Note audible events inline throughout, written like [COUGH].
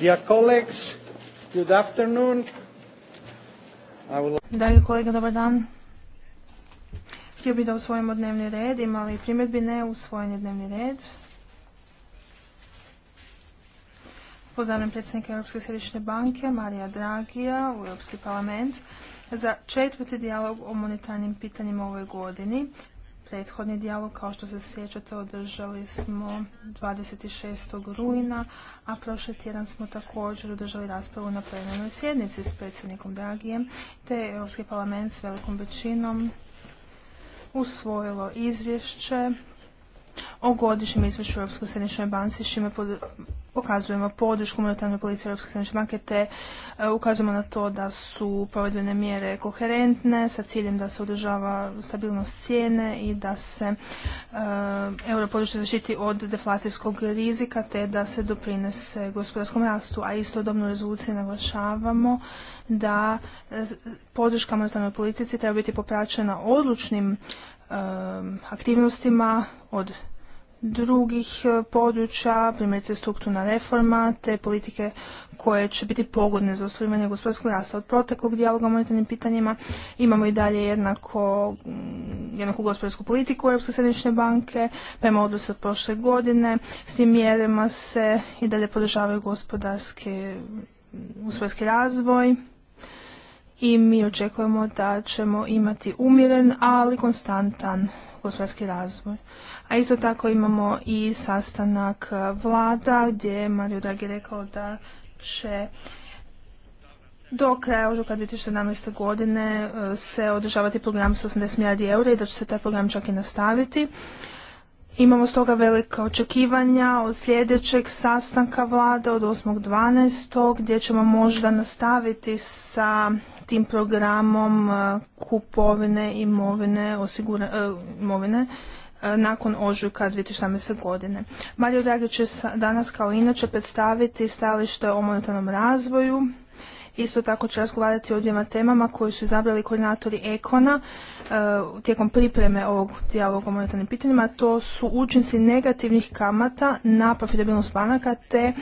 Dear colleagues, good afternoon. I will... Dragi kolega, dobar dan. Htio bih da usvojimo dnevni red, imali primjedbi ne, usvojeni dnevni red. Pozdravljam predsjednika Europske središnje banke, Marija Dragija, u Europski parlament za četvrti dijalog o monetarnim pitanjima u ovoj godini prethodni dijalog, kao što se sjećate, održali smo 26. rujna, a prošli tjedan smo također održali raspravu na plenarnoj sjednici s predsjednikom Dragijem, te je Europski parlament s velikom većinom usvojilo izvješće o godišnjem izvješću Europskoj središnjoj banci, s čime pod, pokazujemo podršku monetarnoj politici Europske središnje banke te e, ukazujemo na to da su provedbene mjere koherentne sa ciljem da se održava stabilnost cijene i da se e, euro područje zaštiti od deflacijskog rizika te da se doprinese gospodarskom rastu, a istodobno u rezoluciji naglašavamo da e, podrška monetarnoj politici treba biti popraćena odlučnim aktivnostima od drugih e, područja, primjerice strukturna reforma, te politike koje će biti pogodne za ostvarivanje gospodarskog rasta. Od proteklog dijaloga o monetarnim pitanjima imamo i dalje jednako, mm, jednaku gospodarsku politiku Europske središnje banke, prema pa odnosu od prošle godine. S tim mjerama se i dalje podržavaju gospodarski mm, gospodarski razvoj i mi očekujemo da ćemo imati umjeren, ali konstantan gospodarski razvoj. A isto tako imamo i sastanak e, vlada gdje je Mario Draghi rekao da će do kraja ožuka 2017. godine e, se održavati program sa 80 milijardi eura i da će se taj program čak i nastaviti. Imamo stoga velika očekivanja od sljedećeg sastanka vlada od 8.12. gdje ćemo možda nastaviti sa tim programom e, kupovine imovine, osigura, imovine E, nakon ožujka 2017. godine. Mario Draghi će danas kao inače predstaviti stajalište o monetarnom razvoju. Isto tako će razgovarati o dvijema temama koje su izabrali koordinatori Ekona e, tijekom pripreme ovog dijaloga o monetarnim pitanjima. To su učinci negativnih kamata na profitabilnost banaka te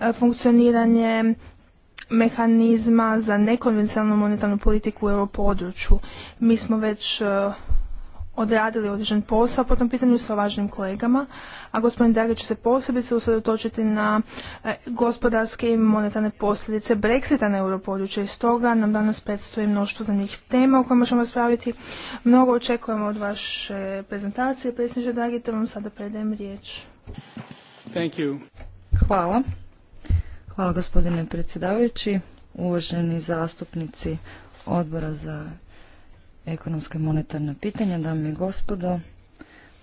e, funkcioniranje mehanizma za nekonvencionalnu monetarnu politiku u području. Mi smo već odradili određen posao po tom pitanju sa važnim kolegama, a gospodin Draghi će se posebice usredotočiti na e, gospodarske i monetarne posljedice Brexita na europodručje i stoga nam danas predstoji mnoštvo zanimljivih tema o kojima ćemo raspraviti. Mnogo očekujemo od vaše prezentacije. Predsjedniče Dragi, te vam sada predajem riječ. Hvala. Hvala gospodine predsjedavajući, uvaženi zastupnici odbora za Ekonomske monetarne monetarna pitanja, dame i gospodo.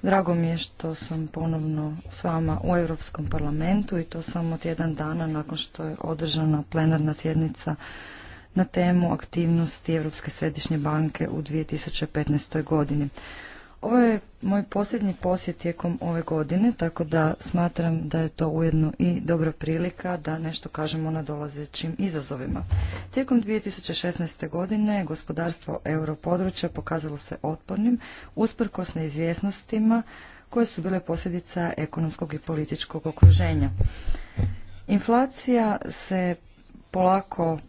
Drago mi je što sam ponovno s vama u Europskom parlamentu i to samo tjedan dana nakon što je održana plenarna sjednica na temu aktivnosti Europske središnje banke u 2015. godini. Ovo je moj posljednji posjet tijekom ove godine, tako da smatram da je to ujedno i dobra prilika da nešto kažemo na dolazećim izazovima. Tijekom 2016. godine gospodarstvo europodručja pokazalo se otpornim, usprkos neizvjesnostima koje su bile posljedica ekonomskog i političkog okruženja. Inflacija se polako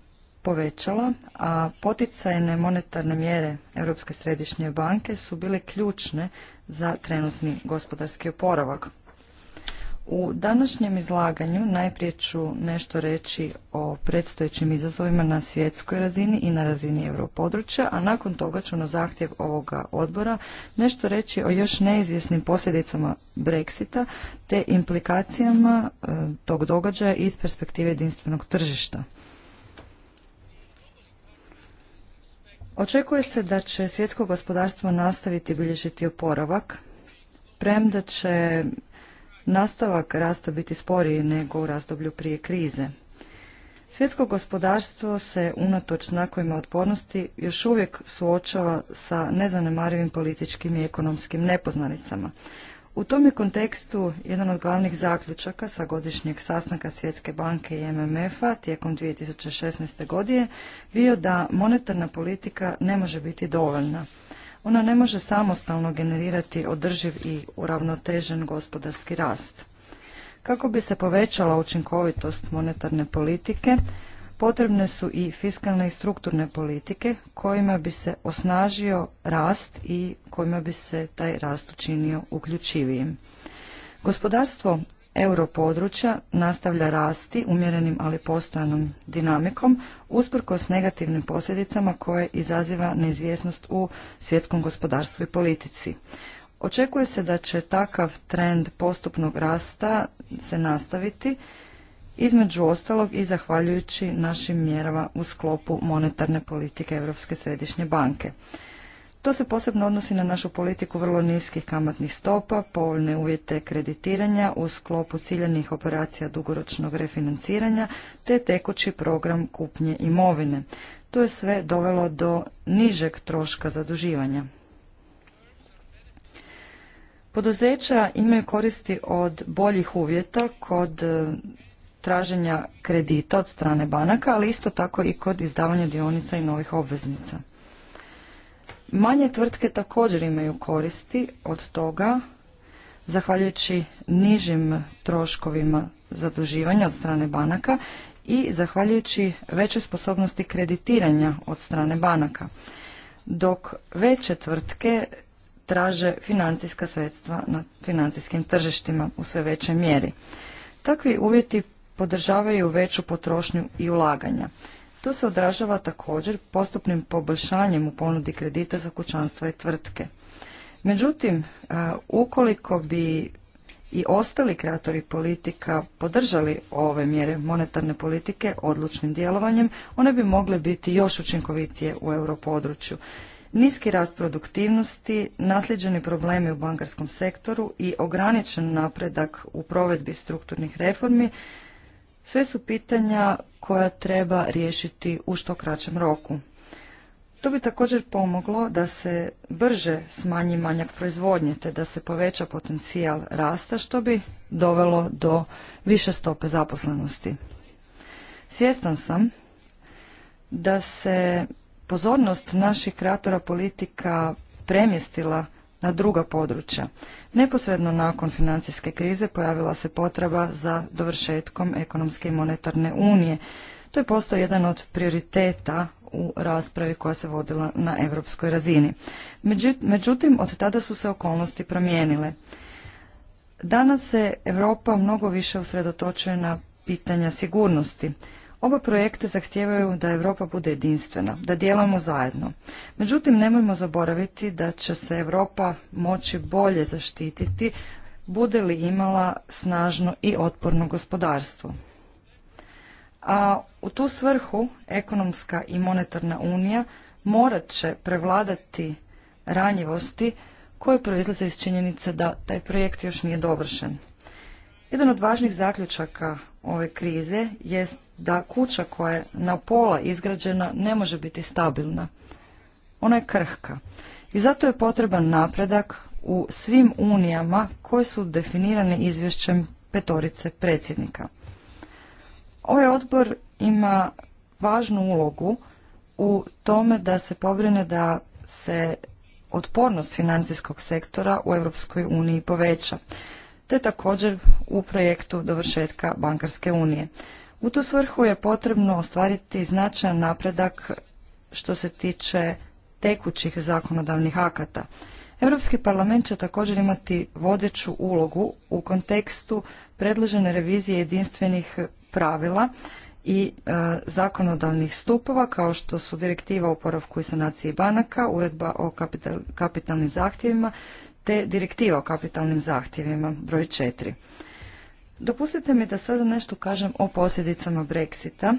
povećala, a poticajne monetarne mjere Europske središnje banke su bile ključne za trenutni gospodarski oporavak. U današnjem izlaganju najprije ću nešto reći o predstojećim izazovima na svjetskoj razini i na razini europodručja, a nakon toga ću na zahtjev ovoga odbora nešto reći o još neizvjesnim posljedicama Brexita te implikacijama e, tog događaja iz perspektive jedinstvenog tržišta. Očekuje se da će svjetsko gospodarstvo nastaviti bilježiti oporavak, premda će nastavak rasta biti sporiji nego u razdoblju prije krize. Svjetsko gospodarstvo se unatoč znakovima otpornosti još uvijek suočava sa nezanemarivim političkim i ekonomskim nepoznanicama. U tom je kontekstu jedan od glavnih zaključaka sa godišnjeg sastanka Svjetske banke i MMF-a tijekom 2016. godine bio da monetarna politika ne može biti dovoljna. Ona ne može samostalno generirati održiv i uravnotežen gospodarski rast. Kako bi se povećala učinkovitost monetarne politike, potrebne su i fiskalne i strukturne politike kojima bi se osnažio rast i kojima bi se taj rast učinio uključivijim. Gospodarstvo europodručja nastavlja rasti umjerenim ali postojanom dinamikom usprkos negativnim posljedicama koje izaziva neizvjesnost u svjetskom gospodarstvu i politici. Očekuje se da će takav trend postupnog rasta se nastaviti između ostalog i zahvaljujući našim mjerama u sklopu monetarne politike Europske središnje banke. To se posebno odnosi na našu politiku vrlo niskih kamatnih stopa, povoljne uvjete kreditiranja u sklopu ciljenih operacija dugoročnog refinanciranja te tekući program kupnje imovine. To je sve dovelo do nižeg troška zaduživanja. Poduzeća imaju koristi od boljih uvjeta kod traženja kredita od strane banaka, ali isto tako i kod izdavanja dionica i novih obveznica. Manje tvrtke također imaju koristi od toga, zahvaljujući nižim troškovima zaduživanja od strane banaka i zahvaljujući većoj sposobnosti kreditiranja od strane banaka, dok veće tvrtke traže financijska sredstva na financijskim tržištima u sve većoj mjeri. Takvi uvjeti podržavaju veću potrošnju i ulaganja. To se odražava također postupnim poboljšanjem u ponudi kredita za kućanstva i tvrtke. Međutim, e, ukoliko bi i ostali kreatori politika podržali ove mjere monetarne politike odlučnim djelovanjem, one bi mogle biti još učinkovitije u europodručju. Niski rast produktivnosti, nasljeđeni problemi u bankarskom sektoru i ograničen napredak u provedbi strukturnih reformi sve su pitanja koja treba riješiti u što kraćem roku. To bi također pomoglo da se brže smanji manjak proizvodnje te da se poveća potencijal rasta što bi dovelo do više stope zaposlenosti. Svjestan sam da se pozornost naših kreatora politika premjestila na druga područja. Neposredno nakon financijske krize pojavila se potreba za dovršetkom ekonomske i monetarne unije. To je postao jedan od prioriteta u raspravi koja se vodila na europskoj razini. Međutim, od tada su se okolnosti promijenile. Danas se Europa mnogo više usredotočuje na pitanja sigurnosti. Oba projekte zahtijevaju da Europa bude jedinstvena, da djelujemo zajedno. Međutim, nemojmo zaboraviti da će se Europa moći bolje zaštititi bude li imala snažno i otporno gospodarstvo. A u tu svrhu ekonomska i monetarna unija morat će prevladati ranjivosti koje proizlaze iz činjenice da taj projekt još nije dovršen. Jedan od važnih zaključaka ove krize jest da kuća koja je na pola izgrađena ne može biti stabilna. Ona je krhka. I zato je potreban napredak u svim unijama koje su definirane izvješćem petorice predsjednika. Ovaj odbor ima važnu ulogu u tome da se pobrine da se otpornost financijskog sektora u Europskoj uniji poveća te također u projektu dovršetka bankarske unije. U tu svrhu je potrebno ostvariti značajan napredak što se tiče tekućih zakonodavnih akata. Europski parlament će također imati vodeću ulogu u kontekstu predložene revizije jedinstvenih pravila i e, zakonodavnih stupova kao što su direktiva o oporavku i sanaciji banaka, uredba o kapital, kapitalnim zahtjevima, te direktiva o kapitalnim zahtjevima, broj 4. Dopustite mi da sada nešto kažem o posljedicama Brexita,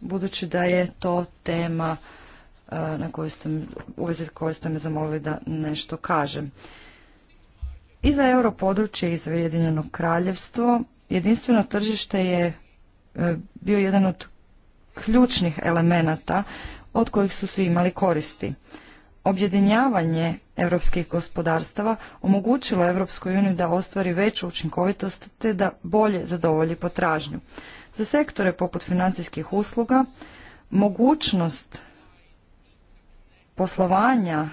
budući da je to tema e, na koju ste, u vezi koje ste me zamolili da nešto kažem. I za europodručje i za Ujedinjeno kraljevstvo jedinstveno tržište je e, bio jedan od ključnih elemenata od kojih su svi imali koristi. Objedinjavanje europskih gospodarstava omogućilo Europskoj uniji da ostvari veću učinkovitost te da bolje zadovolji potražnju. Za sektore poput financijskih usluga mogućnost poslovanja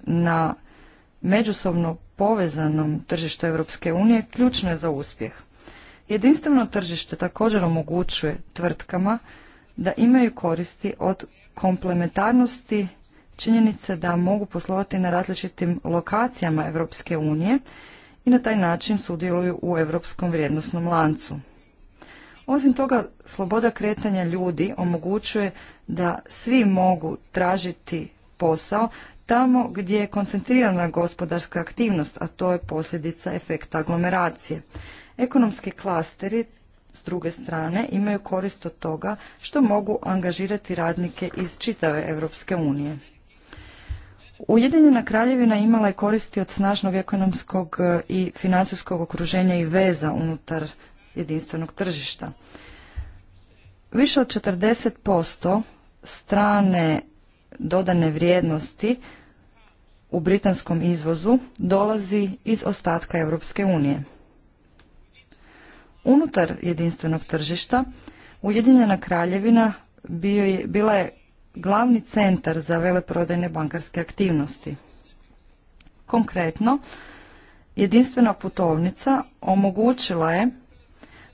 na međusobno povezanom tržištu Europske unije ključno je za uspjeh. Jedinstveno tržište također omogućuje tvrtkama da imaju koristi od komplementarnosti činjenice da mogu poslovati na različitim lokacijama Europske unije i na taj način sudjeluju u europskom vrijednosnom lancu. Osim toga, sloboda kretanja ljudi omogućuje da svi mogu tražiti posao tamo gdje je koncentrirana gospodarska aktivnost, a to je posljedica efekta aglomeracije. Ekonomski klasteri s druge strane imaju korist od toga što mogu angažirati radnike iz čitave Europske unije. Ujedinjena kraljevina imala je koristi od snažnog ekonomskog e, i financijskog okruženja i veza unutar jedinstvenog tržišta. Više od 40% strane dodane vrijednosti u britanskom izvozu dolazi iz ostatka Europske unije. Unutar jedinstvenog tržišta Ujedinjena kraljevina bio je, bila je glavni centar za veleprodajne bankarske aktivnosti. Konkretno, jedinstvena putovnica omogućila je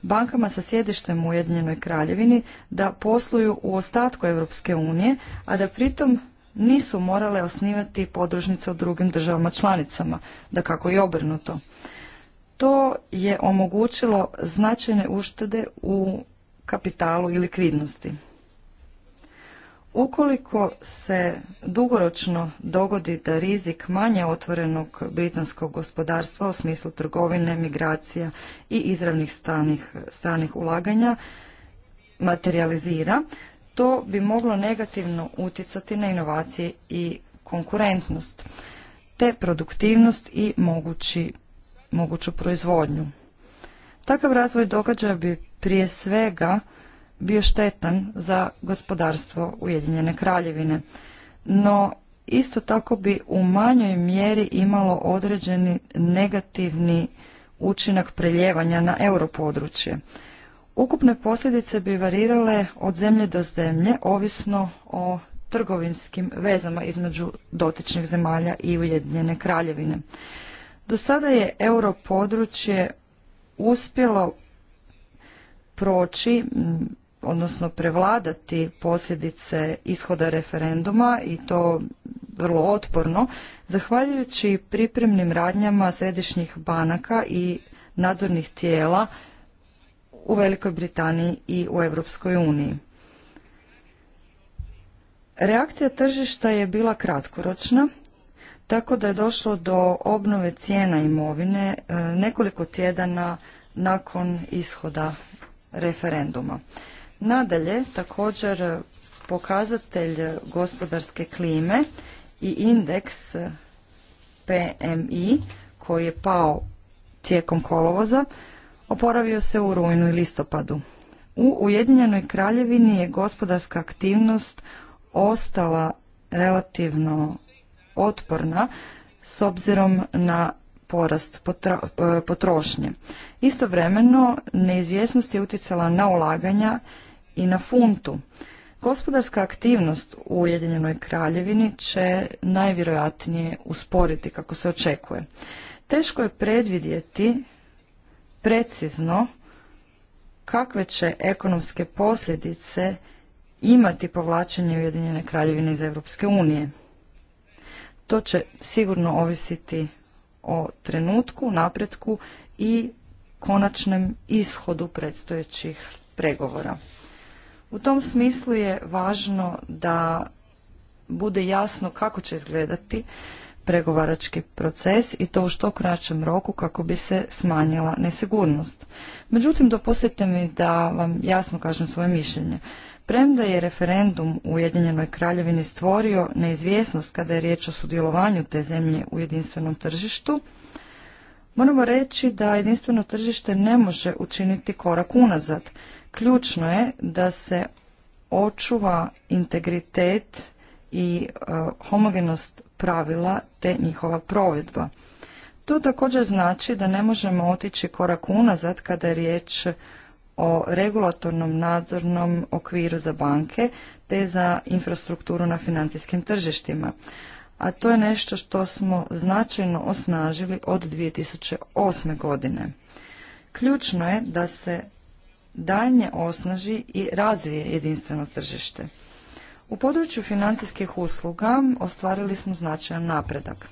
bankama sa sjedištem u Ujedinjenoj kraljevini da posluju u ostatku Europske unije, a da pritom nisu morale osnivati podružnice u drugim državama članicama, da kako i obrnuto. To je omogućilo značajne uštede u kapitalu i likvidnosti. Ukoliko se dugoročno dogodi da rizik manje otvorenog britanskog gospodarstva u smislu trgovine, migracija i izravnih stranih, ulaganja materializira, to bi moglo negativno utjecati na inovacije i konkurentnost, te produktivnost i mogući, moguću proizvodnju. Takav razvoj događaja bi prije svega bio štetan za gospodarstvo Ujedinjene kraljevine. No, isto tako bi u manjoj mjeri imalo određeni negativni učinak preljevanja na europodručje. Ukupne posljedice bi varirale od zemlje do zemlje, ovisno o trgovinskim vezama između dotičnih zemalja i Ujedinjene kraljevine. Do sada je europodručje uspjelo proći odnosno prevladati posljedice ishoda referenduma i to vrlo otporno, zahvaljujući pripremnim radnjama središnjih banaka i nadzornih tijela u Velikoj Britaniji i u Europskoj uniji. Reakcija tržišta je bila kratkoročna, tako da je došlo do obnove cijena imovine e, nekoliko tjedana nakon ishoda referenduma. Nadalje, također pokazatelj gospodarske klime i indeks PMI koji je pao tijekom kolovoza oporavio se u rujnu i listopadu. U Ujedinjenoj kraljevini je gospodarska aktivnost ostala relativno otporna s obzirom na porast potrošnje. Istovremeno neizvjesnost je utjecala na ulaganja i na funtu. Gospodarska aktivnost u Ujedinjenoj kraljevini će najvjerojatnije usporiti kako se očekuje. Teško je predvidjeti precizno kakve će ekonomske posljedice imati povlačenje Ujedinjene kraljevine iz Europske unije. To će sigurno ovisiti o trenutku, napretku i konačnem ishodu predstojećih pregovora. U tom smislu je važno da bude jasno kako će izgledati pregovarački proces i to u što kraćem roku kako bi se smanjila nesigurnost. Međutim, dopustite mi da vam jasno kažem svoje mišljenje. Premda je referendum u Ujedinjenoj kraljevini stvorio neizvjesnost kada je riječ o sudjelovanju te zemlje u jedinstvenom tržištu, moramo reći da jedinstveno tržište ne može učiniti korak unazad. Ključno je da se očuva integritet i e, homogenost pravila te njihova provedba. To također znači da ne možemo otići korak unazad kada je riječ o regulatornom nadzornom okviru za banke te za infrastrukturu na financijskim tržištima. A to je nešto što smo značajno osnažili od 2008. godine. Ključno je da se daljnje osnaži i razvije jedinstveno tržište. U području financijskih usluga ostvarili smo značajan napredak.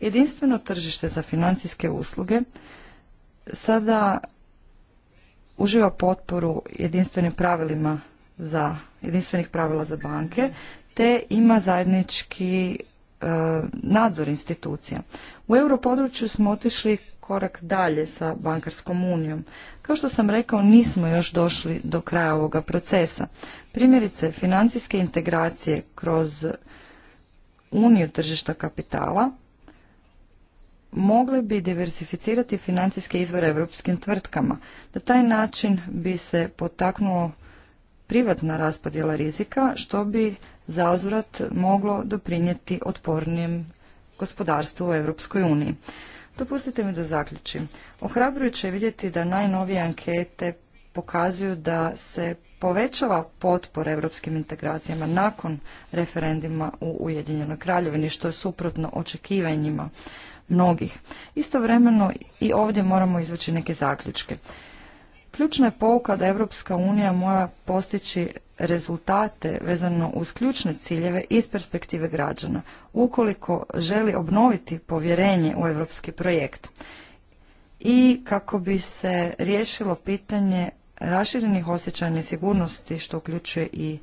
Jedinstveno tržište za financijske usluge sada uživa potporu jedinstvenim pravilima za jedinstvenih pravila za banke te ima zajednički e, nadzor institucija. U europodručju smo otišli korak dalje sa bankarskom unijom. Kao što sam rekao, nismo još došli do kraja ovoga procesa. Primjerice, financijske integracije kroz uniju tržišta kapitala mogle bi diversificirati financijske izvore europskim tvrtkama. Na taj način bi se potaknulo privatna raspodjela rizika, što bi zauzvrat moglo doprinijeti otpornijem gospodarstvu u Europskoj uniji. Dopustite mi da zaključim. Ohrabrujuće je vidjeti da najnovije ankete pokazuju da se povećava potpora europskim integracijama nakon referendima u Ujedinjenoj kraljevini, što je suprotno očekivanjima mnogih. Istovremeno i ovdje moramo izvući neke zaključke. Ključna je pouka da Europska unija mora postići rezultate vezano uz ključne ciljeve iz perspektive građana, ukoliko želi obnoviti povjerenje u europski projekt i kako bi se riješilo pitanje raširenih osjećaja nesigurnosti, što uključuje i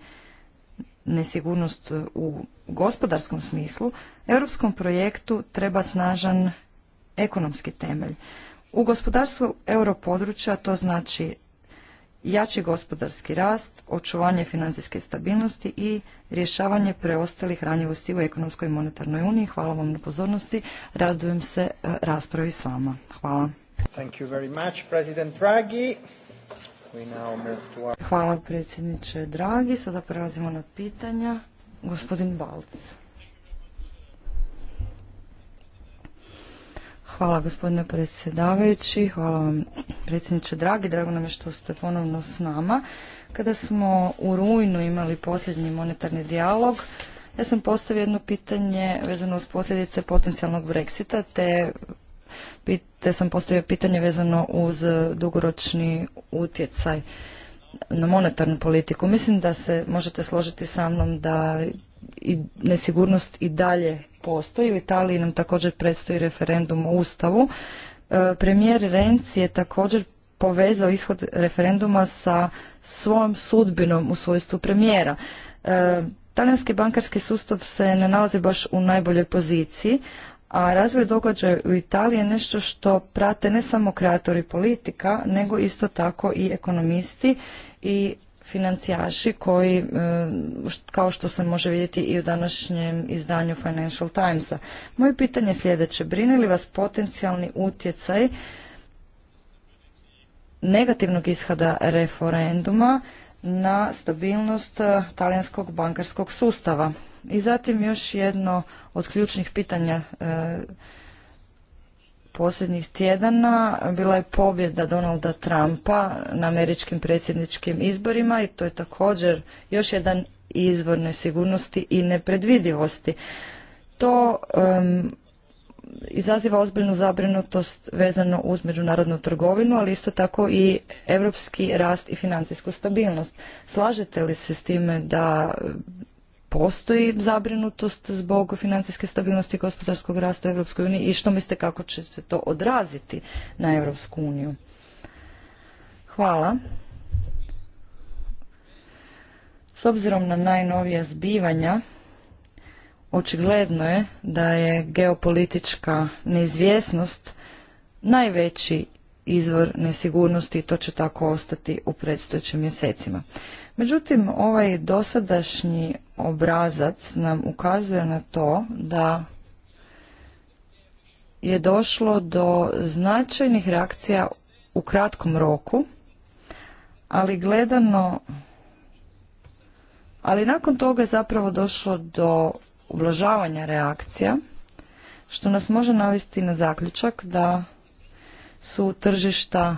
nesigurnost u gospodarskom smislu, europskom projektu treba snažan ekonomski temelj. U gospodarstvu europodručja to znači jači gospodarski rast, očuvanje financijske stabilnosti i rješavanje preostalih ranjivosti u ekonomskoj i monetarnoj uniji. Hvala vam na pozornosti. Radujem se e, raspravi s vama. Hvala. Hvala predsjedniče Dragi. Sada prelazimo na pitanja. Gospodin Balc. Hvala gospodine predsjedavajući, hvala vam predsjedniče Dragi, drago nam je što ste ponovno s nama. Kada smo u rujnu imali posljednji monetarni dijalog, ja sam postavio jedno pitanje vezano uz posljedice potencijalnog Brexita, te, te sam postavio pitanje vezano uz dugoročni utjecaj na monetarnu politiku. Mislim da se možete složiti sa mnom da i nesigurnost i dalje postoji. U Italiji nam također predstoji referendum o Ustavu. E, premijer Renzi je također povezao ishod referenduma sa svojom sudbinom u svojstvu premijera. E, talijanski bankarski sustav se ne nalazi baš u najboljoj poziciji, a razvoj događaja u Italiji je nešto što prate ne samo kreatori politika, nego isto tako i ekonomisti i financijaši koji, e, kao što se može vidjeti i u današnjem izdanju Financial Timesa. Moje pitanje je sljedeće. Brine li vas potencijalni utjecaj negativnog ishoda referenduma na stabilnost e, talijanskog bankarskog sustava? I zatim još jedno od ključnih pitanja e, posljednjih tjedana bila je pobjeda Donalda Trumpa na američkim predsjedničkim izborima i to je također još jedan izvor nesigurnosti i nepredvidivosti. To izaziva ozbiljnu zabrinutost vezano uz međunarodnu trgovinu, ali isto tako i europski rast i financijsku stabilnost. Slažete li se s time da postoji zabrinutost zbog financijske stabilnosti i gospodarskog rasta u EU i što mislite kako će se to odraziti na EU? Hvala. S obzirom na najnovija zbivanja, očigledno je da je geopolitička neizvjesnost najveći izvor nesigurnosti i to će tako ostati u predstojećim mjesecima. Međutim, ovaj dosadašnji obrazac nam ukazuje na to da je došlo do značajnih reakcija u kratkom roku, ali gledano ali nakon toga je zapravo došlo do ublažavanja reakcija, što nas može navesti na zaključak da su tržišta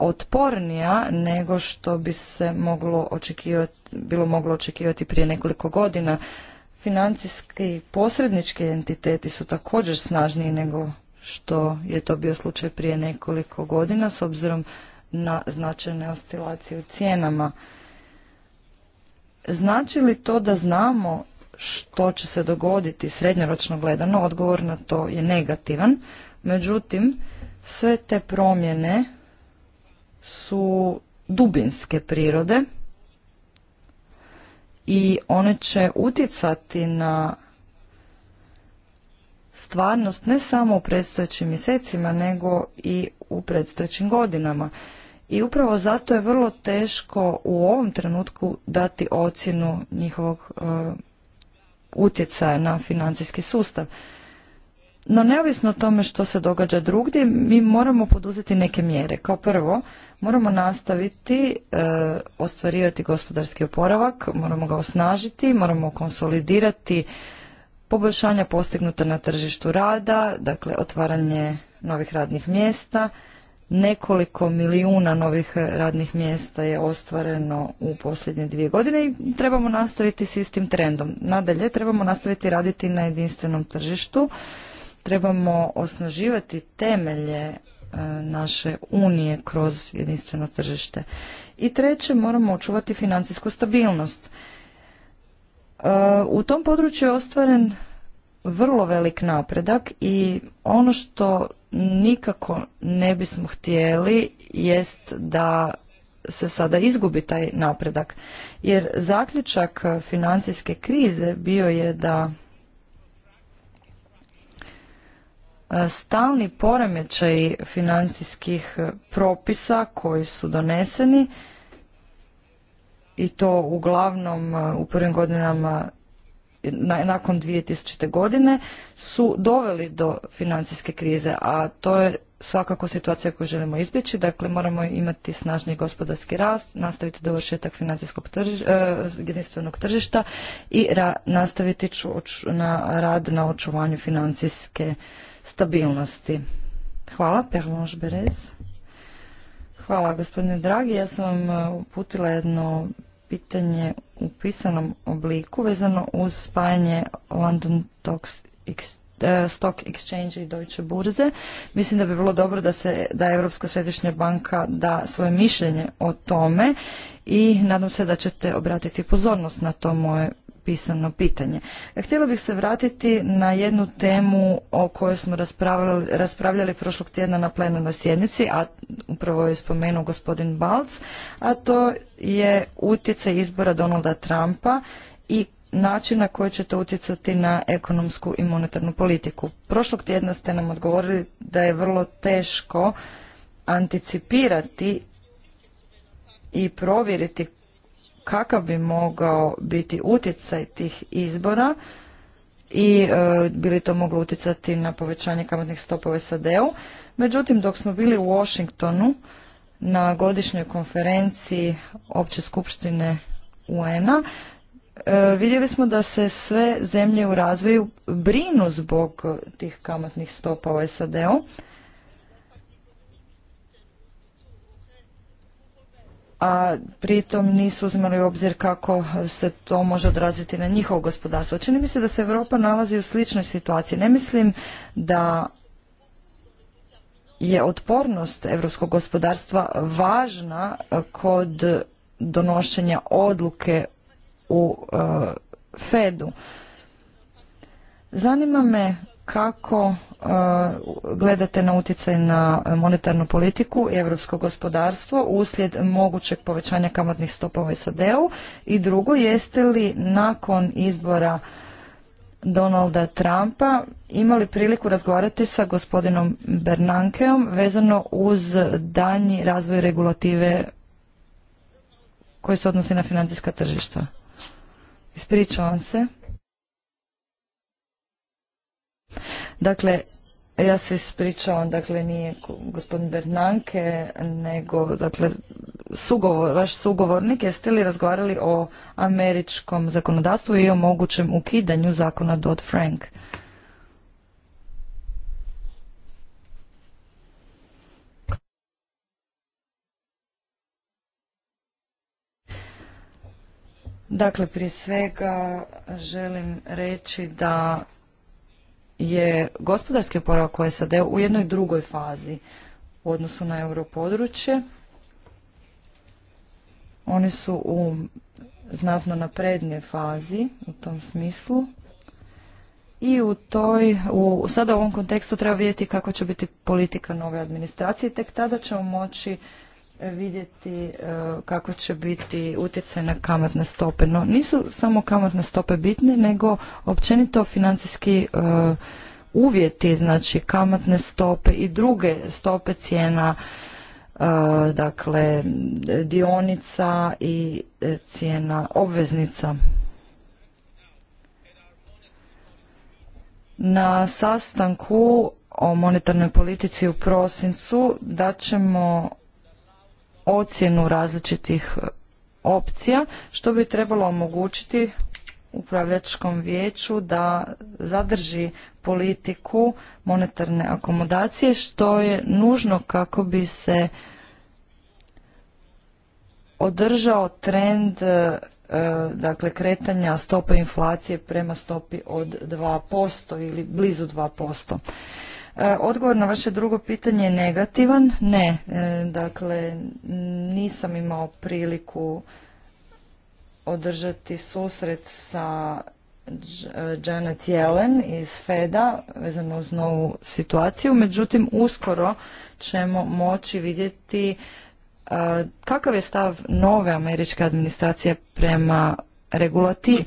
otpornija nego što bi se moglo očekivati, bilo moglo očekivati prije nekoliko godina. Financijski posrednički entiteti su također snažniji nego što je to bio slučaj prije nekoliko godina s obzirom na značajne oscilacije u cijenama. Znači li to da znamo što će se dogoditi srednjoročno gledano? Odgovor na to je negativan. Međutim, sve te promjene su dubinske prirode i one će utjecati na stvarnost ne samo u predstojećim mjesecima nego i u predstojećim godinama. I upravo zato je vrlo teško u ovom trenutku dati ocjenu njihovog e, utjecaja na financijski sustav. No neovisno o tome što se događa drugdje, mi moramo poduzeti neke mjere. Kao prvo, Moramo nastaviti e, ostvarivati gospodarski oporavak, moramo ga osnažiti, moramo konsolidirati poboljšanja postignuta na tržištu rada, dakle otvaranje novih radnih mjesta. Nekoliko milijuna novih radnih mjesta je ostvareno u posljednje dvije godine i trebamo nastaviti s istim trendom. Nadalje, trebamo nastaviti raditi na jedinstvenom tržištu, trebamo osnaživati temelje E, naše unije kroz jedinstveno tržište. I treće, moramo očuvati financijsku stabilnost. E, u tom području je ostvaren vrlo velik napredak i ono što nikako ne bismo htjeli jest da se sada izgubi taj napredak. Jer zaključak financijske krize bio je da E, stalni poremećaj financijskih e, propisa koji su doneseni i to uglavnom e, u prvim godinama nakon 2000. godine su doveli do financijske krize, a to je svakako situacija koju želimo izbjeći. Dakle, moramo imati snažni gospodarski rast, nastaviti dovršetak financijskog tržišta jedinstvenog tržišta i nastaviti na rad na očuvanju financijske stabilnosti. Hvala, Berez. Hvala, gospodine Dragi. Ja sam vam uh, uputila jedno pitanje u pisanom obliku vezano uz spajanje London uh, Stock Exchange i Deutsche Burze. Mislim da bi bilo dobro da se da Europska središnja banka da svoje mišljenje o tome i nadam se da ćete obratiti pozornost na to moje pisano pitanje. Htjela bih se vratiti na jednu temu o kojoj smo raspravljali, prošlog tjedna na plenarnoj sjednici, a upravo je spomenuo gospodin Balc, a to je utjecaj izbora Donalda Trumpa i način na koji će to utjecati na ekonomsku i monetarnu politiku. Prošlog tjedna ste nam odgovorili da je vrlo teško anticipirati i provjeriti kakav bi mogao biti utjecaj tih izbora i e, bi li to moglo utjecati na povećanje kamatnih stopa u SAD-u. Međutim, dok smo bili u Washingtonu na godišnjoj konferenciji Opće skupštine UN-a, e, vidjeli smo da se sve zemlje u razvoju brinu zbog tih kamatnih stopa u SAD-u a pritom nisu uzimali u obzir kako se to može odraziti na njihovo gospodarstvo. Čini mi se da se Europa nalazi u sličnoj situaciji. Ne mislim da je otpornost europskog gospodarstva važna kod donošenja odluke u e, Fedu. Zanima me kako e, gledate na utjecaj na monetarnu politiku i europsko gospodarstvo uslijed mogućeg povećanja kamatnih stopa u SAD-u i drugo jeste li nakon izbora Donalda Trumpa imali priliku razgovarati sa gospodinom Bernankeom vezano uz danji razvoj regulative koji se odnosi na financijska tržišta. Ispričavam se. Dakle, ja se ispričavam, dakle nije gospodin Bernanke, nego dakle, vaš sugovornik, jeste li razgovarali o američkom zakonodavstvu i o mogućem ukidanju zakona Dodd-Frank? Dakle, prije svega želim reći da je gospodarski oporavak koje sad u jednoj drugoj fazi u odnosu na europodručje. Oni su u znatno naprednje fazi u tom smislu. I u toj, u, sada u ovom kontekstu treba vidjeti kako će biti politika nove administracije. Tek tada ćemo moći vidjeti e, kako će biti utjecaj na kamatne stope. No nisu samo kamatne stope bitne, nego općenito financijski e, uvjeti, znači kamatne stope i druge stope cijena e, dakle dionica i cijena obveznica. Na sastanku o monetarnoj politici u prosincu daćemo ocjenu različitih e, opcija, što bi trebalo omogućiti upravljačkom vijeću da zadrži politiku monetarne akomodacije, što je nužno kako bi se održao trend e, dakle kretanja stope inflacije prema stopi od 2% ili blizu 2%. E, odgovor na vaše drugo pitanje je negativan. Ne, e, dakle nisam imao priliku održati susret sa e, Janet Yellen iz FEDA vezano uz novu situaciju. Međutim, uskoro ćemo moći vidjeti kakav je stav nove američke administracije prema regulativi.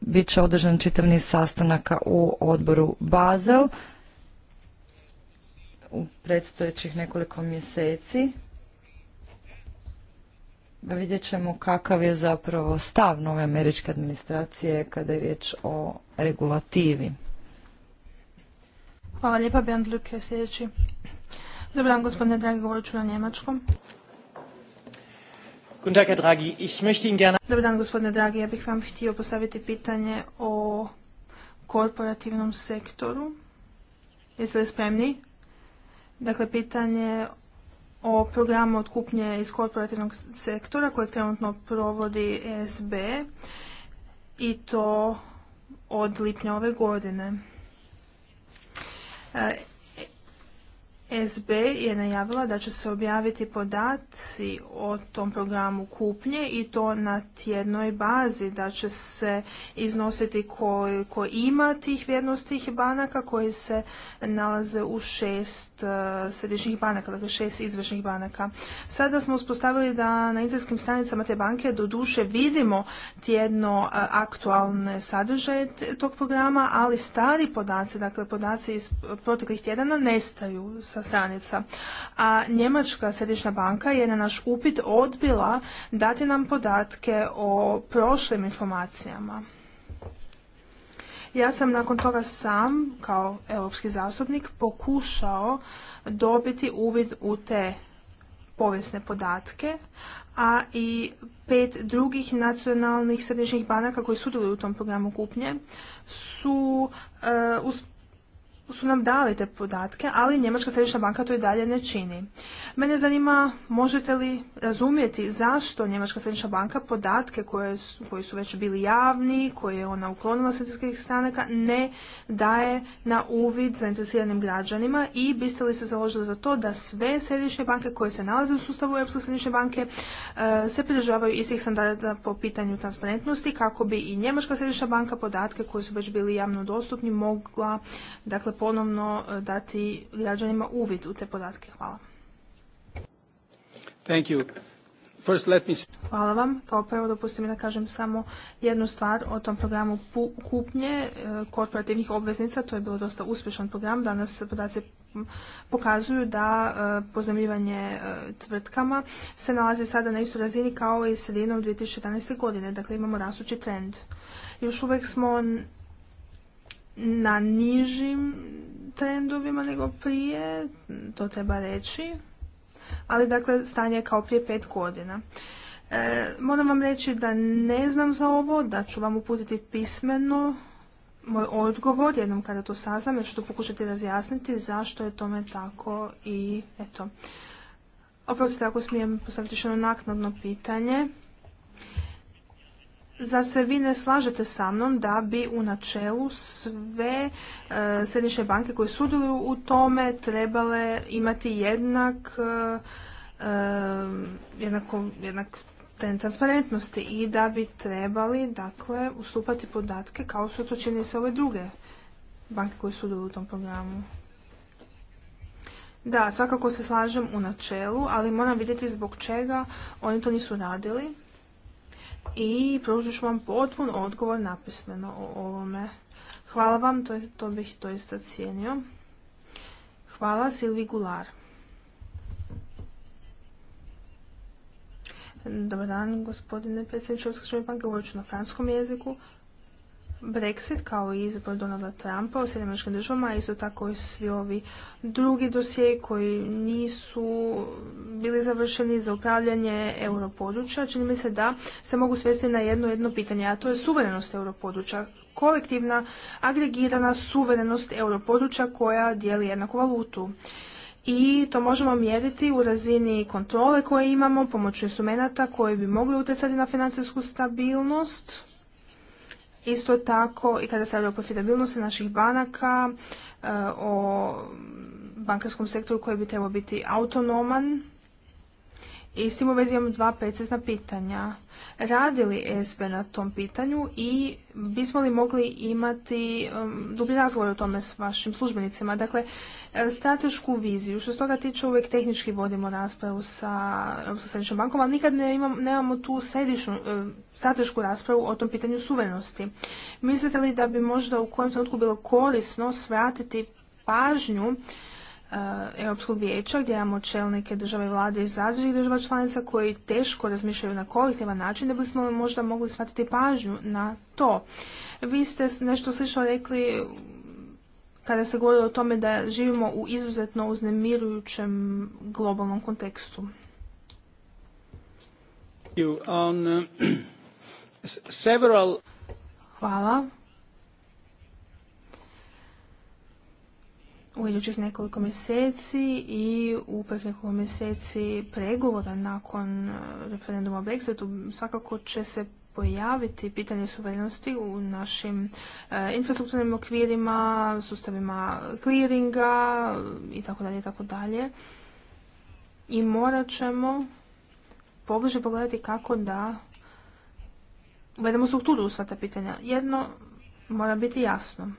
Biće održan čitav niz sastanaka u odboru Basel u predstojećih nekoliko mjeseci. Pa vidjet ćemo kakav je zapravo stav nove američke administracije kada je riječ o regulativi. Hvala lijepa, Luke, sljedeći. Dobar dan, gospodine Dragi, govorit ću na njemačkom. Dobar dan, gospodine Dragi, ja bih vam htio postaviti pitanje o korporativnom sektoru. Jeste li spremni? Dakle, pitanje o programu otkupnje iz korporativnog sektora koje trenutno provodi SB i to od lipnja ove godine. E, SB je najavila da će se objaviti podaci o tom programu kupnje i to na tjednoj bazi, da će se iznositi koliko ima tih vrijednostih banaka koji se nalaze u šest e, središnjih banaka, dakle šest izvršnih banaka. Sada smo uspostavili da na internetskim stranicama te banke doduše vidimo tjedno e, aktualne sadržaje tog programa, ali stari podaci, dakle podaci iz proteklih tjedana nestaju sa stranica. A Njemačka središnja banka je na naš upit odbila dati nam podatke o prošlim informacijama. Ja sam nakon toga sam, kao europski zastupnik, pokušao dobiti uvid u te povijesne podatke, a i pet drugih nacionalnih središnjih banaka koji sudjeluju u tom programu kupnje su e, uz su nam dali te podatke, ali Njemačka središnja banka to i dalje ne čini. Mene zanima, možete li razumjeti zašto Njemačka središnja banka podatke koje, koji su već bili javni, koje je ona uklonila sredskih stranaka, ne daje na uvid zainteresiranim građanima i biste li se založili za to da sve središnje banke koje se nalaze u sustavu Europske središnje banke e, se pridržavaju istih standarda po pitanju transparentnosti kako bi i Njemačka središnja banka podatke koji su već bili javno dostupni mogla dakle, ponovno e, dati građanima uvid u te podatke. Hvala. Thank you. First, let me... Hvala vam. Kao prvo dopustite mi da kažem samo jednu stvar o tom programu kupnje e, korporativnih obveznica. To je bilo dosta uspješan program. Danas podaci pokazuju da e, pozemljivanje tvrtkama se nalazi sada na istoj razini kao i sredinom 2011. godine. Dakle, imamo rastući trend. Još uvijek smo na nižim trendovima nego prije, to treba reći, ali dakle stanje je kao prije pet godina. E, moram vam reći da ne znam za ovo, da ću vam uputiti pismeno moj odgovor, jednom kada to saznam, jer ću to pokušati razjasniti zašto je tome tako i eto. Oprostite ako smijem postaviti još jedno naknadno pitanje za se vi ne slažete sa mnom da bi u načelu sve e, središnje banke koje sudjeluju u tome trebale imati jednak e, e, jednak transparentnosti i da bi trebali dakle ustupati podatke kao što to čini sve ove druge banke koje sudjeluju u tom programu. Da, svakako se slažem u načelu, ali moram vidjeti zbog čega oni to nisu radili i pružit ću vam potpun odgovor napismeno o ovome. Hvala vam, to, to bih doista cijenio. Hvala Silvi Gular. Dobar dan, gospodine predsjedniče Europske govorit ću na franskom jeziku. Brexit kao i izbor Donalda Trumpa u Sjedinjeničkim državama, isto tako i svi ovi drugi dosije koji nisu bili završeni za upravljanje europodručja. Čini mi se da se mogu svesti na jedno jedno pitanje, a to je suverenost europodručja. Kolektivna, agregirana suverenost europodručja koja dijeli jednaku valutu i to možemo mjeriti u razini kontrole koje imamo pomoću instrumenata koji bi mogli utjecati na financijsku stabilnost Isto tako i kada se radi o profitabilnosti naših banaka, e, o bankarskom sektoru koji bi trebao biti autonoman i s tim u vezi imam dva precizna pitanja. Radi li SB na tom pitanju i bismo li mogli imati um, dublji razgovor o tome s vašim službenicima? Dakle, stratešku viziju, što se toga tiče uvijek tehnički vodimo raspravu sa Europskom središnjom bankom, ali nikad ne imamo, nemamo tu središnju um, stratešku raspravu o tom pitanju suverenosti. Mislite li da bi možda u kojem trenutku bilo korisno svratiti pažnju Eh, Europskog vijeća gdje imamo čelnike države vlade iz različitih država članica koji teško razmišljaju na kolektivan način da bismo možda mogli shvatiti pažnju na to. Vi ste nešto slično rekli kada se govori o tome da živimo u izuzetno uznemirujućem globalnom kontekstu. Eh, [CLEARS THROAT] Hvala. u idućih nekoliko mjeseci i u prvih nekoliko mjeseci pregovora nakon e, referenduma o Brexitu svakako će se pojaviti pitanje suverenosti u našim e, infrastrukturnim okvirima, sustavima clearinga i tako dalje i tako dalje. I morat ćemo pobliže pogledati kako da uvedemo strukturu u sva ta pitanja. Jedno mora biti jasno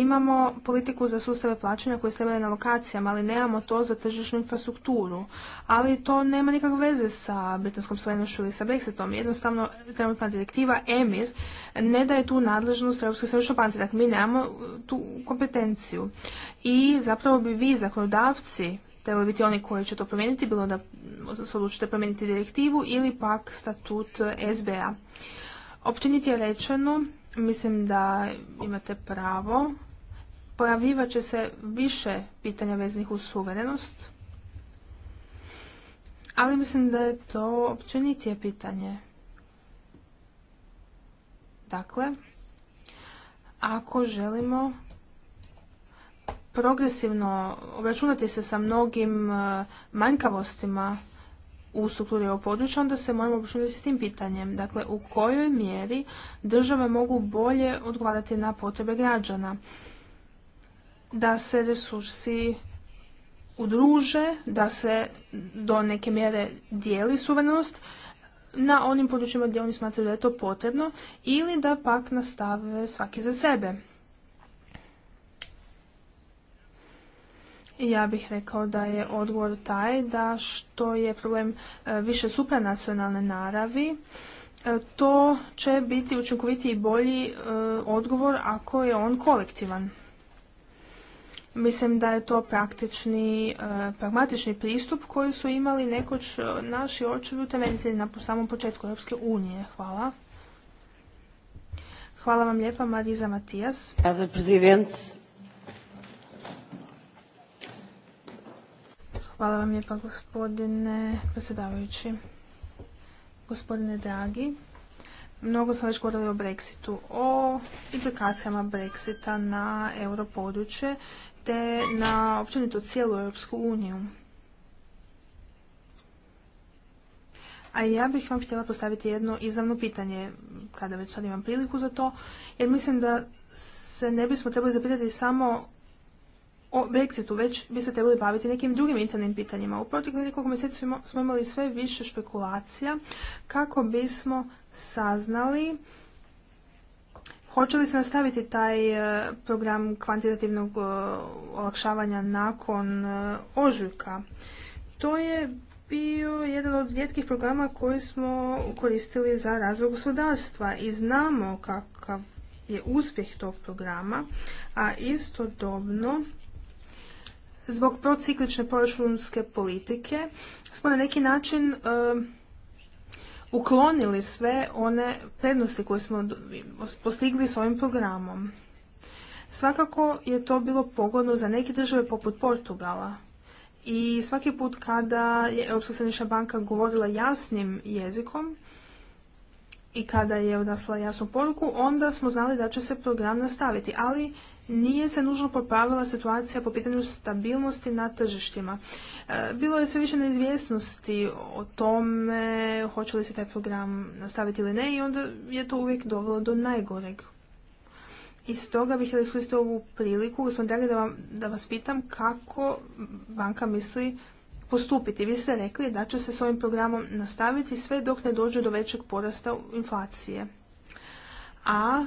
imamo politiku za sustave plaćanja koje se imali na lokacijama, ali nemamo to za tržišnu infrastrukturu. Ali to nema nikakve veze sa britanskom suverenošću ili sa Brexitom. Jednostavno, trenutna direktiva EMIR ne daje tu nadležnost Europske središnje banci. Dakle, mi nemamo uh, tu kompetenciju. I zapravo bi vi, zakonodavci, trebali biti oni koji će to promijeniti, bilo da se odlučite promijeniti direktivu ili pak statut uh, SBA. Općenit je rečeno, mislim da imate pravo pojavljivat će se više pitanja veznih uz suverenost, ali mislim da je to općenitije pitanje. Dakle, ako želimo progresivno obračunati se sa mnogim e, manjkavostima u strukturi ovog područja, onda se moramo obračunati s tim pitanjem. Dakle, u kojoj mjeri države mogu bolje odgovarati na potrebe građana da se resursi udruže, da se do neke mjere dijeli suverenost na onim područjima gdje oni smatraju da je to potrebno ili da pak nastave svaki za sebe. Ja bih rekao da je odgovor taj da što je problem e, više supranacionalne naravi, e, to će biti učinkovitiji i bolji e, odgovor ako je on kolektivan. Mislim da je to praktični, e, pragmatični pristup koji su imali nekoć naši očevi utemeljitelji na samom početku Europske unije. Hvala. Hvala vam lijepa, Mariza Matijas. Hvala vam lijepa, gospodine predsjedavajući. Gospodine dragi, mnogo smo već govorili o Brexitu, o implikacijama Brexita na europodručje te na općenito cijelu Europsku uniju. A ja bih vam htjela postaviti jedno izravno pitanje, kada već sad imam priliku za to, jer mislim da se ne bismo trebali zapitati samo o Brexitu, već bi se trebali baviti nekim drugim internim pitanjima. U proteklih nekoliko mjeseci smo imali sve više špekulacija kako bismo saznali Hoće li se nastaviti taj e, program kvantitativnog e, olakšavanja nakon e, ožujka? To je bio jedan od rijetkih programa koji smo koristili za razvoj gospodarstva i znamo kakav je uspjeh tog programa, a istodobno zbog prociklične proračunske politike smo na neki način uklonili sve one prednosti koje smo postigli s ovim programom. Svakako je to bilo pogodno za neke države poput Portugala. I svaki put kada je Europska središnja banka govorila jasnim jezikom i kada je odasla jasnu poruku, onda smo znali da će se program nastaviti. Ali nije se nužno popravila situacija po pitanju stabilnosti na tržištima. E, bilo je sve više neizvjesnosti o tome hoće li se taj program nastaviti ili ne i onda je to uvijek dovelo do najgoreg. I stoga bih iskoristiti ovu priliku, gospodin da, da vas pitam kako banka misli postupiti. Vi ste rekli da će se s ovim programom nastaviti sve dok ne dođe do većeg porasta inflacije. A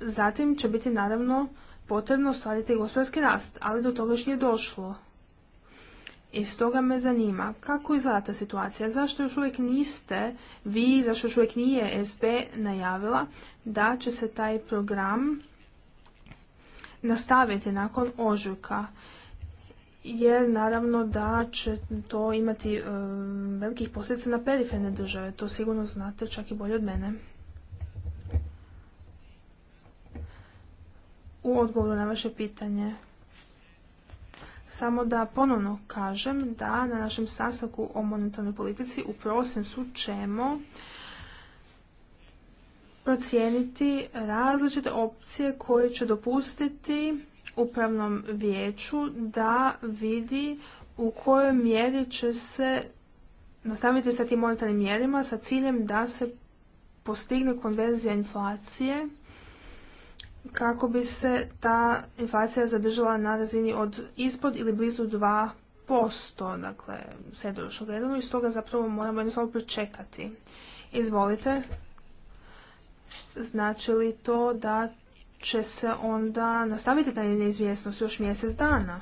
Zatim će biti naravno potrebno ostvariti gospodarski rast, ali do toga još nije došlo. I stoga me zanima, kako izgleda ta situacija? Zašto još uvijek niste, vi, zašto još uvijek nije SP najavila da će se taj program nastaviti nakon ožujka? Jer naravno da će to imati e, velikih posljedica na periferne države. To sigurno znate čak i bolje od mene. u odgovoru na vaše pitanje. Samo da ponovno kažem da na našem sastanku o monetarnoj politici u prosincu ćemo procijeniti različite opcije koje će dopustiti upravnom vijeću da vidi u kojoj mjeri će se nastaviti sa tim monetarnim mjerima sa ciljem da se postigne konverzija inflacije kako bi se ta inflacija zadržala na razini od ispod ili blizu 2%, dakle, sredoročno gledano i stoga zapravo moramo jednostavno pričekati. Izvolite. Znači li to da će se onda nastaviti ta neizvjesnost još mjesec dana?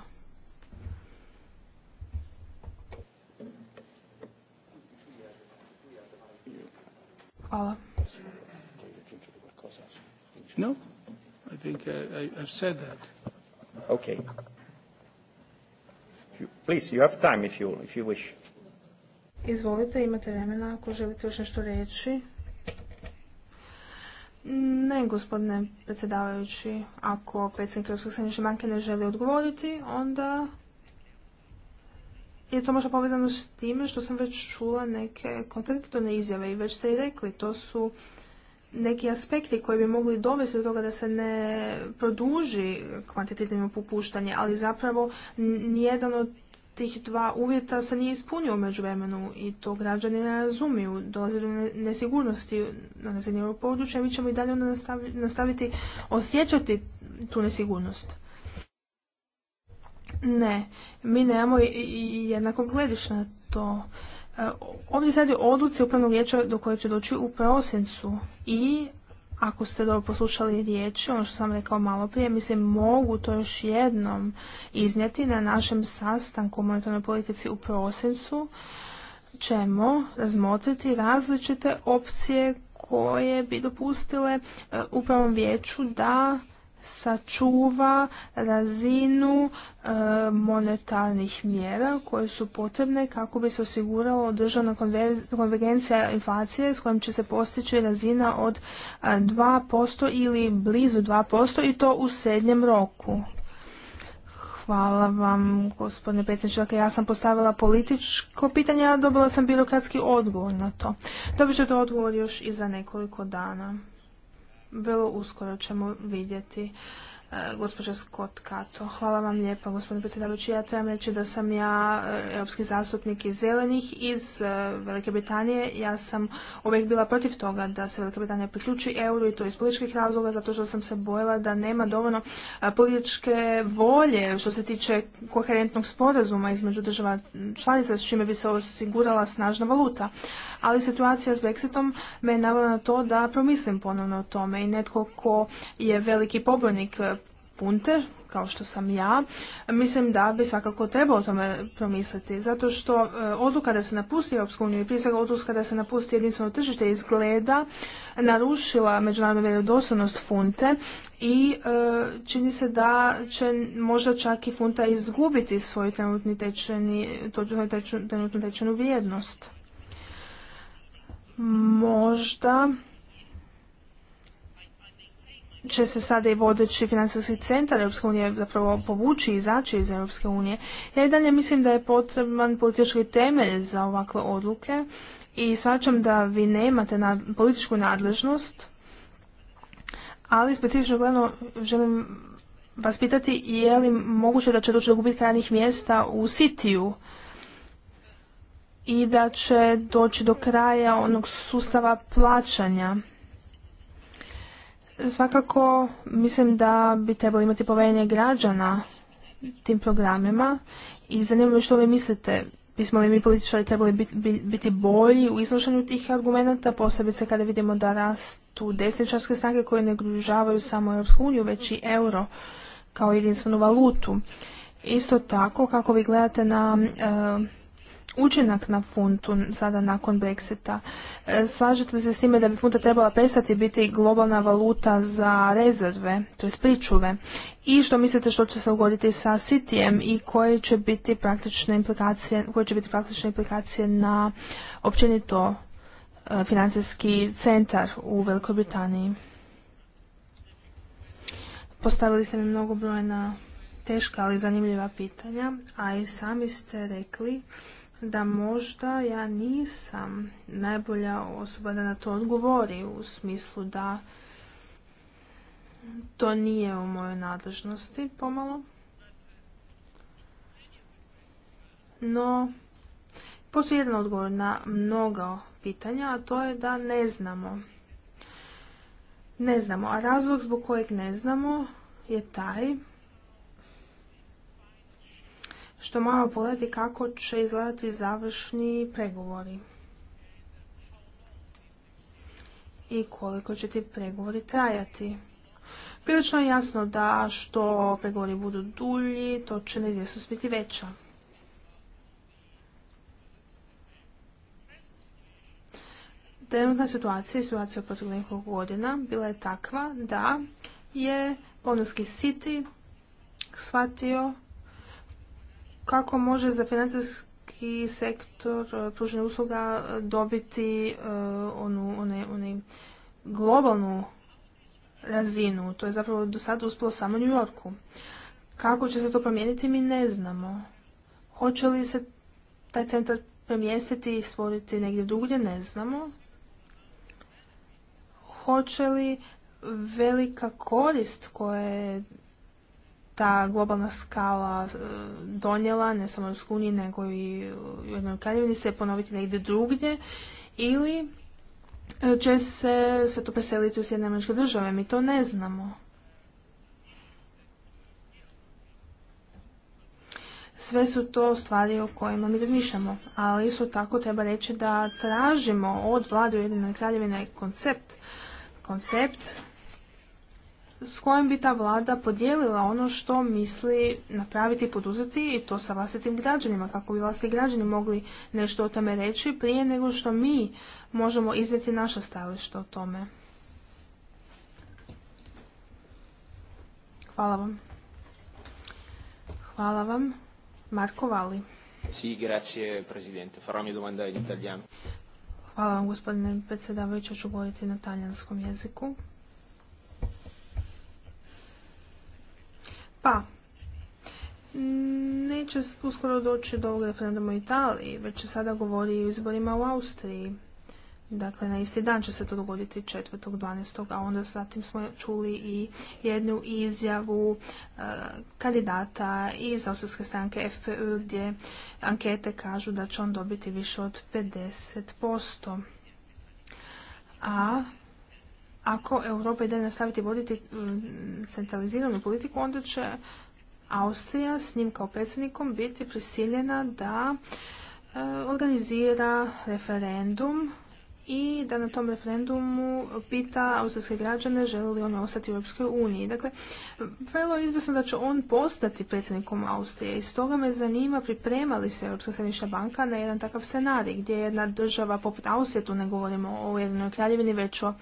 Hvala. I think I, I've said that. Okay. Please, you have time if you, if you wish. Izvolite, imate vremena ako želite još nešto reći. Ne, gospodine predsjedavajući. Ako predsjednik Europske središnje banke ne želi odgovoriti, onda je to možda povezano s time što sam već čula neke kontradiktorne izjave i već ste i rekli, to su neki aspekti koji bi mogli dovesti do toga da se ne produži kvantitativno popuštanje, ali zapravo nijedan od tih dva uvjeta se nije ispunio u međuvremenu i to građani ne razumiju. dolazi do nesigurnosti na razini ovog područja i mi ćemo i dalje onda nastaviti osjećati tu nesigurnost. Ne, mi nemamo jednako glediš na to. E, ovdje se o odluci upravnog vijeća do koje će doći u prosincu i ako ste dobro poslušali riječi, ono što sam rekao malo prije, mislim mogu to još jednom iznijeti na našem sastanku u monetarnoj politici u prosincu ćemo razmotriti različite opcije koje bi dopustile e, upravnom vijeću da sačuva razinu e, monetarnih mjera koje su potrebne kako bi se osiguralo državna konvergencija inflacije s kojom će se postići razina od 2% e, ili blizu 2% i to u srednjem roku. Hvala vam, gospodine predsjedniče. Dakle, ja sam postavila političko pitanje, a dobila sam birokratski odgovor na to. Dobit ćete odgovor još i za nekoliko dana vrlo uskoro ćemo vidjeti e, gospođa Scott Kato. Hvala vam lijepa, gospodine predsjedavajući. Ja trebam reći da sam ja e, europski zastupnik iz Zelenih, iz e, Velike Britanije. Ja sam uvijek bila protiv toga da se Velika Britanija priključi euro i to iz političkih razloga, zato što sam se bojila da nema dovoljno političke volje što se tiče koherentnog sporazuma između država članica, s čime bi se osigurala snažna valuta ali situacija s Brexitom me je navela na to da promislim ponovno o tome i netko ko je veliki pobornik eh, punte, kao što sam ja, mislim da bi svakako trebao o tome promisliti. Zato što eh, odluka da se napusti Europsku uniju i prije svega odluka da se napusti jedinstveno tržište izgleda narušila međunarodnu vjerodostojnost funte i eh, čini se da će možda čak i funta izgubiti svoju trenutnu tečenu vrijednost možda će se sada i vodeći financijski centar Europske unije zapravo povući i izaći iz Europske unije. Ja i dalje mislim da je potreban politički temelj za ovakve odluke i svačam da vi nemate političku nadležnost, ali specifično gledano želim vas pitati je li moguće da će doći do gubitka radnih mjesta u Sitiju i da će doći do kraja onog sustava plaćanja. Svakako mislim da bi trebalo imati povjerenje građana tim programima i zanima me što vi mislite bismo li mi političari trebali biti bolji u iznošenju tih argumenata, posebice kada vidimo da rastu desničarske snage koje ne gružavaju samo Europsku uniju, već i euro kao jedinstvenu valutu. Isto tako, kako vi gledate na eh, učinak na funtu sada nakon Brexita. E, slažete li se s time da bi funta trebala prestati biti globalna valuta za rezerve, to je pričuve? I što mislite što će se ugoditi sa Citijem i koje će biti praktične implikacije, koje će biti praktične implikacije na općenito e, financijski centar u Velikoj Britaniji? Postavili ste mi mnogo brojna teška ali zanimljiva pitanja, a i sami ste rekli da možda ja nisam najbolja osoba da na to odgovori u smislu da to nije u mojoj nadležnosti pomalo. No, postoji jedan odgovor na mnoga pitanja, a to je da ne znamo. Ne znamo, a razlog zbog kojeg ne znamo je taj što malo pogledati kako će izgledati završni pregovori i koliko će ti pregovori trajati. Prilično je jasno da što pregovori budu dulji, to će neizvjesnost biti veća. Trenutna situacija situacija u proteklih godina bila je takva da je Londonski City shvatio kako može za financijski sektor e, pružanja usluga e, dobiti e, onu, globalnu razinu. To je zapravo do sada uspjelo samo New Yorku. Kako će se to promijeniti mi ne znamo. Hoće li se taj centar premjestiti i stvoriti negdje drugdje ne znamo. Hoće li velika korist koja je ta globalna skala e, donijela, ne samo u nego i u jednoj kraljevini, se ponoviti negdje drugdje ili e, će se sve to preseliti u sjedne američke države. Mi to ne znamo. Sve su to stvari o kojima mi razmišljamo, ali isto tako treba reći da tražimo od vlade Ujedinjene kraljevine koncept, koncept s kojim bi ta vlada podijelila ono što misli napraviti i poduzeti i to sa vlastitim građanima, kako bi vlastiti građani mogli nešto o tome reći prije nego što mi možemo iznijeti naše stajalište o tome. Hvala vam. Hvala vam. Marko Vali. grazie in Hvala vam gospodine predsjedavajući, ću govoriti na talijanskom jeziku. Pa, neće uskoro doći do ovog referenduma u Italiji, već se sada govori o izborima u Austriji. Dakle, na isti dan će se to dogoditi 4.12. a onda zatim smo čuli i jednu izjavu e, kandidata iz Austrijske stranke FPU gdje ankete kažu da će on dobiti više od 50%. A ako Europa ide nastaviti voditi mm, centraliziranu politiku, onda će Austrija s njim kao predsjednikom biti prisiljena da e, organizira referendum i da na tom referendumu pita austrijske građane žele li oni ostati u Europskoj uniji. Dakle, vrlo je izvjesno da će on postati predsjednikom Austrije i stoga me zanima priprema li se Europska središnja banka na jedan takav scenarij gdje jedna država poput Austrije, tu ne govorimo o jednoj kraljevini, već o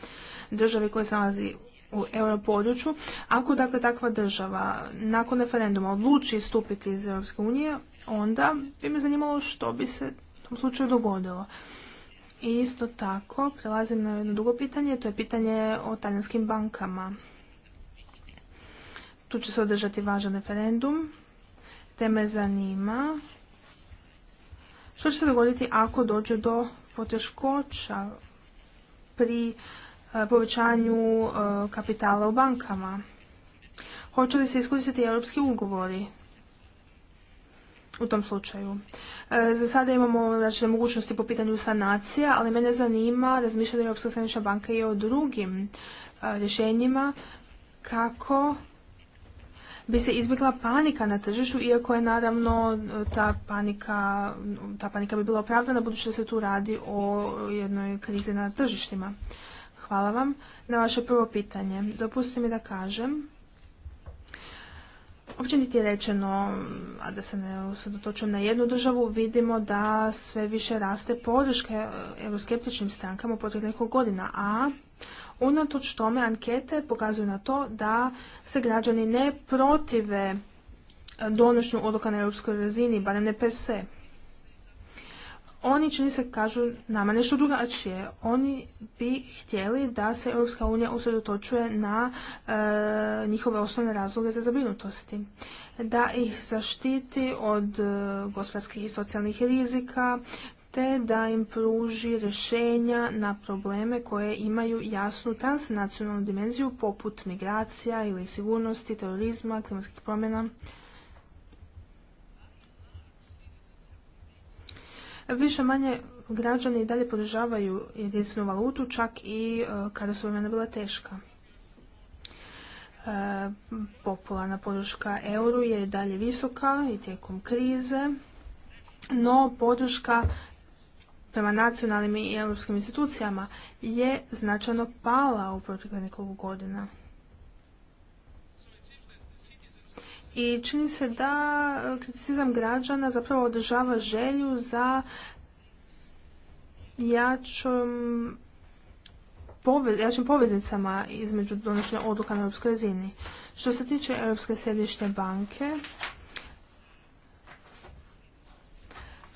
državi koja se nalazi u europodručju, ako dakle takva država nakon referenduma odluči stupiti iz Europske unije, onda bi me zanimalo što bi se u tom slučaju dogodilo. I isto tako, prelazim na jedno drugo pitanje, to je pitanje o talijanskim bankama. Tu će se održati važan referendum, te me zanima što će se dogoditi ako dođe do poteškoća pri E, povećanju e, kapitala u bankama? Hoće li se iskoristiti europski ugovori u tom slučaju? E, za sada imamo znači, mogućnosti po pitanju sanacija, ali mene zanima razmišlja da Europska središnja banka i o drugim rješenjima kako bi se izbjegla panika na tržištu, iako je naravno ta panika, ta panika bi bila opravdana budući da se tu radi o jednoj krizi na tržištima. Hvala vam na vaše prvo pitanje. Dopustite mi da kažem općeniti je rečeno, a da se ne usredotočujem na jednu državu, vidimo da sve više raste podrška e, euroskeptičnim strankama u proteklih nekoliko godina, a unatoč tome ankete pokazuju na to da se građani ne protive donošnju odluka na europskoj razini, barem ne per se oni čini se kažu nama nešto drugačije. Oni bi htjeli da se Europska unija usredotočuje na e, njihove osnovne razloge za zabrinutosti. Da ih zaštiti od e, gospodarskih i socijalnih rizika, te da im pruži rješenja na probleme koje imaju jasnu transnacionalnu dimenziju poput migracija ili sigurnosti, terorizma, klimatskih promjena više manje građani i dalje podržavaju jedinstvenu valutu, čak i e, kada su vremena bila teška. E, popularna podrška euru je dalje visoka i tijekom krize, no podrška prema nacionalnim i europskim institucijama je značajno pala u proteklih nekoliko godina. i čini se da e, kritizam građana zapravo održava želju za jačim poveznicama između donošenja odluka na europskoj razini. Što se tiče Europske središnje banke,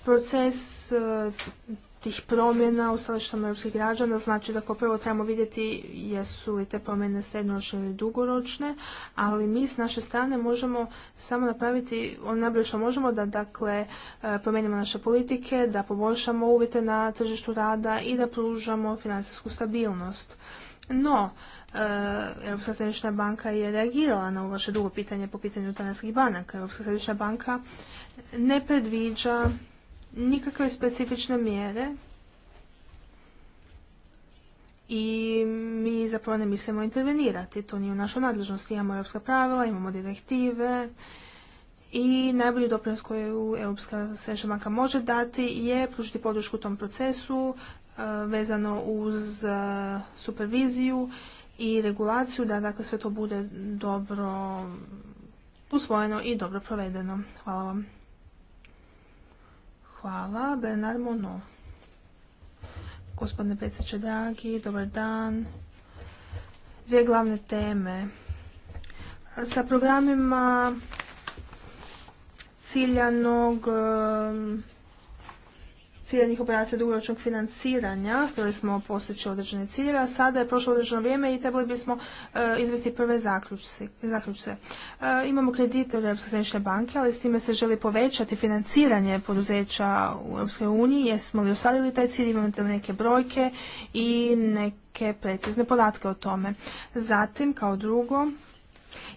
proces e, tih promjena u središtima europskih građana znači da kao prvo trebamo vidjeti jesu li te promjene srednjoročne ili dugoročne, ali mi s naše strane možemo samo napraviti ono najbolje što možemo da dakle e, promijenimo naše politike, da poboljšamo uvjete na tržištu rada i da pružamo financijsku stabilnost. No, e, Europska središnja banka je reagirala na ovo vaše drugo pitanje po pitanju talijanskih banaka. Europska središnja banka ne predviđa nikakve specifične mjere i mi zapravo ne mislimo intervenirati. To nije u našoj nadležnosti. Imamo europska pravila, imamo direktive i najbolji doprinos koju Europska središnja banka može dati je pružiti podršku u tom procesu e, vezano uz e, superviziju i regulaciju da dakle sve to bude dobro usvojeno i dobro provedeno. Hvala vam. Hvala. Bernard Monod. Gospodine predsjedniče dragi, dobar dan. Dvije glavne teme. Sa programima ciljanog ciljanih operacija dugoročnog financiranja, htjeli smo postići određene ciljeve, a sada je prošlo određeno vrijeme i trebali bismo e, izvesti prve zaključke. E, imamo kredite od Europske središnje banke, ali s time se želi povećati financiranje poduzeća u Europskoj uniji. Jesmo li ostvarili taj cilj, Imamo li neke brojke i neke precizne podatke o tome. Zatim, kao drugo,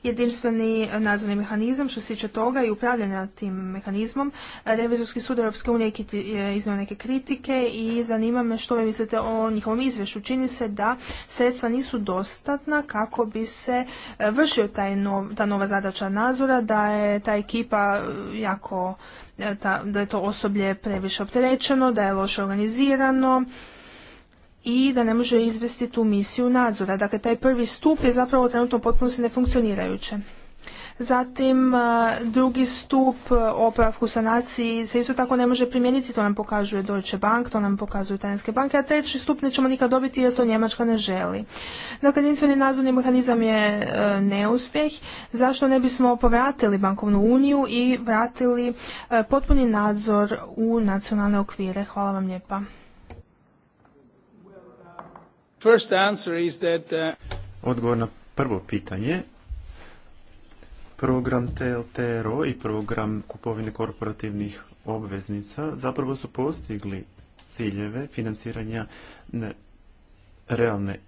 jedinstveni nadzorni mehanizam što se tiče toga i upravljanja tim mehanizmom. Revizorski sud Europske unije je iznio neke kritike i zanima me što vi mislite o njihovom izvješću. Čini se da sredstva nisu dostatna kako bi se e, vršio taj ta nova zadaća nadzora, da je ta ekipa e, jako e, da je to osoblje previše opterećeno, da je loše organizirano, i da ne može izvesti tu misiju nadzora. Dakle, taj prvi stup je zapravo trenutno potpuno se nefunkcionirajuće. Zatim, e, drugi stup e, opravku sanaciji se isto tako ne može primijeniti, to nam pokazuje Deutsche Bank, to nam pokazuju tajanske banke, a treći stup nećemo nikad dobiti jer to Njemačka ne želi. Dakle, jedinstveni nadzorni mehanizam je e, neuspjeh. Zašto ne bismo povratili bankovnu uniju i vratili potpuni nadzor u nacionalne okvire? Hvala vam lijepa. Uh, Odgovor na prvo pitanje. Program TLTRO i program kupovine korporativnih obveznica zapravo su postigli ciljeve financiranja realne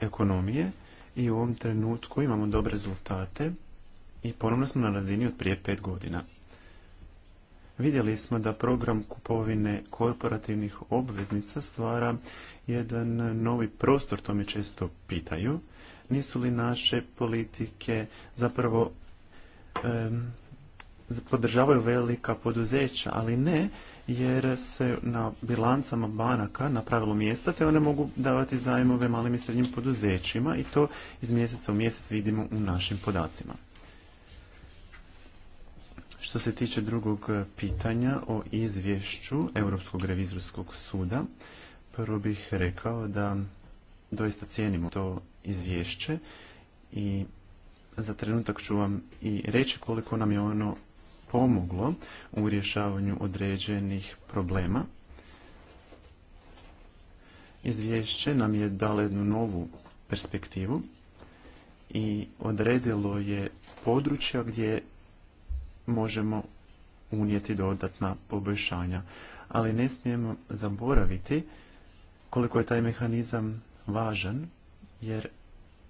ekonomije i u ovom trenutku imamo dobre rezultate i ponovno smo na razini od prije pet godina. Vidjeli smo da program kupovine korporativnih obveznica stvara jedan novi prostor, to mi često pitaju. Nisu li naše politike zapravo podržavaju velika poduzeća, ali ne jer se na bilancama banaka na pravilu mjesta te one mogu davati zajmove malim i srednjim poduzećima i to iz mjeseca u mjesec vidimo u našim podacima. Što se tiče drugog pitanja o izvješću Europskog revizorskog suda, Prvo bih rekao da doista cijenimo to izvješće i za trenutak ću vam i reći koliko nam je ono pomoglo u rješavanju određenih problema. Izvješće nam je dalo jednu novu perspektivu i odredilo je područja gdje možemo unijeti dodatna poboljšanja. Ali ne smijemo zaboraviti koliko je taj mehanizam važan, jer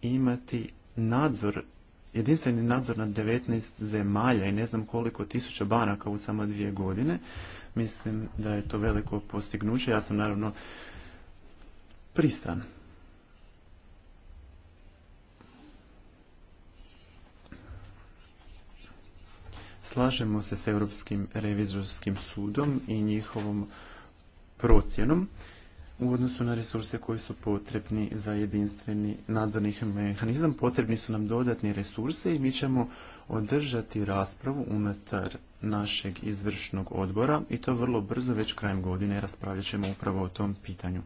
imati nadzor, jedinstveni nadzor na 19 zemalja i ne znam koliko tisuća banaka u samo dvije godine, mislim da je to veliko postignuće. Ja sam naravno pristran. Slažemo se s Europskim revizorskim sudom i njihovom procjenom u odnosu na resurse koji su potrebni za jedinstveni nadzorni mehanizam. Potrebni su nam dodatni resurse i mi ćemo održati raspravu unutar našeg izvršnog odbora i to vrlo brzo, već krajem godine, raspravljat ćemo upravo o tom pitanju.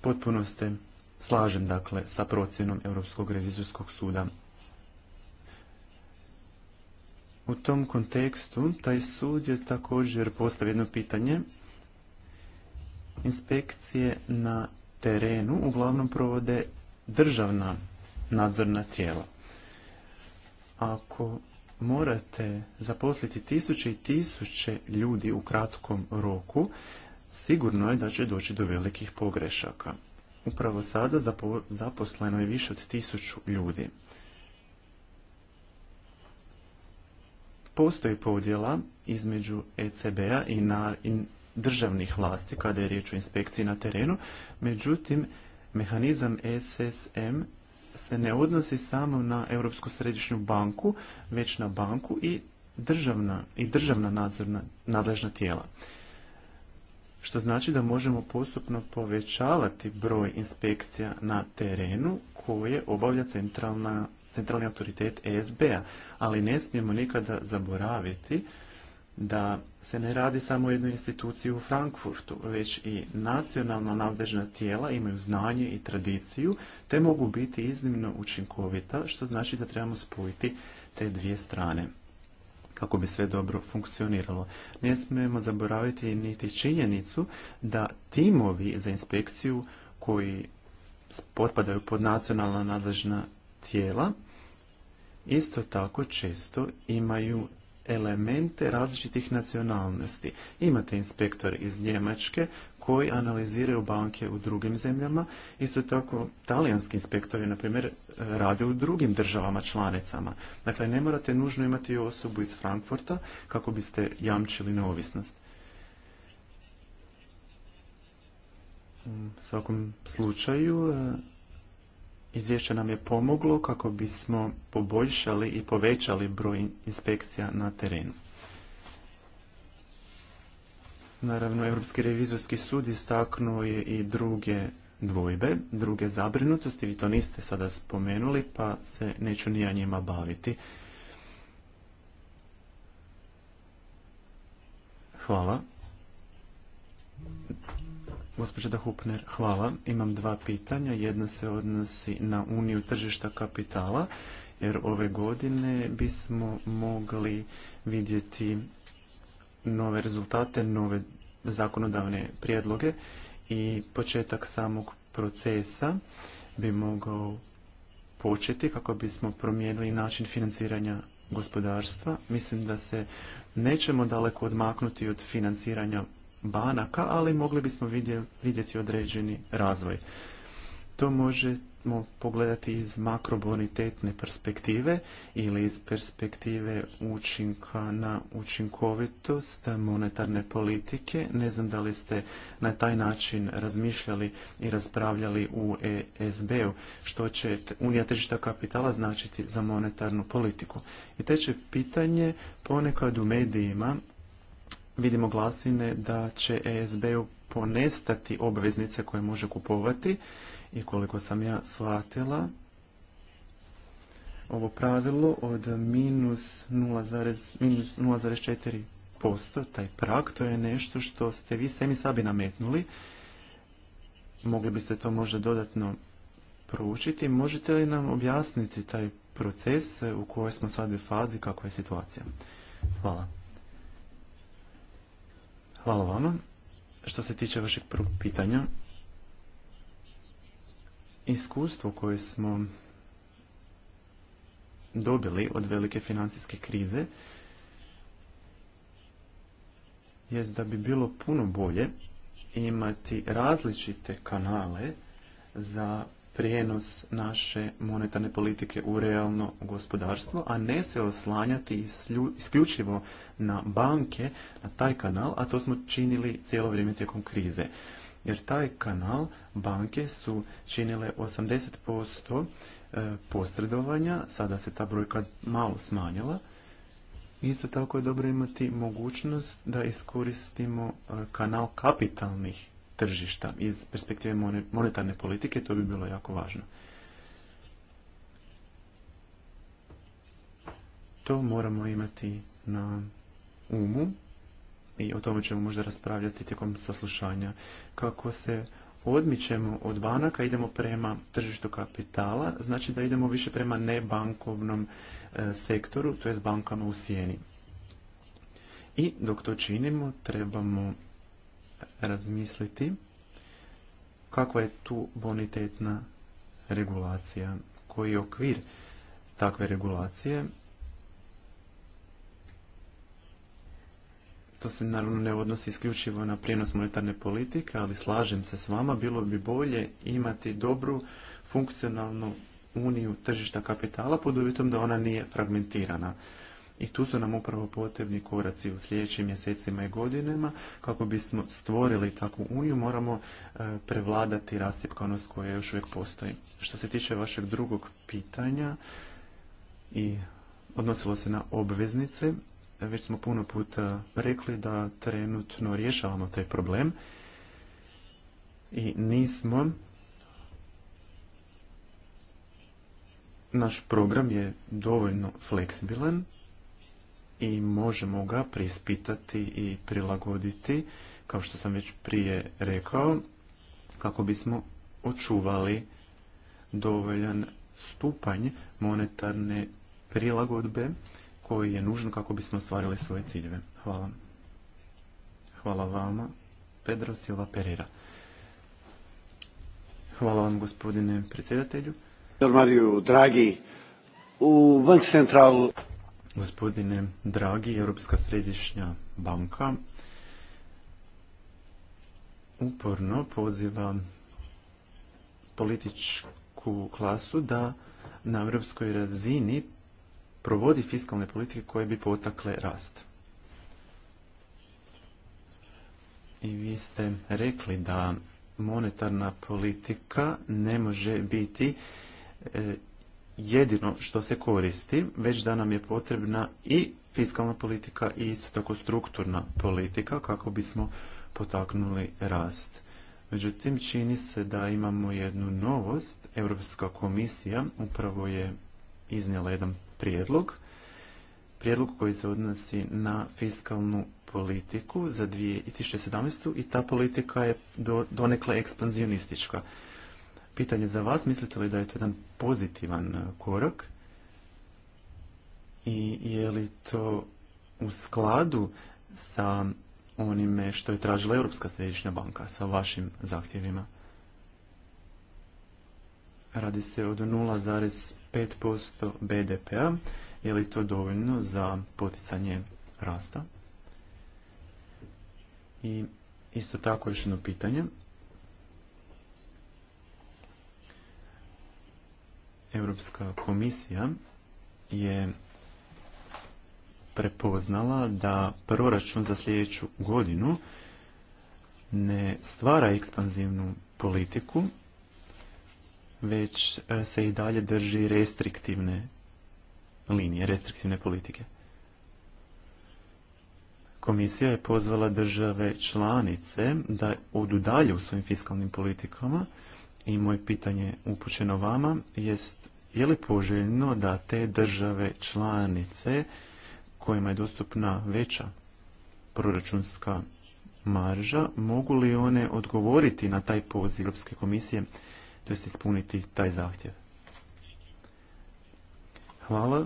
Potpuno ste slažem dakle sa procjenom Europskog revizorskog suda u tom kontekstu taj sud je također postavio jedno pitanje. Inspekcije na terenu uglavnom provode državna nadzorna tijela. Ako morate zaposliti tisuće i tisuće ljudi u kratkom roku, sigurno je da će doći do velikih pogrešaka. Upravo sada zaposleno je više od tisuću ljudi. postoji podjela između ECB-a i, na, državnih vlasti kada je riječ o inspekciji na terenu, međutim mehanizam e SSM se ne odnosi samo na Europsku središnju banku, već na banku i državna, i državna nadzorna, nadležna tijela. Što znači da možemo postupno povećavati broj inspekcija na terenu koje obavlja centralna centralni autoritet ESB-a, ali ne smijemo nikada zaboraviti da se ne radi samo o jednoj instituciji u Frankfurtu, već i nacionalna nadležna tijela imaju znanje i tradiciju, te mogu biti iznimno učinkovita, što znači da trebamo spojiti te dvije strane kako bi sve dobro funkcioniralo. Ne smijemo zaboraviti niti činjenicu da timovi za inspekciju koji potpadaju pod nacionalna nadležna tijela isto tako često imaju elemente različitih nacionalnosti. Imate inspektor iz Njemačke koji analiziraju banke u drugim zemljama. Isto tako, talijanski inspektori, na primjer, rade u drugim državama članicama. Dakle, ne morate nužno imati osobu iz Frankfurta kako biste jamčili neovisnost. U svakom slučaju, Izvješće nam je pomoglo kako bismo poboljšali i povećali broj inspekcija na terenu. Naravno, Europski revizorski sud istaknuo je i druge dvojbe, druge zabrinutosti, vi to niste sada spomenuli, pa se neću ni ja njima baviti. Hvala. Gospođa Dahupner, hvala. Imam dva pitanja. Jedno se odnosi na uniju tržišta kapitala, jer ove godine bismo mogli vidjeti nove rezultate, nove zakonodavne prijedloge i početak samog procesa bi mogao početi kako bismo promijenili način financiranja gospodarstva. Mislim da se nećemo daleko odmaknuti od financiranja banaka, ali mogli bismo vidjeti određeni razvoj. To možemo pogledati iz makrobonitetne perspektive ili iz perspektive učinka na učinkovitost monetarne politike. Ne znam da li ste na taj način razmišljali i raspravljali u ESB-u što će Unija tržišta kapitala značiti za monetarnu politiku. I teče pitanje ponekad u medijima vidimo glasine da će ESB-u ponestati obveznice koje može kupovati i koliko sam ja shvatila ovo pravilo od minus 0,4%, taj prag, to je nešto što ste vi sami sabi nametnuli. Mogli biste to možda dodatno proučiti. Možete li nam objasniti taj proces u kojoj smo sad u fazi, kakva je situacija? Hvala. Hvala vama. Što se tiče vašeg prvog pitanja, iskustvo koje smo dobili od velike financijske krize jest da bi bilo puno bolje imati različite kanale za prijenos naše monetarne politike u realno gospodarstvo, a ne se oslanjati isključivo na banke, na taj kanal, a to smo činili cijelo vrijeme tijekom krize. Jer taj kanal banke su činile 80% e, posredovanja, sada se ta brojka malo smanjila. Isto tako je dobro imati mogućnost da iskoristimo e, kanal kapitalnih tržišta. Iz perspektive monetarne politike to bi bilo jako važno. To moramo imati na umu i o tome ćemo možda raspravljati tijekom saslušanja. Kako se odmićemo od banaka, idemo prema tržištu kapitala, znači da idemo više prema nebankovnom e, sektoru, to je s bankama u sjeni. I dok to činimo, trebamo razmisliti kakva je tu bonitetna regulacija, koji je okvir takve regulacije. To se naravno ne odnosi isključivo na prijenos monetarne politike, ali slažem se s vama, bilo bi bolje imati dobru funkcionalnu uniju tržišta kapitala pod uvjetom da ona nije fragmentirana. I tu su nam upravo potrebni koraci u sljedećim mjesecima i godinama. Kako bismo stvorili takvu uniju, moramo e, prevladati rascjepkanost koja još uvijek postoji. Što se tiče vašeg drugog pitanja, i odnosilo se na obveznice, već smo puno puta rekli da trenutno rješavamo taj problem i nismo naš program je dovoljno fleksibilan i možemo ga prispitati i prilagoditi, kao što sam već prije rekao, kako bismo očuvali dovoljan stupanj monetarne prilagodbe koji je nužan kako bismo ostvarili svoje ciljeve. Hvala. Hvala vama, Pedro Silva Pereira. Hvala vam, gospodine predsjedatelju. Mario dragi u Bank Central Gospodine Dragi, Europska središnja banka uporno poziva političku klasu da na europskoj razini provodi fiskalne politike koje bi potakle rast. I vi ste rekli da monetarna politika ne može biti e, jedino što se koristi, već da nam je potrebna i fiskalna politika i isto tako strukturna politika kako bismo potaknuli rast. Međutim, čini se da imamo jednu novost. Europska komisija upravo je iznijela jedan prijedlog. Prijedlog koji se odnosi na fiskalnu politiku za 2017. i ta politika je donekle ekspanzionistička pitanje za vas. Mislite li da je to jedan pozitivan e, korak? I je li to u skladu sa onime što je tražila Europska središnja banka sa vašim zahtjevima? Radi se od 0,5% BDP-a. Je li to dovoljno za poticanje rasta? I isto tako još jedno pitanje. Europska komisija je prepoznala da proračun za sljedeću godinu ne stvara ekspanzivnu politiku, već e, se i dalje drži restriktivne linije, restriktivne politike. Komisija je pozvala države članice da odudalje u svojim fiskalnim politikama i moje pitanje upućeno vama jest je li poželjno da te države članice kojima je dostupna veća proračunska marža, mogu li one odgovoriti na taj poziv Europske komisije, to jest ispuniti taj zahtjev? Hvala.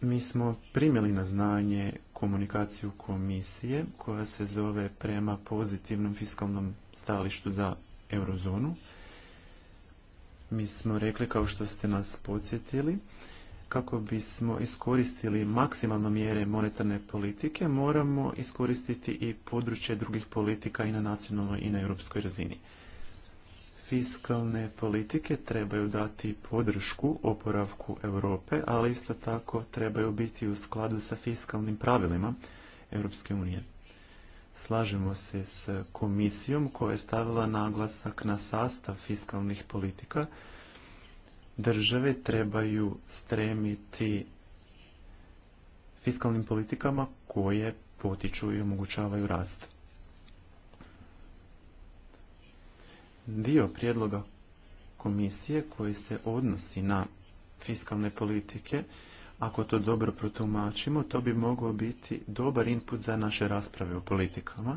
Mi smo primjeli na znanje komunikaciju komisije koja se zove prema pozitivnom fiskalnom stalištu za eurozonu. Mi smo rekli, kao što ste nas podsjetili, kako bismo iskoristili maksimalno mjere monetarne politike, moramo iskoristiti i područje drugih politika i na nacionalnoj i na europskoj razini. Fiskalne politike trebaju dati podršku oporavku Europe, ali isto tako trebaju biti u skladu sa fiskalnim pravilima Europske unije. Slažemo se s komisijom koja je stavila naglasak na sastav fiskalnih politika. Države trebaju stremiti fiskalnim politikama koje potiču i omogućavaju rast. Dio prijedloga komisije koji se odnosi na fiskalne politike ako to dobro protumačimo, to bi moglo biti dobar input za naše rasprave o politikama.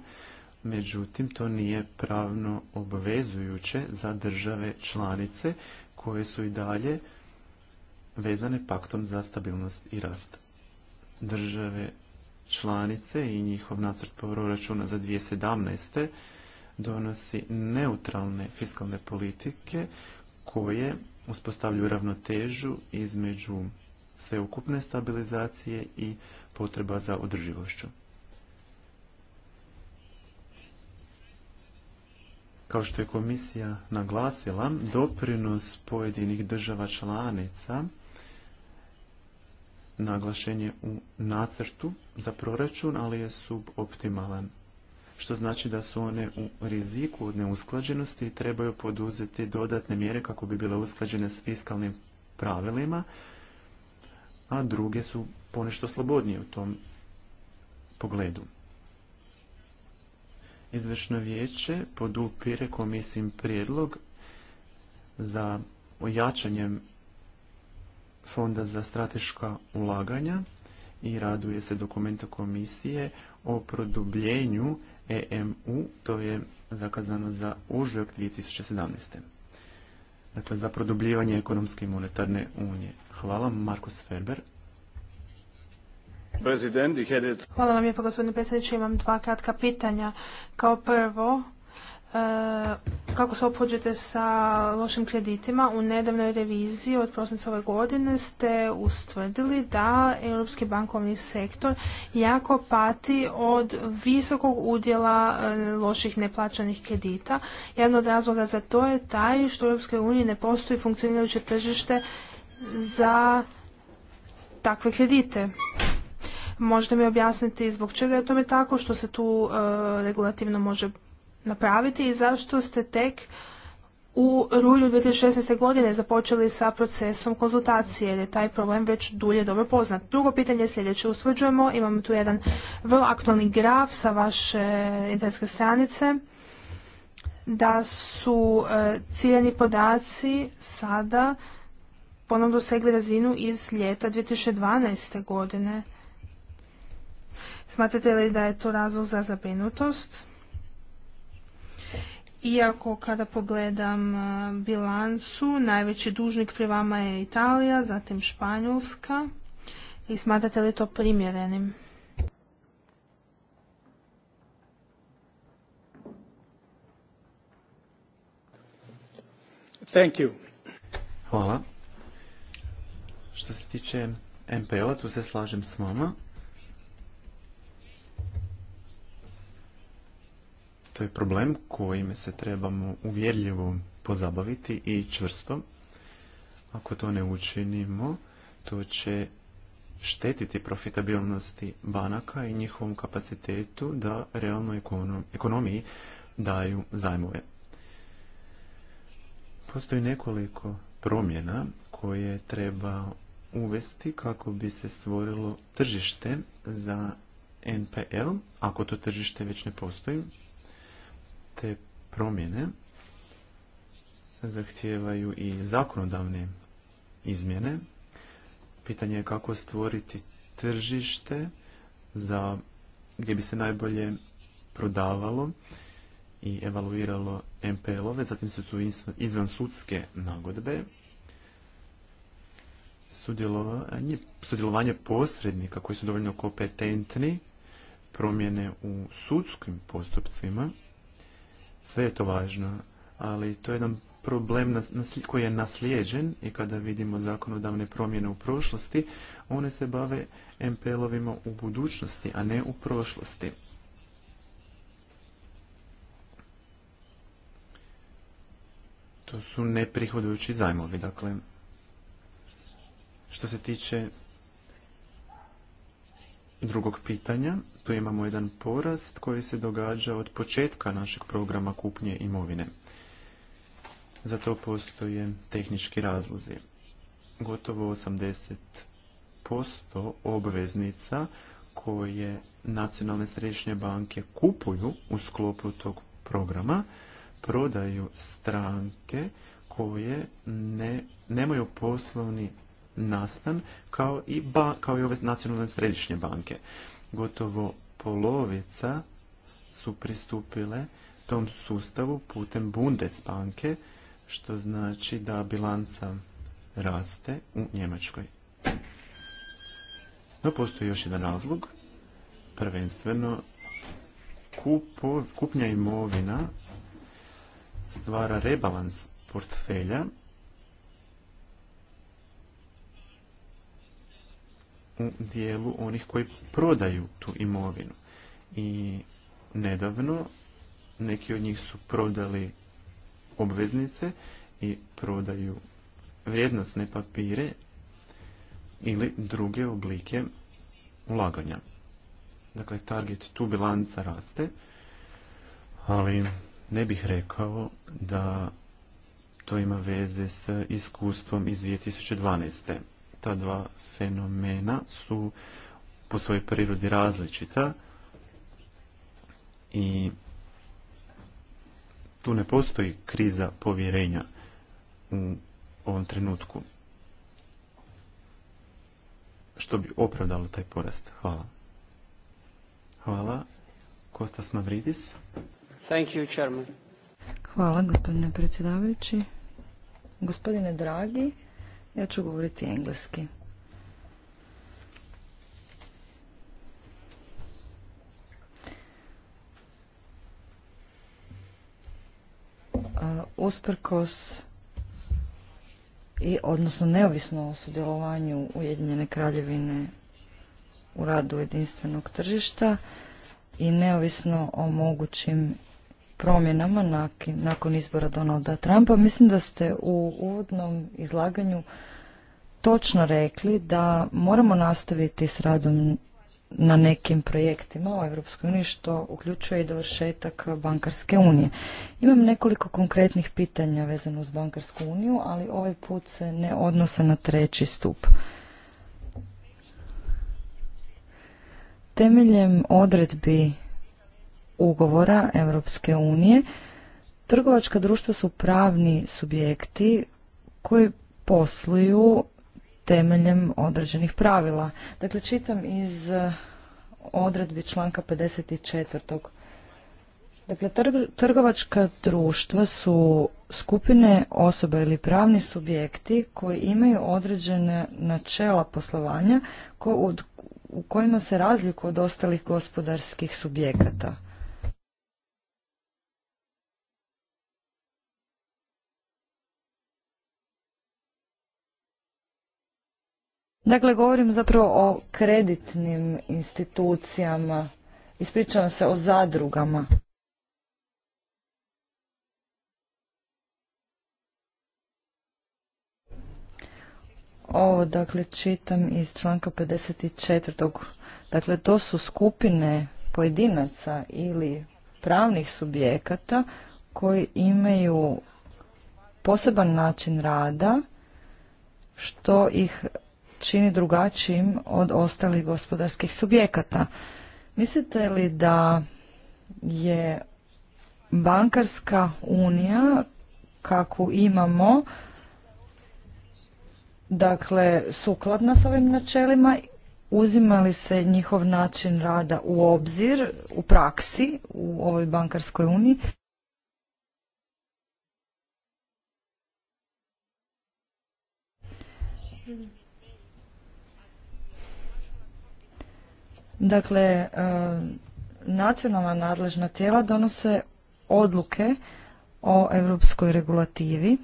Međutim, to nije pravno obvezujuće za države članice koje su i dalje vezane paktom za stabilnost i rast. Države članice i njihov nacrt proračuna za 2017. donosi neutralne fiskalne politike koje uspostavljaju ravnotežu između sveukupne stabilizacije i potreba za održivošću. Kao što je komisija naglasila, doprinos pojedinih država članica naglašen je u nacrtu za proračun, ali je suboptimalan što znači da su one u riziku od neusklađenosti i trebaju poduzeti dodatne mjere kako bi bile usklađene s fiskalnim pravilima a druge su ponešto slobodnije u tom pogledu. Izvršno vijeće podupire komisijim prijedlog za ojačanjem Fonda za strateška ulaganja i raduje se dokumenta komisije o produbljenju EMU, to je zakazano za ožujak 2017. Dakle, za produbljivanje ekonomske i monetarne unije. Hvala, Markus Ferber. Hvala vam lijepo, gospodine predsjedniče. Imam dva kratka pitanja. Kao prvo, eh, kako se opođete sa lošim kreditima? U nedavnoj reviziji od prosinca ove godine ste ustvrdili da europski bankovni sektor jako pati od visokog udjela eh, loših neplaćanih kredita. Jedan od razloga za to je taj što u Europskoj uniji ne postoji funkcionirajuće tržište za takve kredite. Možete mi objasniti zbog čega je tome tako, što se tu e, regulativno može napraviti i zašto ste tek u rulju 2016. godine započeli sa procesom konzultacije, jer je taj problem već dulje dobro poznat. Drugo pitanje je sljedeće. Usvrđujemo, imamo tu jedan vrlo aktualni graf sa vaše internetske stranice, da su e, ciljeni podaci sada ponovno dosegli razinu iz ljeta 2012. godine. Smatrate li da je to razlog za zabrinutost? Iako kada pogledam e, bilancu, najveći dužnik pri vama je Italija, zatim Španjolska. I smatrate li to primjerenim? Hvala. Što se tiče MPO, tu se slažem s vama. To je problem kojim se trebamo uvjerljivo pozabaviti i čvrsto. Ako to ne učinimo, to će štetiti profitabilnosti banaka i njihovom kapacitetu da realnoj ekonomiji daju zajmove. Postoji nekoliko promjena koje treba uvesti kako bi se stvorilo tržište za NPL, ako to tržište već ne postoji. Te promjene zahtijevaju i zakonodavne izmjene. Pitanje je kako stvoriti tržište za gdje bi se najbolje prodavalo i evaluiralo MPL-ove, zatim su tu sudske nagodbe sudjelovanje, posrednika koji su dovoljno kompetentni, promjene u sudskim postupcima, sve je to važno, ali to je jedan problem koji je naslijeđen i kada vidimo zakonodavne promjene u prošlosti, one se bave MPL-ovima u budućnosti, a ne u prošlosti. To su neprihodujući zajmovi, dakle, što se tiče drugog pitanja, tu imamo jedan porast koji se događa od početka našeg programa kupnje imovine. Za to postoje tehnički razlozi. Gotovo 80% obveznica koje nacionalne središnje banke kupuju u sklopu tog programa prodaju stranke koje ne, nemaju poslovni nastan kao i, kao i ove nacionalne središnje banke. Gotovo polovica su pristupile tom sustavu putem Bundesbanke, što znači da bilanca raste u Njemačkoj. No postoji još jedan razlog, prvenstveno kupnja imovina stvara rebalans portfelja u dijelu onih koji prodaju tu imovinu. I nedavno neki od njih su prodali obveznice i prodaju vrijednosne papire ili druge oblike ulaganja. Dakle, target tu bilanca raste, ali ne bih rekao da to ima veze s iskustvom iz 2012 ta dva fenomena su po svojoj prirodi različita i tu ne postoji kriza povjerenja u ovom trenutku što bi opravdalo taj porast. Hvala. Hvala. Kostas Mavridis. Thank you, Hvala, gospodine predsjedavajući. Gospodine Dragi, ja ću govoriti engleski. Usprkos i odnosno neovisno o sudjelovanju Ujedinjene kraljevine u radu jedinstvenog tržišta i neovisno o mogućim promjenama nakon izbora Donalda Trumpa. Mislim da ste u uvodnom izlaganju točno rekli da moramo nastaviti s radom na nekim projektima u Europskoj uniji što uključuje i dovršetak bankarske unije. Imam nekoliko konkretnih pitanja vezano uz bankarsku uniju, ali ovaj put se ne odnose na treći stup. Temeljem odredbi ugovora Europske unije, trgovačka društva su pravni subjekti koji posluju temeljem određenih pravila. Dakle, čitam iz eh, odredbi članka 54. Dakle, trgovačka društva su skupine osoba ili pravni subjekti koji imaju određene načela poslovanja u kojima se razliku od ostalih gospodarskih subjekata. Dakle, govorim zapravo o kreditnim institucijama, ispričavam se o zadrugama. Ovo, dakle, čitam iz članka 54. Dakle, to su skupine pojedinaca ili pravnih subjekata koji imaju poseban način rada što ih čini drugačijim od ostalih gospodarskih subjekata. Mislite li da je bankarska unija kakvu imamo dakle sukladna s ovim načelima uzima li se njihov način rada u obzir u praksi u ovoj bankarskoj uniji Dakle, e, nacionalna nadležna tijela donose odluke o europskoj regulativi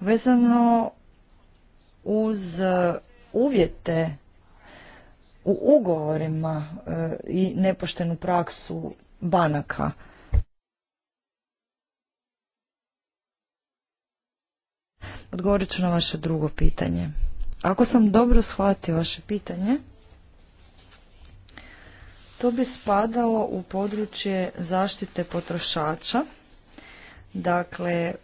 vezano uz uvjete u ugovorima e, i nepoštenu praksu banaka. Odgovorit ću na vaše drugo pitanje. Ako sam dobro shvatio vaše pitanje, to bi spadalo u područje zaštite potrošača. Dakle,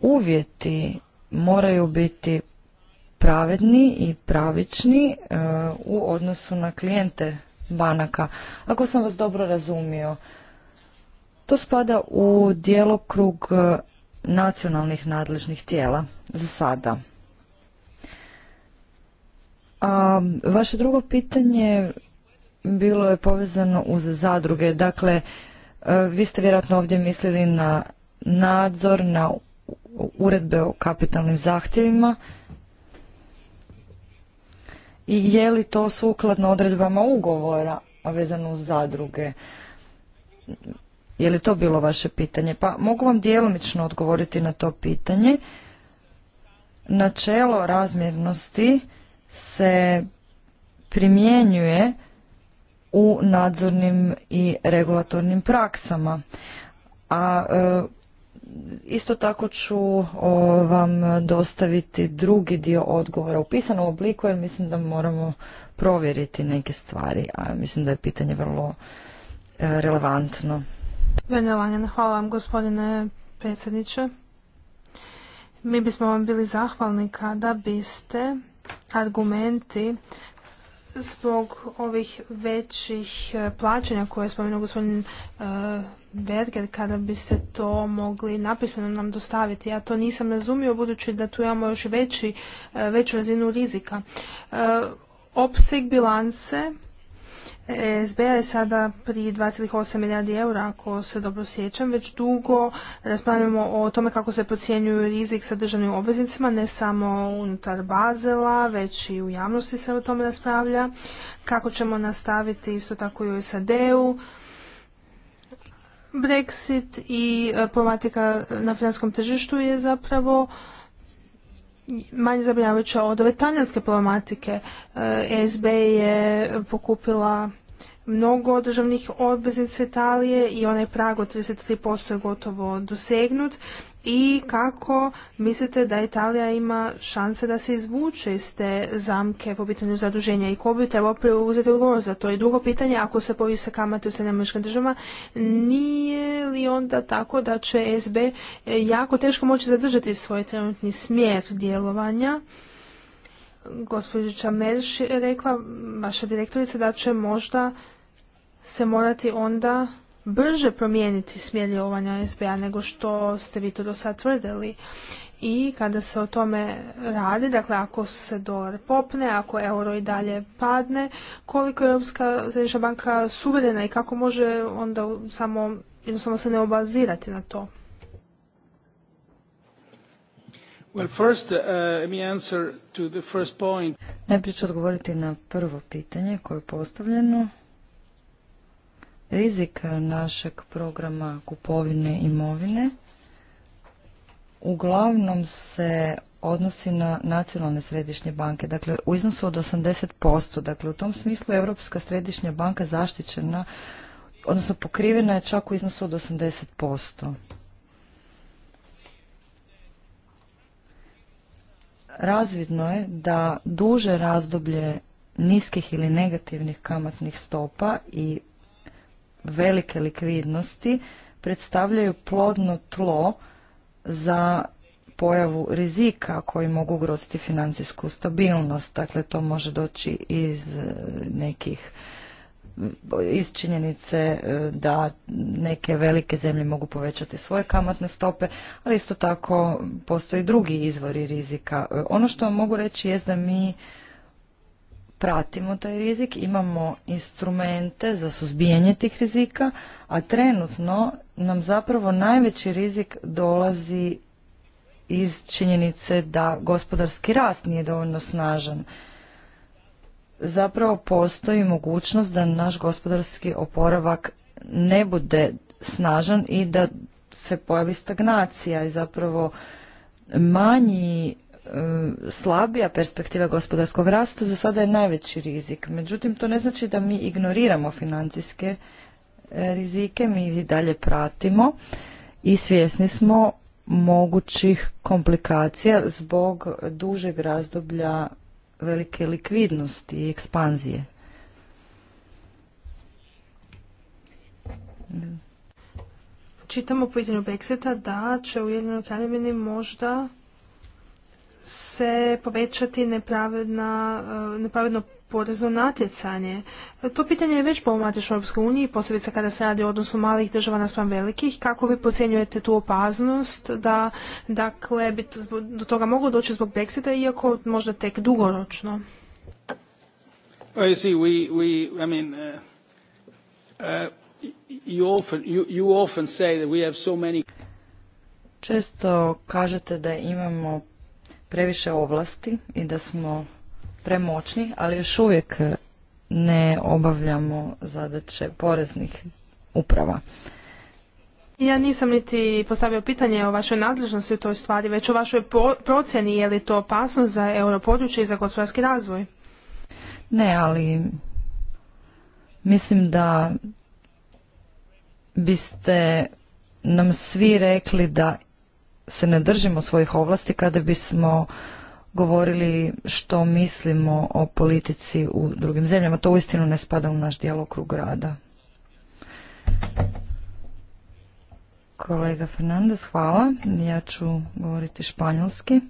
uvjeti moraju biti pravedni i pravični e, u odnosu na klijente banaka. Ako sam vas dobro razumio, to spada u djelokrug e, nacionalnih nadležnih tijela za sada. A, vaše drugo pitanje bilo je povezano uz zadruge. Dakle, e, vi ste vjerojatno ovdje mislili na nadzor, na uredbe o kapitalnim zahtjevima. I je li to sukladno odredbama ugovora vezano uz zadruge? Je li to bilo vaše pitanje? Pa mogu vam djelomično odgovoriti na to pitanje. Načelo razmjernosti se primjenjuje u nadzornim i regulatornim praksama. A e, isto tako ću vam dostaviti drugi dio odgovora u pisanom obliku jer mislim da moramo provjeriti neke stvari, a mislim da je pitanje vrlo e, relevantno. Hvala vam gospodine predsjedniče. Mi bismo vam bili zahvalni kada biste argumenti zbog ovih većih e, plaćanja koje je spomenuo gospodin e, Berger, kada biste to mogli napismeno nam dostaviti. Ja to nisam razumio budući da tu imamo još e, veću razinu rizika. Opseg bilance E, SBA je sada pri 2,8 milijardi eura, ako se dobro sjećam, već dugo raspravljamo o tome kako se procjenjuju rizik sa državnim obveznicima, ne samo unutar Bazela, već i u javnosti se o tome raspravlja, kako ćemo nastaviti isto tako i u SAD-u, Brexit i e, problematika na financijskom tržištu je zapravo manje zabrinjavajuća od ove talijanske problematike. E, SB je pokupila mnogo državnih obveznica Italije i onaj prag od 33% je gotovo dosegnut i kako mislite da Italija ima šanse da se izvuče iz te zamke po pitanju zaduženja i ko bi trebao preuzeti odgovor za to? I drugo pitanje, ako se povise kamate u Sjedinjeničkim državama, nije li onda tako da će SB jako teško moći zadržati svoj trenutni smjer djelovanja? Gospođa Merš rekla, vaša direktorica, da će možda se morati onda brže promijeniti smjer djelovanja SBA nego što ste vi to do sad tvrdili. I kada se o tome radi, dakle ako se dolar popne, ako euro i dalje padne, koliko je Europska središnja banka suverena i kako može onda samo jednostavno se ne obazirati na to? Najprije ću odgovoriti na prvo pitanje koje je postavljeno rizik našeg programa kupovine imovine uglavnom se odnosi na nacionalne središnje banke, dakle u iznosu od 80%. Dakle, u tom smislu Europska središnja banka zaštićena, odnosno pokrivena je čak u iznosu od 80%. Razvidno je da duže razdoblje niskih ili negativnih kamatnih stopa i velike likvidnosti predstavljaju plodno tlo za pojavu rizika koji mogu ugroziti financijsku stabilnost. Dakle, to može doći iz e, nekih iz činjenice e, da neke velike zemlje mogu povećati svoje kamatne stope, ali isto tako postoji drugi izvori rizika. E, ono što vam mogu reći je da mi pratimo taj rizik, imamo instrumente za suzbijanje tih rizika, a trenutno nam zapravo najveći rizik dolazi iz činjenice da gospodarski rast nije dovoljno snažan. Zapravo postoji mogućnost da naš gospodarski oporavak ne bude snažan i da se pojavi stagnacija i zapravo manji E, slabija perspektiva gospodarskog rasta za sada je najveći rizik. Međutim, to ne znači da mi ignoriramo financijske e, rizike, mi ih dalje pratimo i svjesni smo mogućih komplikacija zbog dužeg razdoblja velike likvidnosti i ekspanzije. Čitamo pojedinu pitanju da će u jednoj kraljevini možda se povećati e, nepravedno porezno natjecanje. To pitanje je već po u Europskoj uniji, posebice kada se radi o odnosu malih država naspram velikih. Kako vi procjenjujete tu opasnost da dakle, bi do toga moglo doći zbog Brexita, iako možda tek dugoročno? I mean, Često kažete da imamo previše ovlasti i da smo premoćni, ali još uvijek ne obavljamo zadaće poreznih uprava. Ja nisam niti postavio pitanje o vašoj nadležnosti u toj stvari, već o vašoj procjeni je li to opasno za europodručje i za gospodarski razvoj. Ne, ali mislim da biste nam svi rekli da se ne držimo svojih ovlasti kada bismo govorili što mislimo o politici u drugim zemljama. To uistinu ne spada u naš djelokrug rada. Kolega Fernandez, hvala. Ja ću govoriti španjolski.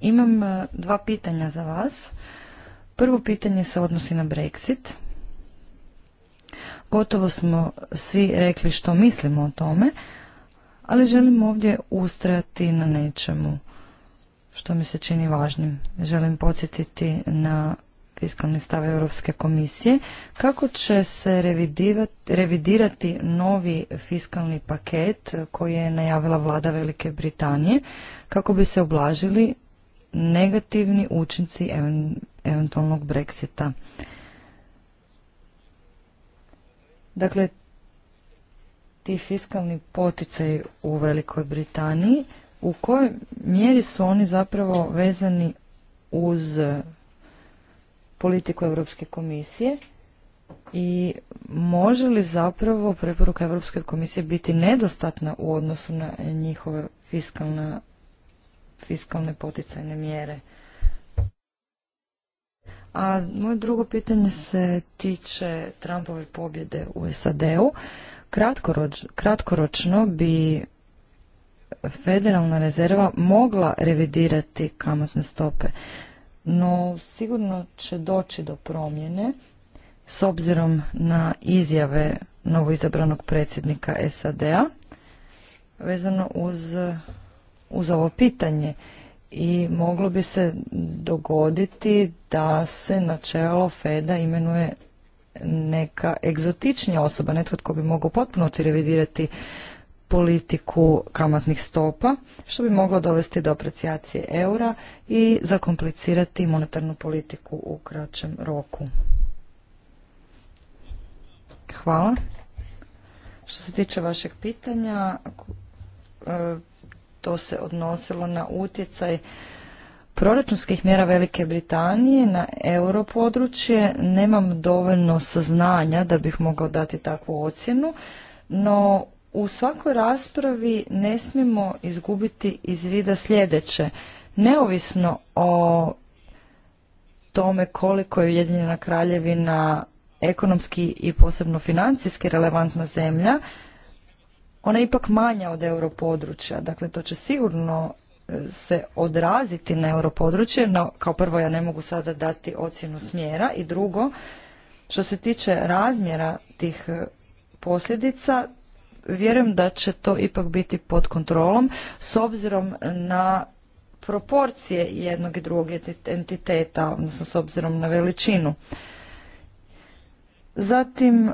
Imam e, dva pitanja za vas. Prvo pitanje se odnosi na Brexit. Gotovo smo svi rekli što mislimo o tome ali želim ovdje ustrajati na nečemu što mi se čini važnim. Želim podsjetiti na fiskalni stav Europske komisije kako će se revidirati novi fiskalni paket koji je najavila vlada Velike Britanije kako bi se oblažili negativni učinci eventualnog Brexita. Dakle, ti fiskalni poticaj u Velikoj Britaniji, u kojoj mjeri su oni zapravo vezani uz politiku Europske komisije i može li zapravo preporuka Europske komisije biti nedostatna u odnosu na njihove fiskalne, fiskalne poticajne mjere? A moje drugo pitanje se tiče Trumpove pobjede u SAD-u kratkoročno bi federalna rezerva mogla revidirati kamatne stope, no sigurno će doći do promjene s obzirom na izjave novoizabranog predsjednika SAD-a vezano uz, uz ovo pitanje i moglo bi se dogoditi da se na čelo Feda imenuje neka egzotičnija osoba, netko tko bi mogao potpuno revidirati politiku kamatnih stopa, što bi moglo dovesti do aprecijacije eura i zakomplicirati monetarnu politiku u kraćem roku. Hvala. Što se tiče vašeg pitanja, e, to se odnosilo na utjecaj proračunskih mjera Velike Britanije na europodručje nemam dovoljno saznanja da bih mogao dati takvu ocjenu, no u svakoj raspravi ne smijemo izgubiti iz vida sljedeće. Neovisno o tome koliko je Ujedinjena kraljevina ekonomski i posebno financijski relevantna zemlja, ona je ipak manja od europodručja. Dakle, to će sigurno se odraziti na europodručje, no kao prvo ja ne mogu sada dati ocjenu smjera i drugo, što se tiče razmjera tih e, posljedica, vjerujem da će to ipak biti pod kontrolom s obzirom na proporcije jednog i drugog entiteta, odnosno s obzirom na veličinu. Zatim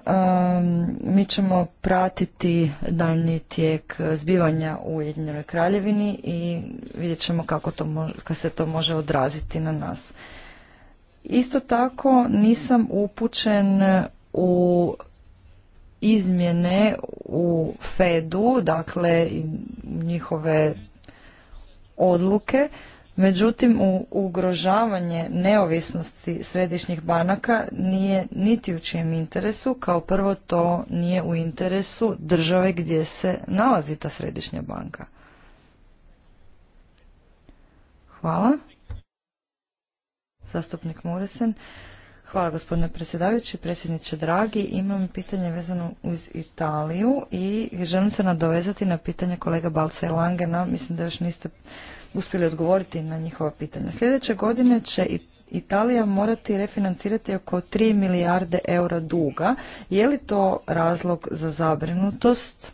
mi ćemo pratiti daljni tijek zbivanja u Ujedinjenoj kraljevini i vidjet ćemo kako to može, se to može odraziti na nas. Isto tako nisam upućen u izmjene u Fedu, dakle njihove odluke. Međutim, u ugrožavanje neovisnosti središnjih banaka nije niti u čijem interesu, kao prvo to nije u interesu države gdje se nalazi ta središnja banka. Hvala. Zastupnik Muresen. Hvala gospodine predsjedavajući, predsjedniče dragi. Imam pitanje vezano uz Italiju i želim se nadovezati na pitanje kolega Balca i Langena. Mislim da još niste uspjeli odgovoriti na njihova pitanja. Sljedeće godine će Italija morati refinancirati oko 3 milijarde eura duga. Je li to razlog za zabrinutost?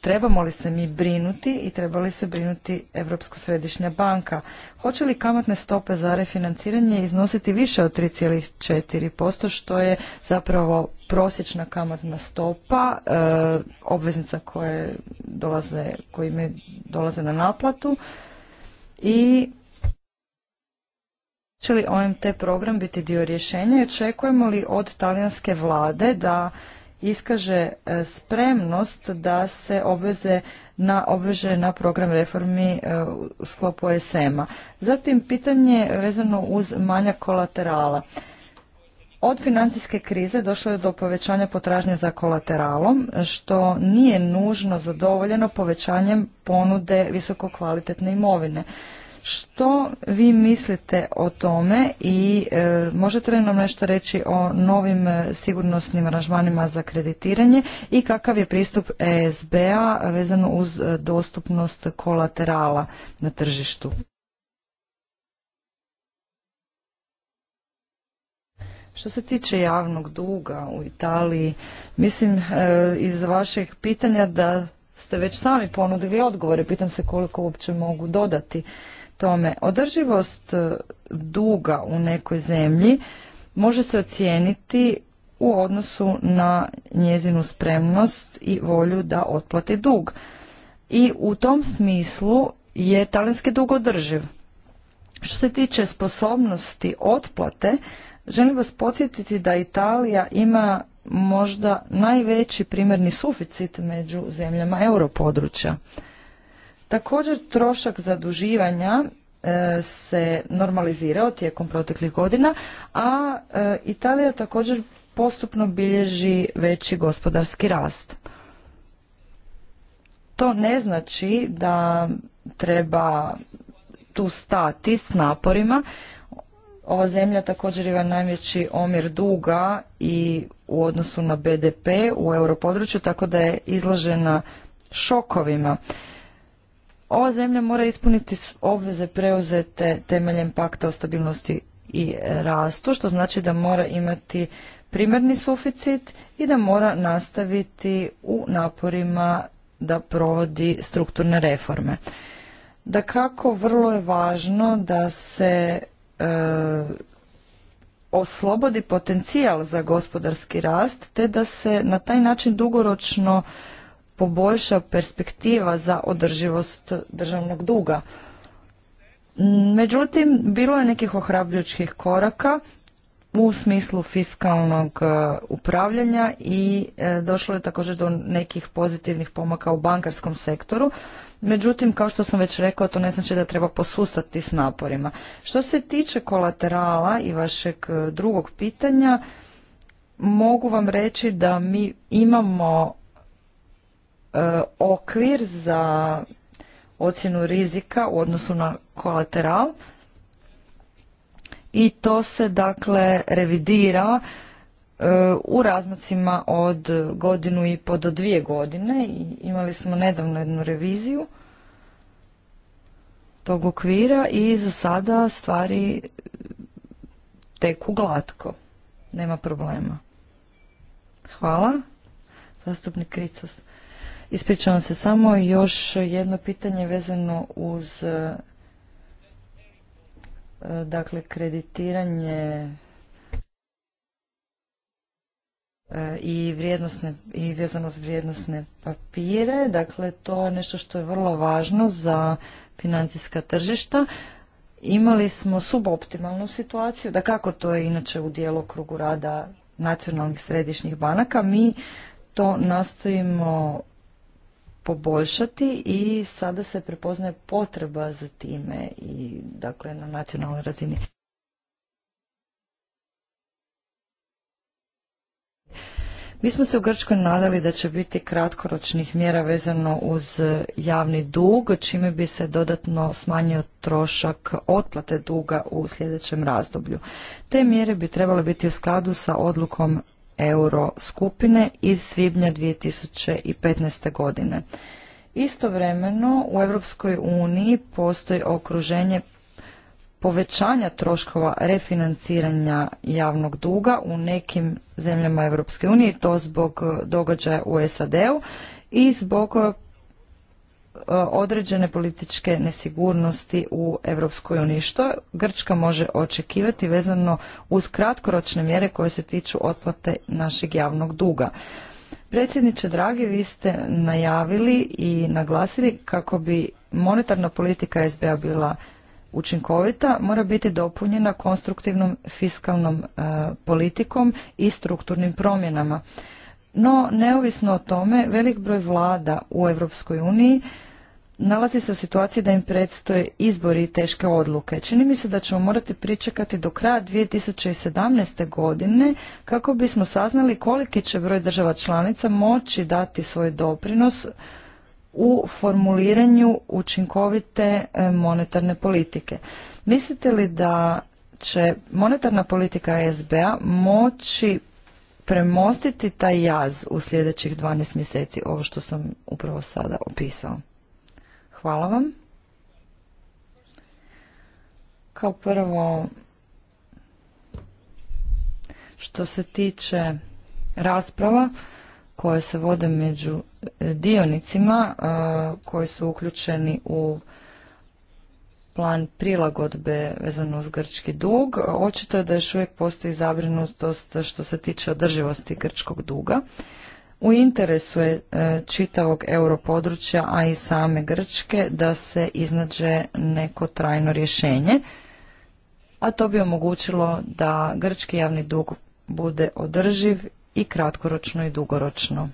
Trebamo li se mi brinuti i treba li se brinuti Europska središnja banka? Hoće li kamatne stope za refinanciranje iznositi više od 3,4%, što je zapravo prosječna kamatna stopa e, obveznica koje dolaze, koje dolaze na naplatu i će li OMT program biti dio rješenja i očekujemo li od talijanske vlade da iskaže e, spremnost da se obveze na obveže na program reformi e, u sklopu SM-a. Zatim pitanje vezano uz manja kolaterala. Od financijske krize došlo je do povećanja potražnje za kolateralom, što nije nužno zadovoljeno povećanjem ponude visokokvalitetne imovine. Što vi mislite o tome i e, možete li nam nešto reći o novim e, sigurnosnim aranžmanima za kreditiranje i kakav je pristup ESB-a vezano uz e, dostupnost kolaterala na tržištu? Što se tiče javnog duga u Italiji, mislim e, iz vašeg pitanja da ste već sami ponudili odgovore, pitam se koliko uopće mogu dodati tome. Održivost e, duga u nekoj zemlji može se ocijeniti u odnosu na njezinu spremnost i volju da otplati dug. I u tom smislu je talijanski dug održiv. Što se tiče sposobnosti otplate, Želim vas podsjetiti da Italija ima možda najveći primjerni suficit među zemljama europodručja. Također trošak zaduživanja e, se normalizirao tijekom proteklih godina, a e, Italija također postupno bilježi veći gospodarski rast. To ne znači da treba tu stati s naporima, ova zemlja također ima najveći omjer duga i u odnosu na BDP u europodručju, tako da je izložena šokovima. Ova zemlja mora ispuniti obveze preuzete temeljem pakta o stabilnosti i rastu, što znači da mora imati primarni suficit i da mora nastaviti u naporima da provodi strukturne reforme. Da kako vrlo je važno da se E, oslobodi potencijal za gospodarski rast te da se na taj način dugoročno poboljša perspektiva za održivost državnog duga. Međutim, bilo je nekih ohrabljučkih koraka u smislu fiskalnog e, upravljanja i e, došlo je također do nekih pozitivnih pomaka u bankarskom sektoru, Međutim, kao što sam već rekao, to ne znači da treba posustati s naporima. Što se tiče kolaterala i vašeg e, drugog pitanja, mogu vam reći da mi imamo e, okvir za ocjenu rizika u odnosu na kolateral i to se dakle revidira E, u razmacima od godinu i po do dvije godine imali smo nedavno jednu reviziju tog okvira i za sada stvari teku glatko. Nema problema. Hvala. Zastupnik Kricos. Ispričavam se samo još jedno pitanje vezano uz e, dakle kreditiranje E, i vrijednosne i vezano s vrijednosne papire. Dakle, to je nešto što je vrlo važno za financijska tržišta. Imali smo suboptimalnu situaciju, da kako to je inače u djelokrugu rada nacionalnih središnjih banaka, mi to nastojimo poboljšati i sada se prepoznaje potreba za time i dakle na nacionalnoj razini. Mi smo se u Grčkoj nadali da će biti kratkoročnih mjera vezano uz e, javni dug, čime bi se dodatno smanjio trošak otplate duga u sljedećem razdoblju. Te mjere bi trebale biti u skladu sa odlukom euro skupine iz svibnja 2015. godine. Istovremeno u Europskoj uniji postoji okruženje povećanja troškova refinanciranja javnog duga u nekim zemljama Europske unije, to zbog e, događaja u SAD-u i zbog e, određene političke nesigurnosti u Europskoj uniji. Što Grčka može očekivati vezano uz kratkoročne mjere koje se tiču otplate našeg javnog duga? Predsjedniče Dragi, vi ste najavili i naglasili kako bi monetarna politika SBA bila učinkovita mora biti dopunjena konstruktivnom fiskalnom e, politikom i strukturnim promjenama. No, neovisno o tome, velik broj vlada u Europskoj uniji nalazi se u situaciji da im predstoje izbori i teške odluke. Čini mi se da ćemo morati pričekati do kraja 2017. godine kako bismo saznali koliki će broj država članica moći dati svoj doprinos u formuliranju učinkovite e, monetarne politike. Mislite li da će monetarna politika SBA moći premostiti taj jaz u sljedećih 12 mjeseci, ovo što sam upravo sada opisao? Hvala vam. Kao prvo, što se tiče rasprava koje se vode među dionicima e, koji su uključeni u plan prilagodbe vezano uz grčki dug. Očito je da još uvijek postoji zabrinutost što se tiče održivosti grčkog duga. U interesu je e, čitavog europodručja, a i same Grčke, da se iznađe neko trajno rješenje, a to bi omogućilo da grčki javni dug bude održiv i kratkoročno i dugoročno.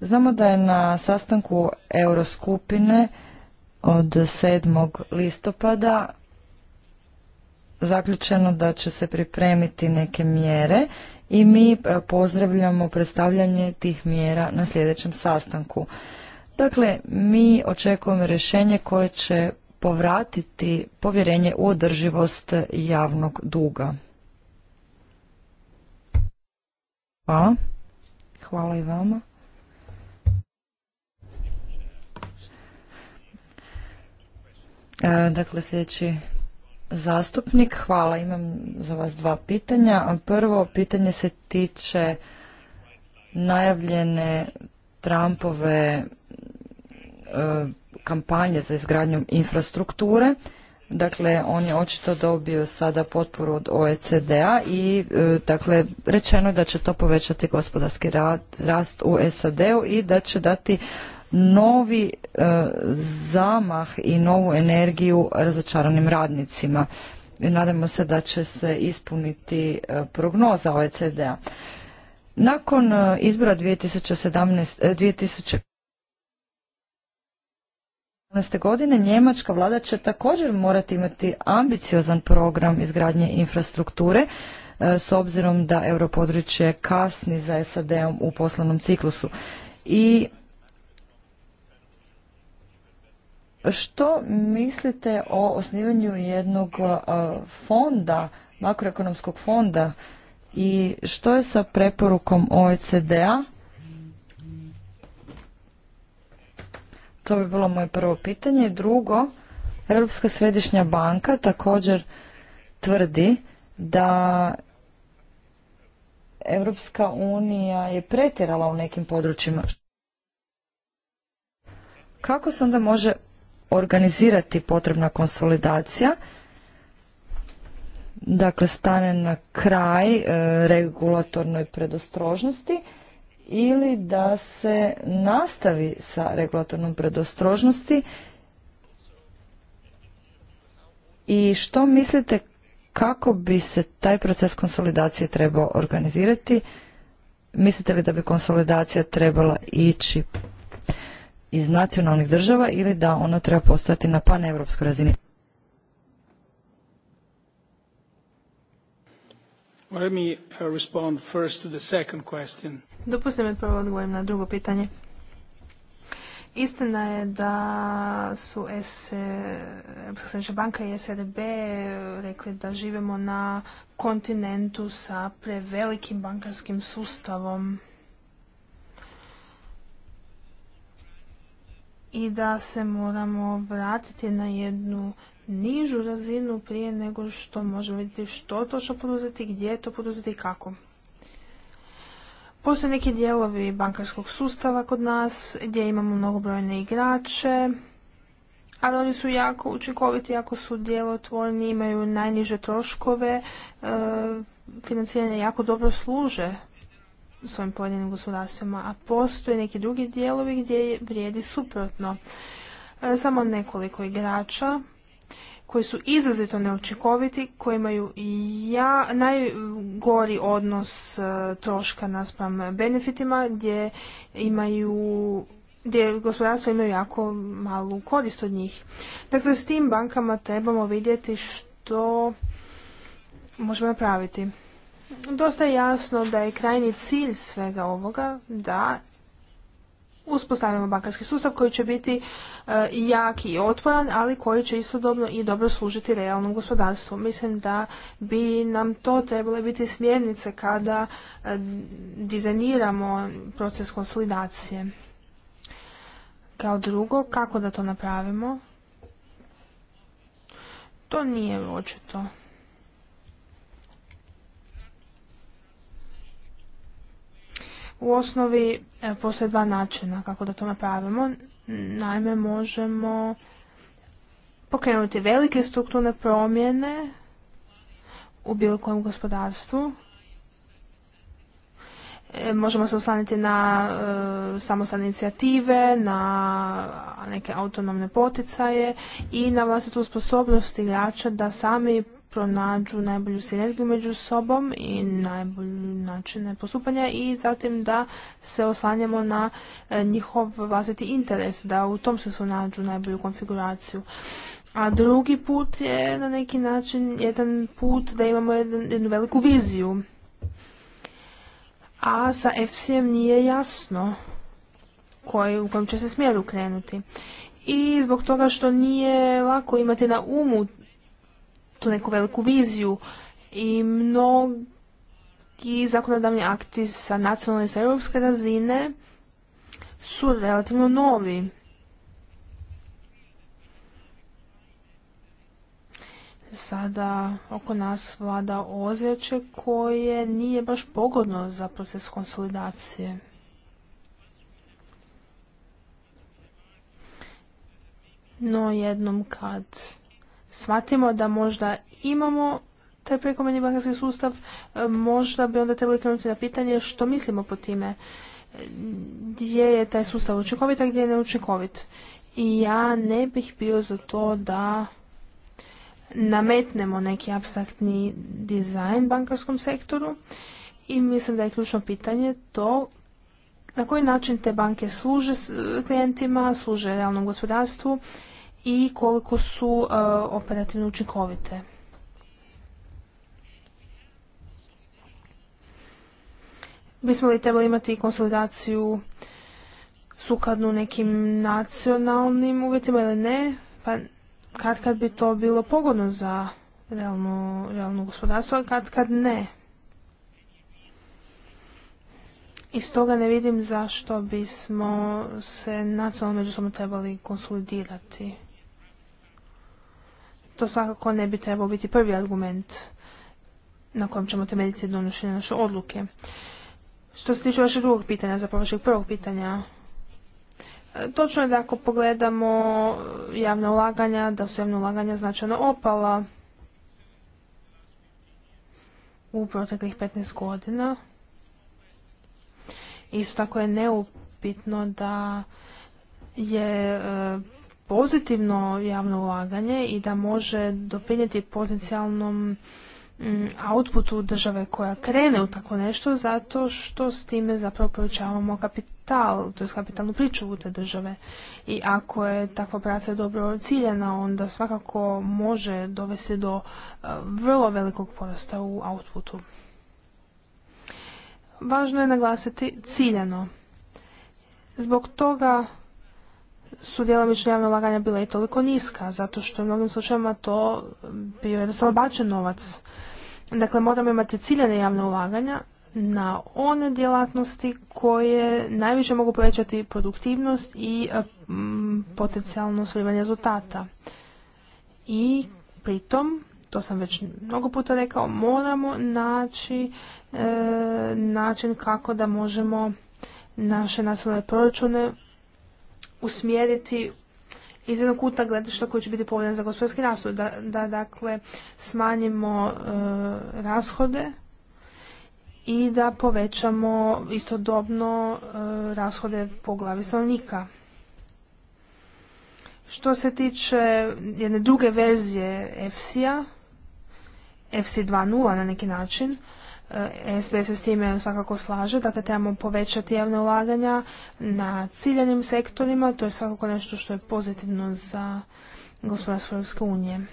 Znamo da je na sastanku Euroskupine od 7. listopada zaključeno da će se pripremiti neke mjere i mi e, pozdravljamo predstavljanje tih mjera na sljedećem sastanku. Dakle, mi očekujemo rješenje koje će povratiti povjerenje u održivost javnog duga. Hvala. Hvala i vama. E, dakle, sljedeći zastupnik. Hvala, imam za vas dva pitanja. Prvo, pitanje se tiče najavljene Trumpove e, kampanje za izgradnju infrastrukture. Dakle, on je očito dobio sada potporu od OECD-a i e, dakle, rečeno je da će to povećati gospodarski rast u SAD-u i da će dati novi e, zamah i novu energiju razočaranim radnicima. Nadamo se da će se ispuniti e, prognoza OECD-a. Nakon e, izbora 2017, 2000 godine njemačka vlada će također morati imati ambiciozan program izgradnje infrastrukture s obzirom da europodručje kasni za SAD-om u poslovnom ciklusu. I Što mislite o osnivanju jednog e, fonda, makroekonomskog fonda i što je sa preporukom OECD-a? To bi bilo moje prvo pitanje. Drugo, Europska središnja banka također tvrdi da Europska unija je pretjerala u nekim područjima. Kako se onda može organizirati potrebna konsolidacija dakle stane na kraj e, regulatornoj predostrožnosti ili da se nastavi sa regulatornom predostrožnosti i što mislite kako bi se taj proces konsolidacije trebao organizirati mislite li da bi konsolidacija trebala ići iz nacionalnih država ili da ono treba postojati na paneuropskoj razini? Let me prvo odgovorim na drugo pitanje. Istina je da su Europska banka i SRB rekli da živimo na kontinentu sa prevelikim bankarskim sustavom i da se moramo vratiti na jednu nižu razinu prije nego što možemo vidjeti što točno poduzeti, gdje to poduzeti i kako. Postoje neki dijelovi bankarskog sustava kod nas gdje imamo mnogobrojne igrače, ali oni su jako učinkoviti, jako su djelotvorni, imaju najniže troškove, e, jako dobro služe svojim pojedinim gospodarstvima, a postoje neki drugi dijelovi gdje vrijedi suprotno. E, samo nekoliko igrača koji su izrazito neučinkoviti, koji imaju ja, najgori odnos e, troška naspram benefitima, gdje imaju gdje gospodarstvo imaju jako malu korist od njih. Dakle, s tim bankama trebamo vidjeti što možemo napraviti dosta jasno da je krajnji cilj svega ovoga da uspostavimo bankarski sustav koji će biti e, jak i otporan, ali koji će istodobno i dobro služiti realnom gospodarstvu. Mislim da bi nam to trebale biti smjernice kada e, dizajniramo proces konsolidacije. Kao drugo, kako da to napravimo? To nije očito. U osnovi e, postoje dva načina kako da to napravimo. Naime, možemo pokrenuti velike strukturne promjene u bilo kojem gospodarstvu. E, možemo se oslaniti na e, samostalne inicijative, na neke autonomne poticaje i na vlastitu sposobnost igrača da sami pronađu najbolju sinergiju među sobom i najbolji način postupanja i zatim da se oslanjamo na e, njihov vlastiti interes, da u tom smislu nađu najbolju konfiguraciju. A drugi put je na neki način jedan put da imamo jednu veliku viziju. A sa FCM nije jasno koji, u kojem će se smjeru krenuti. I zbog toga što nije lako imati na umu tu neku veliku viziju i mnogi zakonodavni akti sa nacionalne i sa europske razine su relativno novi. Sada oko nas vlada ozračje koje nije baš pogodno za proces konsolidacije. No jednom kad shvatimo da možda imamo taj prekomeni bankarski sustav, e, možda bi onda trebali krenuti na pitanje što mislimo po time. E, gdje je taj sustav učinkovit, a gdje je neučinkovit. I ja ne bih bio za to da nametnemo neki abstraktni dizajn bankarskom sektoru i mislim da je ključno pitanje to na koji način te banke služe klijentima, služe realnom gospodarstvu i koliko su e, operativno učinkovite. Bismo li trebali imati konsolidaciju sukladno nekim nacionalnim uvjetima ili ne? Pa kad kad bi to bilo pogodno za realno, realno gospodarstvo, a kad kad ne. I stoga ne vidim zašto bismo se nacionalno međusobno trebali konsolidirati to svakako ne bi trebao biti prvi argument na kojem ćemo temeljiti donošenje naše odluke. Što se tiče vašeg drugog pitanja, zapravo vašeg prvog pitanja, e, točno je da ako pogledamo e, javne ulaganja, da su javne ulaganja značajno opala u proteklih 15 godina. Isto tako je neupitno da je e, pozitivno javno ulaganje i da može doprinijeti potencijalnom mm, outputu države koja krene u tako nešto zato što s time zapravo povećavamo kapital, to je kapitalnu u te države. I ako je takva praca dobro ciljena, onda svakako može dovesti do e, vrlo velikog porasta u outputu. Važno je naglasiti ciljeno. Zbog toga su djelomično javna ulaganja bila i toliko niska, zato što u mnogim slučajevima to bio jednostavno bačen novac. Dakle, moramo imati ciljene javne ulaganja na one djelatnosti koje najviše mogu povećati produktivnost i mm, potencijalno svojivanje rezultata. I pritom, to sam već mnogo puta rekao, moramo naći e, način kako da možemo naše nacionalne proračune usmjeriti iz jednog kuta gledišta koji će biti povoljan za gospodarski rast, da, da dakle smanjimo e, rashode i da povećamo istodobno e, rashode po glavi stanovnika. Što se tiče jedne druge verzije EFSI-a, EFSI 2.0 na neki način, SBS e, se s time svakako slaže, dakle trebamo povećati javne ulaganja na ciljanim sektorima, to je svakako nešto što je pozitivno za gospodarstvo Europske unije.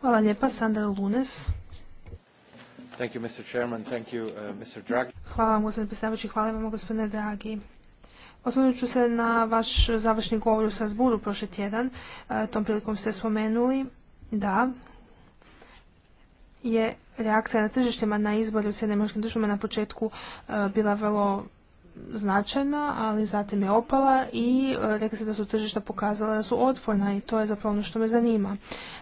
Hvala lijepa, Sandra Lunes. Thank you, Mr. Chairman. Thank you, uh, Mr. Hvala vam, gospodine predstavljajući. Hvala vam, gospodine Dragi. Osvrnut ću se na vaš završni govor u Sazburu prošli tjedan. E, tom prilikom ste spomenuli da je reakcija na tržištima na izbore u Sjedinjenim državama na početku eh, bila vrlo značajna, ali zatim je opala i e, rekli se da su tržišta pokazala da su otporna i to je zapravo ono što me zanima.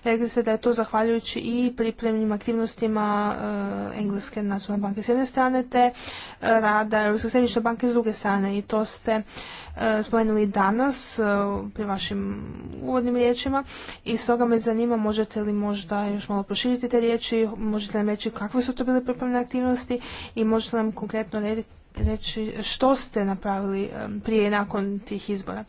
Rekli se da je to zahvaljujući i pripremnim aktivnostima e, Engleske nacionalne banke s jedne strane te e, rada Europske središnje banke s druge strane i to ste spomenuli danas pri vašim uvodnim riječima i stoga me zanima možete li možda još malo proširiti te riječi, možete nam reći kakve su to bile pripremne aktivnosti i možete nam konkretno reći reći što ste napravili prije i nakon tih izbora.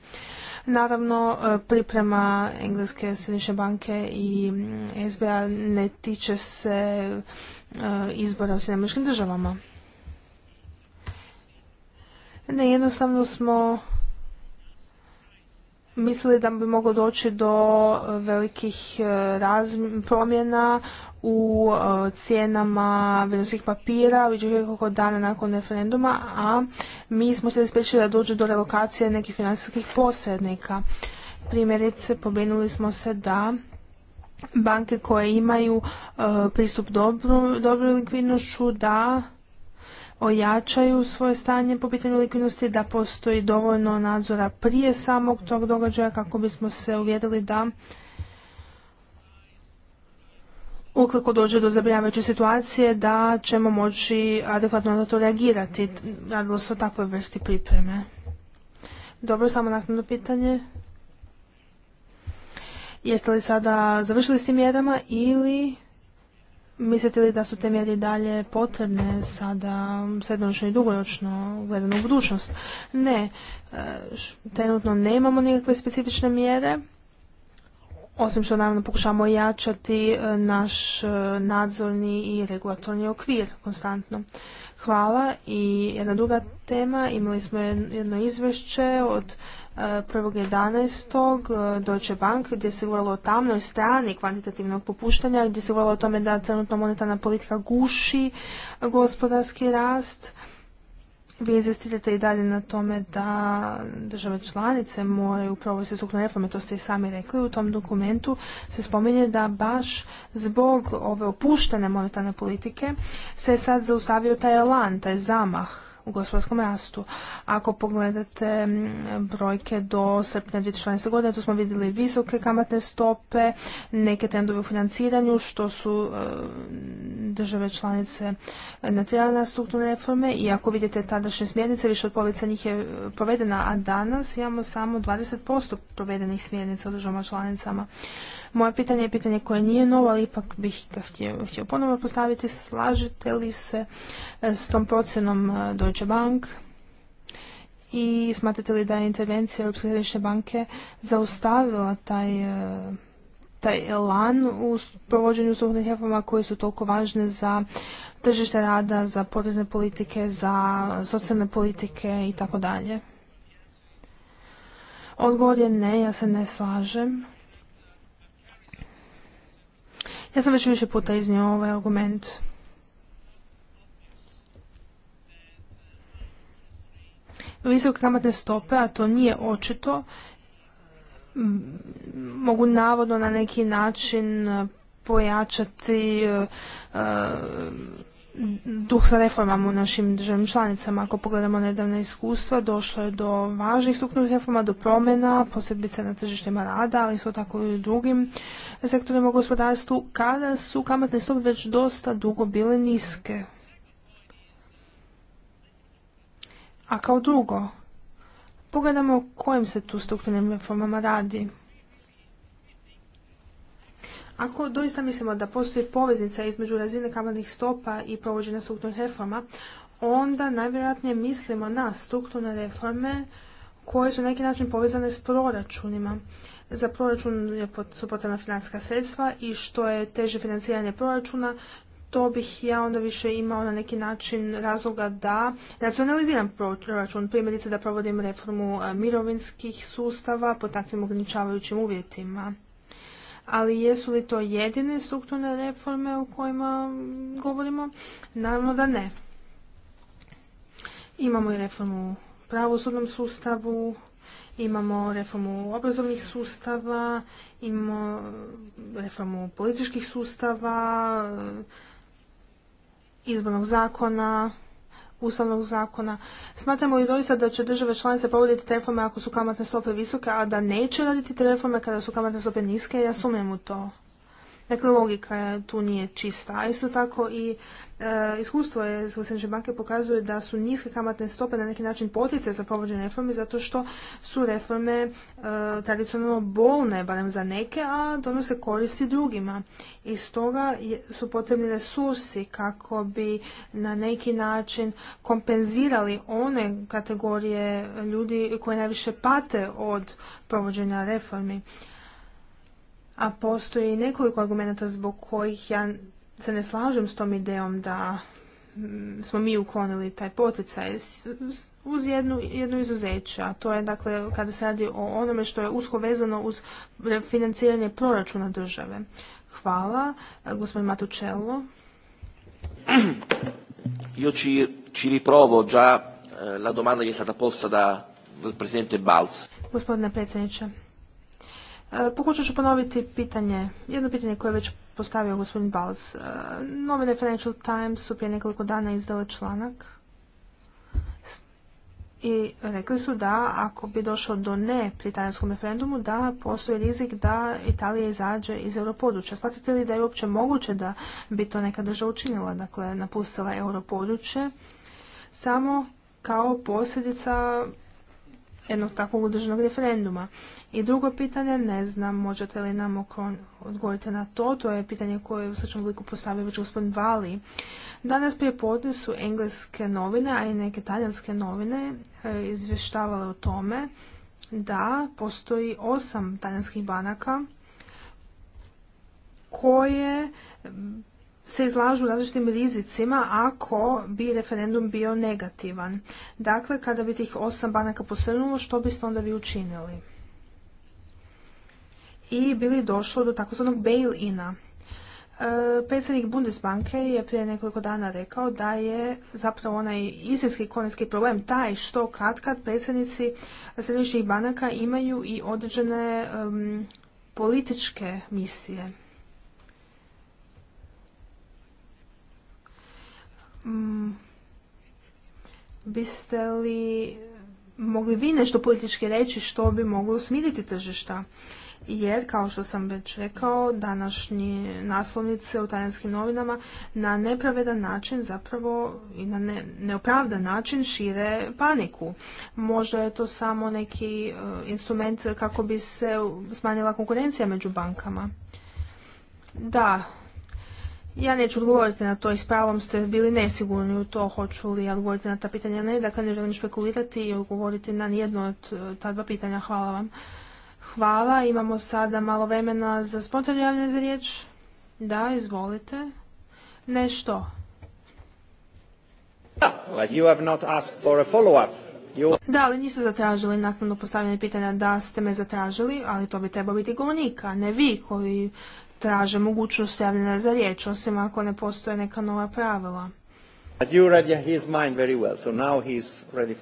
Naravno, e, priprema Engleske središnje banke i mm, SBA ne tiče se e, izbora u Sjedinjeničkim državama. Ne, jednostavno smo mislili da bi moglo doći do e, velikih promjena u e, cijenama vrijednosnih papira već nekoliko dana nakon referenduma, a mi smo se spriječili da dođe do relokacije nekih financijskih posrednika. Primjerice, pobinuli smo se da banke koje imaju e, pristup dobru, dobru likvidnošću da ojačaju svoje stanje po pitanju likvidnosti, da postoji dovoljno nadzora prije samog tog događaja kako bismo se uvjerili da ukoliko dođe do zabrinjavajuće situacije da ćemo moći adekvatno na to reagirati. Radilo se o takvoj vrsti pripreme. Dobro, samo naknadno pitanje. Jeste li sada završili s tim mjerama ili mislite li da su te mjere dalje potrebne sada srednoročno i dugoročno gledano u budućnost? Ne, e, trenutno nemamo nikakve specifične mjere osim što naravno pokušavamo jačati e, naš e, nadzorni i regulatorni okvir konstantno. Hvala i jedna druga tema, imali smo jedno izvješće od 1.11. E, Deutsche Bank gdje se govorilo o tamnoj strani kvantitativnog popuštanja, gdje se govorilo o tome da trenutno monetarna politika guši gospodarski rast vi inzistirate i dalje na tome da države članice moraju provesti sukladno reforme, to ste i sami rekli, u tom dokumentu se spominje da baš zbog ove opuštene monetarne politike se sad zaustavio taj elan, taj zamah u gospodarskom rastu. Ako pogledate brojke do srpnja 2014. godine, tu smo vidjeli visoke kamatne stope, neke trendove u financiranju, što su e, države članice natrijale na strukturne reforme i ako vidite tadašnje smjernice, više od polica njih je e, provedena, a danas imamo samo 20% provedenih smjernica u državama članicama. Moje pitanje je pitanje koje nije novo, ali ipak bih ga htio, ponovno postaviti. Slažete li se e, s tom procenom e, Deutsche Bank? I smatrate li da je intervencija Europske središnje banke zaustavila taj e, taj elan u provođenju suhnih reforma koje su toliko važne za tržište rada, za porezne politike, za socijalne politike i tako dalje? Odgovor je ne, ja se ne slažem. Ja sam već više puta iznio ovaj argument. Visoke kamatne stope, a to nije očito, mogu navodno na neki način e, pojačati e, e, duh sa reformama u našim državnim članicama. Ako pogledamo nedavna iskustva, došlo je do važnih strukturnih reforma, do promjena, posebice na tržištima rada, ali isto tako i u drugim sektorima u gospodarstvu kada su kamatne stope već dosta dugo bile niske. A kao drugo, pogledamo o kojim se tu strukturnim reformama radi. Ako doista mislimo da postoji poveznica između razine kamatnih stopa i provođenja strukturnih reforma, onda najvjerojatnije mislimo na strukturne reforme koje su na neki način povezane s proračunima. Za proračun su potrebna financijska sredstva i što je teže financiranje proračuna, to bih ja onda više imao na neki način razloga da racionaliziram proračun, primjerice da provodim reformu e, mirovinskih sustava po takvim ograničavajućim uvjetima. Ali jesu li to jedine strukturne reforme o kojima govorimo? Naravno da ne. Imamo i reformu u pravosudnom sustavu, Imamo reformu obrazovnih sustava, imamo reformu političkih sustava, izbornog zakona, ustavnog zakona. Smatramo li doista da će države članice provoditi te reforme ako su kamatne stope visoke, a da neće raditi te reforme kada su kamatne stope niske? Ja sumnjam u to. Dakle, logika tu nije čista. A isto tako i e, iskustvo je se banke pokazuje da su niske kamatne stope na neki način potice za provođenje reforme zato što su reforme e, tradicionalno bolne, barem za neke, a donose koristi drugima. I stoga su potrebni resursi kako bi na neki način kompenzirali one kategorije ljudi koje najviše pate od provođenja reformi a postoji nekoliko argumenta zbog kojih ja se ne slažem s tom idejom da mm, smo mi uklonili taj poticaj uz jednu, jednu izuzeće, a to je dakle kada se radi o onome što je usko vezano uz financiranje proračuna države. Hvala. E, gospodin Matučello. [CLEARS THROAT] Io ci, ci riprovo già eh, la domanda è stata posta da, Presidente Gospodine predsjedniče, E, pokušat ću ponoviti pitanje, jedno pitanje koje je već postavio gospodin Balz. E, Novine Financial Times su prije nekoliko dana izdale članak i rekli su da ako bi došlo do ne pri talijanskom referendumu, da postoji rizik da Italija izađe iz europodručja. Smatrate li da je uopće moguće da bi to neka država učinila, dakle napustila europodručje, samo kao posljedica jednog takvog državnog referenduma? I drugo pitanje, ne znam, možete li nam odgovoriti na to, to je pitanje koje je u sličnom obliku postavio već gospodin Vali. Danas prije podne su engleske novine, a i neke talijanske novine e, izvještavale o tome da postoji osam talijanskih banaka koje se izlažu različitim rizicima ako bi referendum bio negativan. Dakle, kada bi tih osam banaka posrnulo, što biste onda vi učinili? i bili došlo do takozvanog bail-ina. E, predsjednik Bundesbanke je prije nekoliko dana rekao da je zapravo onaj istinski konijski problem taj što kad kad predsjednici središnjih banaka imaju i određene političke misije. Mm, biste li mogli vi nešto politički reći što bi moglo smiriti tržišta? jer kao što sam već rekao, današnje naslovnice u tajanskim novinama na nepravedan način zapravo i na neopravdan način šire paniku. Možda je to samo neki e, instrument kako bi se smanjila konkurencija među bankama. Da, ja neću odgovoriti na to i s pravom ste bili nesigurni u to hoću li odgovoriti na ta pitanja. Ne, dakle ne želim špekulirati i odgovoriti na nijedno od e, ta dva pitanja. Hvala vam. Hvala, imamo sada malo vremena za spontano javljanje za riječ. Da, izvolite. Nešto. Da, ali niste zatražili naknadno postavljanje pitanja da ste me zatražili, ali to bi trebao biti govornik, a ne vi koji traže mogućnost javljanja za riječ, osim ako ne postoje neka nova pravila.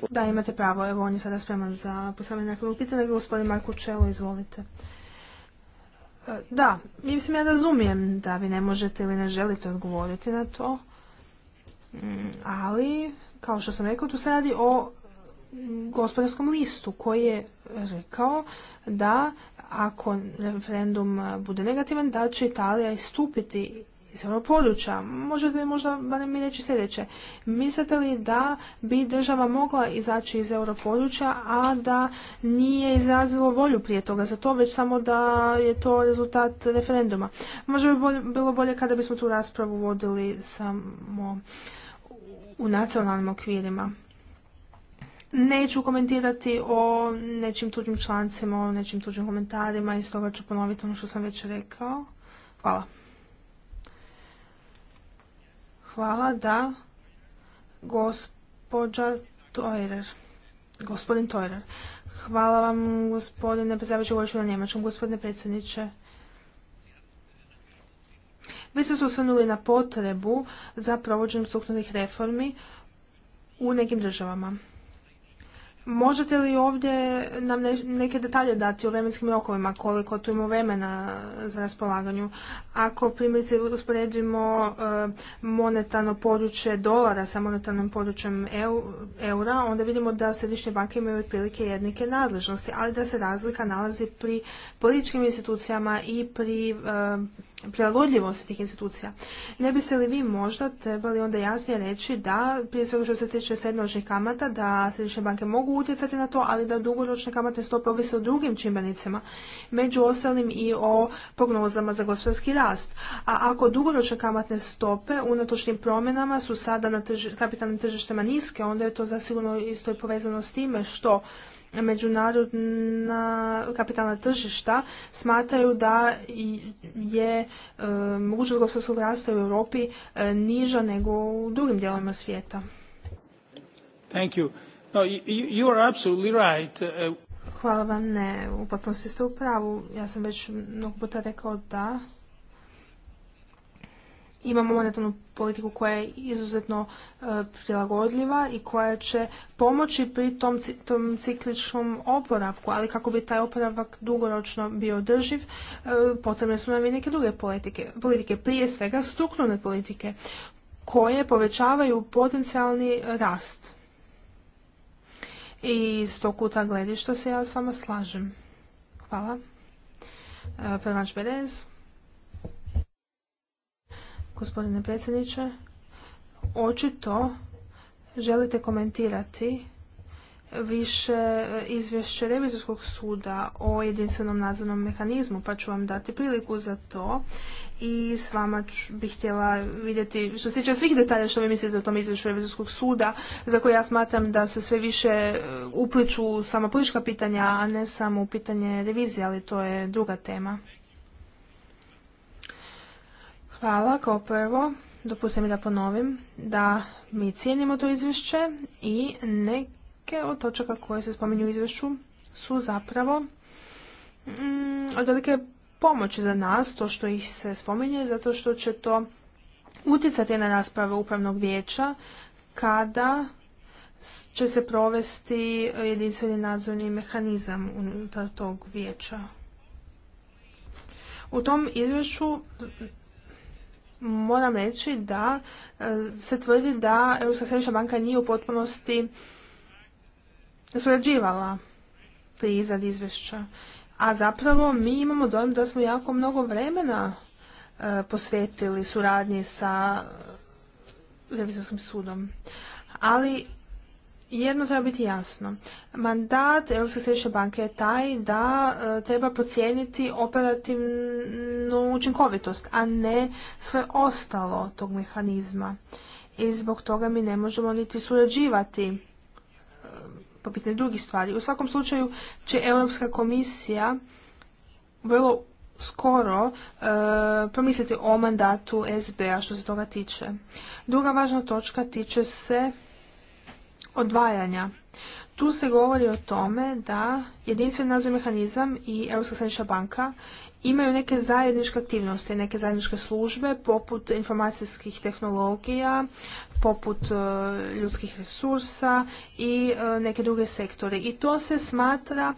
Da, imate pravo, evo on je sada spreman za postavljanje nekog pitanja. Gospodin Marko Čelo, izvolite. E, da, mislim ja razumijem da vi ne možete ili ne želite odgovoriti na to, mm, ali kao što sam rekao, tu se radi o gospodarskom listu koji je rekao da ako referendum bude negativan, da će Italija istupiti iz ovog područja. Možete možda barem mi reći sljedeće. Mislite li da bi država mogla izaći iz europodručja, a da nije izrazilo volju prije toga za to, već samo da je to rezultat referenduma? Možda bi bilo bolje kada bismo tu raspravu vodili samo u nacionalnim okvirima. Neću komentirati o nečim tuđim člancima, o nečim tuđim komentarima i stoga ću ponoviti ono što sam već rekao. Hvala. Hvala da gospođa Toirer. Gospodin Toirer. Hvala vam gospodine predsjedavajući uvođu na njemačkom. Gospodine predsjedniče, vi ste se osvrnuli na potrebu za provođenjem strukturnih reformi u nekim državama. Možete li ovdje nam neke detalje dati o vremenskim rokovima, koliko tu imamo vremena za raspolaganju? Ako primjerice usporedimo eh, monetarno područje dolara sa monetarnom područjem eura, onda vidimo da središnje banke imaju otprilike jednake nadležnosti, ali da se razlika nalazi pri političkim institucijama i pri eh, prilagodljivost tih institucija. Ne biste li vi možda trebali onda jasnije reći da, prije svega što se tiče srednoročnih kamata, da središnje banke mogu utjecati na to, ali da dugoročne kamatne stope ovise o drugim čimbenicima, među ostalim i o prognozama za gospodarski rast. A ako dugoročne kamatne stope unatočnim promjenama su sada na kapitalnim tržištima niske, onda je to zasigurno isto i povezano s time što međunarodna kapitalna tržišta smatraju da je e, mogućnost gospodarskog rasta u Europi e, niža nego u drugim dijelovima svijeta. Thank you. No, you are absolutely right. E, Hvala vam, ne, u potpunosti ste u pravu. Ja sam već mnogo puta rekao da imamo monetarnu politiku koja je izuzetno e, prilagodljiva i koja će pomoći pri tom, tom cikličnom oporavku, ali kako bi taj oporavak dugoročno bio drživ, e, potrebne su nam i neke druge politike, politike prije svega strukturne politike koje povećavaju potencijalni rast. I iz tog kuta gledišta se ja s vama slažem. Hvala. E, Prvač Gospodine predsjedniče, očito želite komentirati više e, izvješće revizorskog suda o jedinstvenom nadzornom mehanizmu, pa ću vam dati priliku za to i s vama bih htjela vidjeti što se tiče svih detalja što vi mislite o tom izvješću revizorskog suda za koje ja smatram da se sve više e, upliču samo politička pitanja, a ne samo pitanje revizije, ali to je druga tema. Hvala. Kao prvo, dopustite mi da ponovim da mi cijenimo to izvješće i neke od točaka koje se spominju u izvješću su zapravo mm, od velike pomoći za nas, to što ih se spominje, zato što će to utjecati na rasprave upravnog vijeća kada će se provesti jedinstveni nadzorni mehanizam unutar tog vijeća. U tom izvješću moram reći da e, se tvrdi da Europska središnja banka nije u potpunosti surađivala pri izradi izvješća. A zapravo mi imamo dojem da smo jako mnogo vremena e, posvetili suradnji sa e, Revizorskim sudom. Ali jedno treba biti jasno. Mandat Europske središnje banke je taj da e, treba procijeniti operativnu učinkovitost, a ne sve ostalo tog mehanizma. I zbog toga mi ne možemo niti surađivati e, po pitanju drugih stvari. U svakom slučaju će Europska komisija vrlo skoro e, promisliti o mandatu SBA što se toga tiče. Druga važna točka tiče se odvajanja. Tu se govori o tome da jedinstveni nadzorni mehanizam i Europska središnja banka imaju neke zajedničke aktivnosti, neke zajedničke službe poput informacijskih tehnologija, poput e, ljudskih resursa i e, neke druge sektore. I to se smatra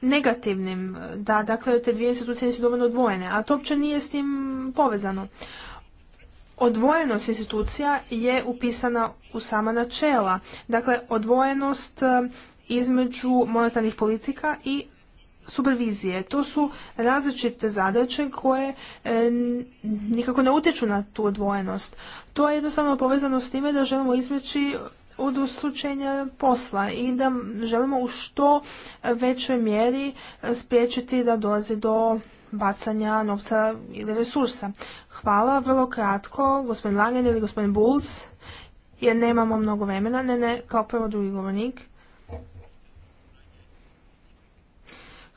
negativnim, e, da dakle te dvije institucije nisu dovoljno odvojene, a to uopće nije s tim povezano odvojenost institucija je upisana u sama načela. Dakle, odvojenost um, između monetarnih politika i supervizije. To su različite zadaće koje e, nikako ne utječu na tu odvojenost. To je jednostavno povezano s time da želimo izbjeći uslučenja posla i da želimo u što većoj mjeri e, spriječiti da dolazi do bacanja novca ili resursa. Hvala, vrlo kratko, gospodin Langen ili gospodin Bulc, jer nemamo mnogo vremena. Ne, ne, kao prvo drugi govornik.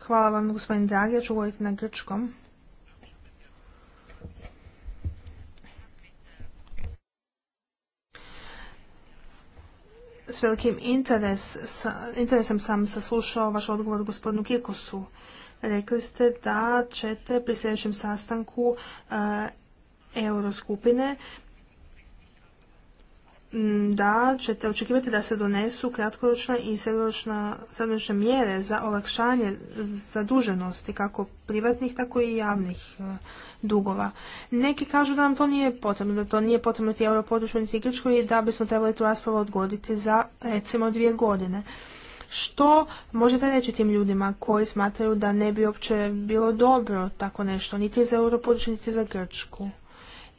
Hvala vam, gospodin Dragi, ja ću govoriti na grčkom. S velikim interes, interesom sam saslušao vaš odgovor gospodinu Kirkosu. Rekli ste da ćete pri sljedećem sastanku eh, euroskupine da ćete očekivati da se donesu kratkoročne i srednjoročne mjere za olakšanje zaduženosti kako privatnih tako i javnih e, dugova. Neki kažu da nam to nije potrebno, da to nije potrebno ti europodručju niti Grčkoj i da bismo trebali tu raspravu odgoditi za recimo dvije godine. Što možete reći tim ljudima koji smatraju da ne bi uopće bilo dobro tako nešto, niti za europodručje, niti za Grčku?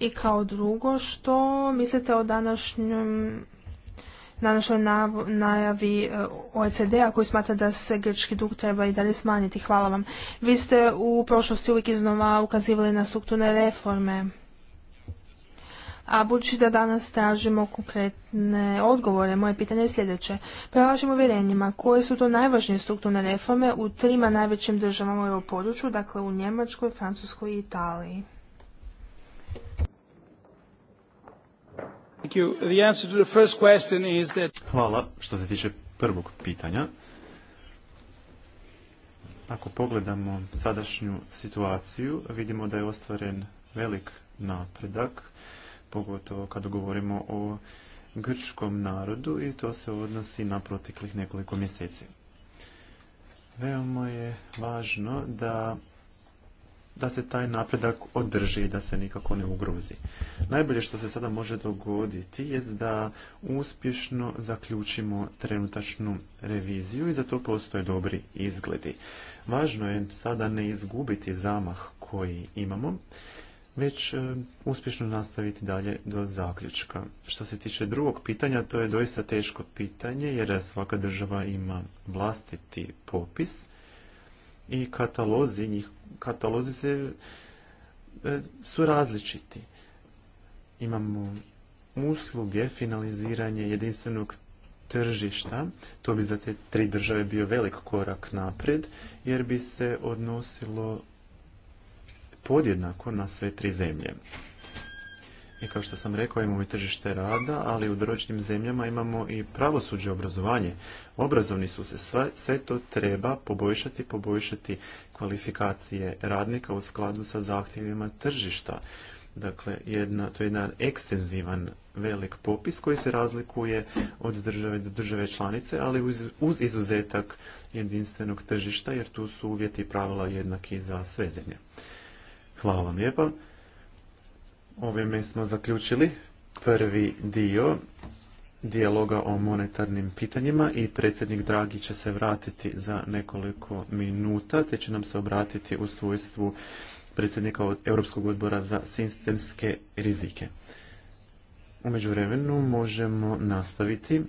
I kao drugo, što mislite o današnjem današnjoj najavi e, OECD-a koji smatra da se grčki dug treba i dalje smanjiti. Hvala vam. Vi ste u prošlosti uvijek iznova ukazivali na strukturne reforme. A budući da danas tražimo konkretne odgovore, moje pitanje je sljedeće. Prema vašim uvjerenjima, koje su to najvažnije strukturne reforme u trima najvećim državama u području, dakle u Njemačkoj, Francuskoj i Italiji? Hvala što se tiče prvog pitanja. Ako pogledamo sadašnju situaciju, vidimo da je ostvaren velik napredak, pogotovo kada govorimo o grčkom narodu i to se odnosi na proteklih nekoliko mjeseci. Veoma je važno da da se taj napredak održi i da se nikako ne ugrozi. Najbolje što se sada može dogoditi je da uspješno zaključimo trenutačnu reviziju i za to postoje dobri izgledi. Važno je sada ne izgubiti zamah koji imamo, već e, uspješno nastaviti dalje do zaključka. Što se tiče drugog pitanja, to je doista teško pitanje jer svaka država ima vlastiti popis i katalozi njih katalozi se, e, su različiti. Imamo usluge, finaliziranje jedinstvenog tržišta, to bi za te tri države bio velik korak napred jer bi se odnosilo podjednako na sve tri zemlje. I kao što sam rekao, imamo i tržište rada, ali u doročnim zemljama imamo i pravosuđe obrazovanje. Obrazovni su se, sve, sve to treba poboljšati, poboljšati kvalifikacije radnika u skladu sa zahtjevima tržišta. Dakle, to je jedan ekstenzivan velik popis koji se razlikuje od države do države članice, ali uz, uz izuzetak jedinstvenog tržišta, jer tu su uvjeti i pravila jednaki za sve zemlje. Hvala vam lijepa. Ovime smo zaključili prvi dio dijaloga o monetarnim pitanjima i predsjednik Dragi će se vratiti za nekoliko minuta te će nam se obratiti u svojstvu predsjednika od Europskog odbora za sistemske rizike. U međuvremenu možemo nastaviti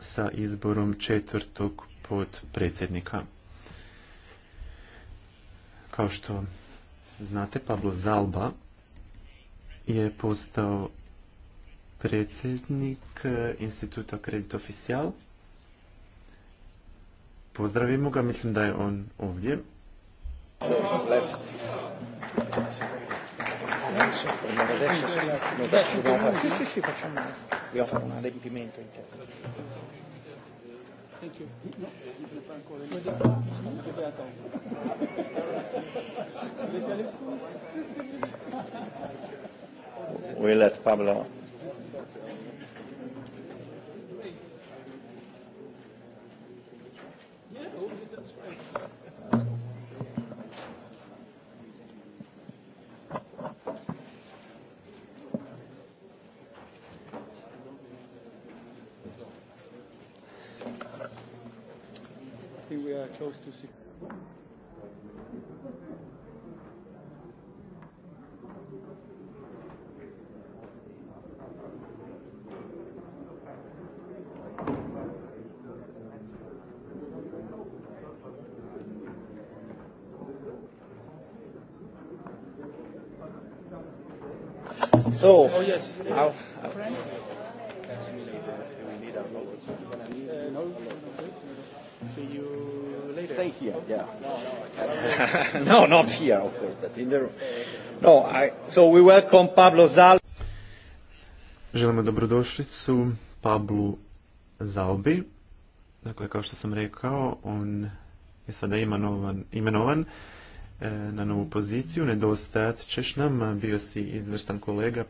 sa izborom četvrtog podpredsjednika. Kao što znate, Pablo Zalba je postao predsjednik e, instituta Credit Official. Pozdravimo ga, mislim da je on ovdje we let Pablo. I think we are close to So, oh, oh, yes. How, how? See you later. Stay here, yeah. [LAUGHS] no, not here, of course, but in the room. No, I, so we welcome Pablo Zal. Želimo dobrodošlicu Pablu Zalbi. Dakle, kao što sam rekao, on je sada imenovan, imenovan E, na novu poziciju, nedostajat ćeš nam, bio si izvrstan kolega,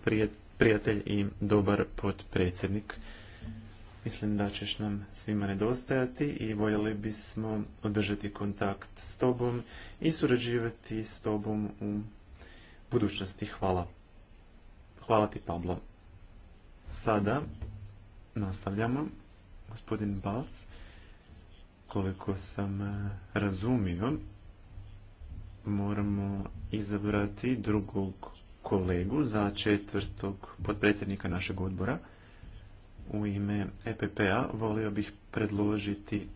prijatelj i dobar potpredsjednik. Mislim da ćeš nam svima nedostajati i voljeli bismo održati kontakt s tobom i surađivati s tobom u budućnosti. Hvala. Hvala ti, Pablo. Sada nastavljamo. Gospodin Balc, koliko sam e, razumio, moramo izabrati drugog kolegu za četvrtog potpredsjednika našeg odbora. U ime EPP-a volio bih predložiti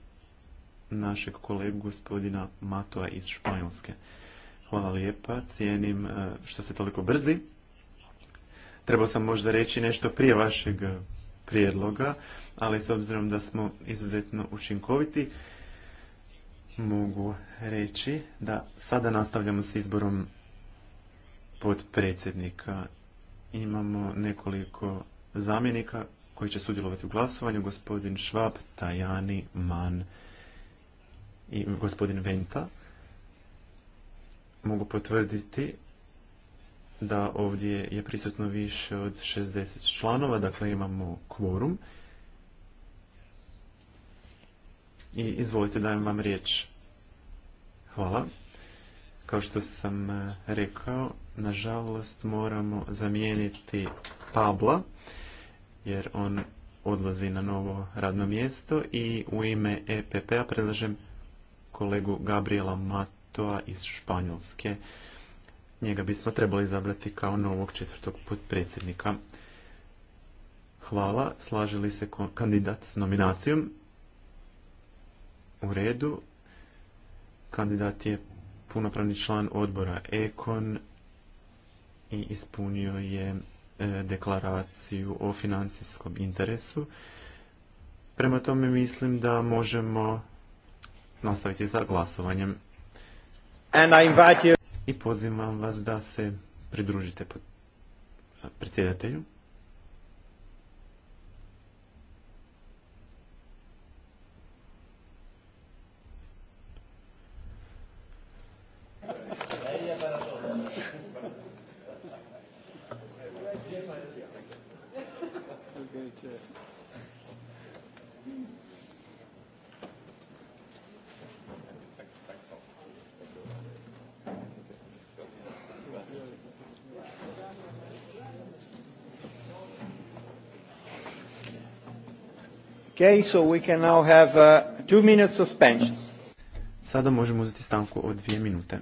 našeg kolegu gospodina Matoa iz Španjolske. Hvala lijepa, cijenim e, što ste toliko brzi. Trebao sam možda reći nešto prije vašeg prijedloga, ali s obzirom da smo izuzetno učinkoviti, mogu reći da sada nastavljamo s izborom potpredsjednika. Imamo nekoliko zamjenika koji će sudjelovati u glasovanju, gospodin Švab, Tajani, Man i gospodin Venta. Mogu potvrditi da ovdje je prisutno više od 60 članova, dakle imamo kvorum. I izvolite dajem vam riječ. Hvala. Kao što sam e, rekao, nažalost moramo zamijeniti Pabla, jer on odlazi na novo radno mjesto i u ime EPP-a predlažem kolegu Gabriela Matoa iz Španjolske. Njega bismo trebali izabrati kao novog četvrtog potpredsjednika. Hvala, slažili se kandidat s nominacijom. U redu. Kandidat je punopravni član odbora Ekon i ispunio je e, deklaraciju o financijskom interesu. Prema tome mislim da možemo nastaviti sa glasovanjem. I I pozivam vas da se pridružite predsjedatelju. Okay, so we can now have a uh, two minute suspension. Sada možemo uzeti stanku od dvije minute.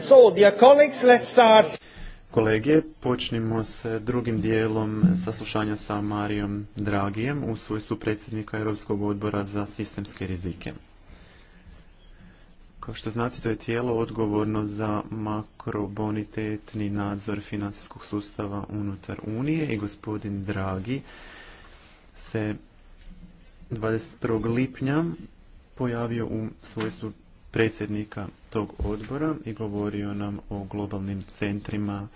So, dear colleagues, let's start. Kolege, počnimo s drugim dijelom saslušanja sa Marijom Dragijem u svojstvu predsjednika Europskog odbora za sistemske rizike. Kao što znate, to je tijelo odgovorno za makrobonitetni nadzor financijskog sustava unutar Unije i gospodin Dragi se 21. lipnja pojavio u svojstvu predsjednika tog odbora i govorio nam o globalnim centrima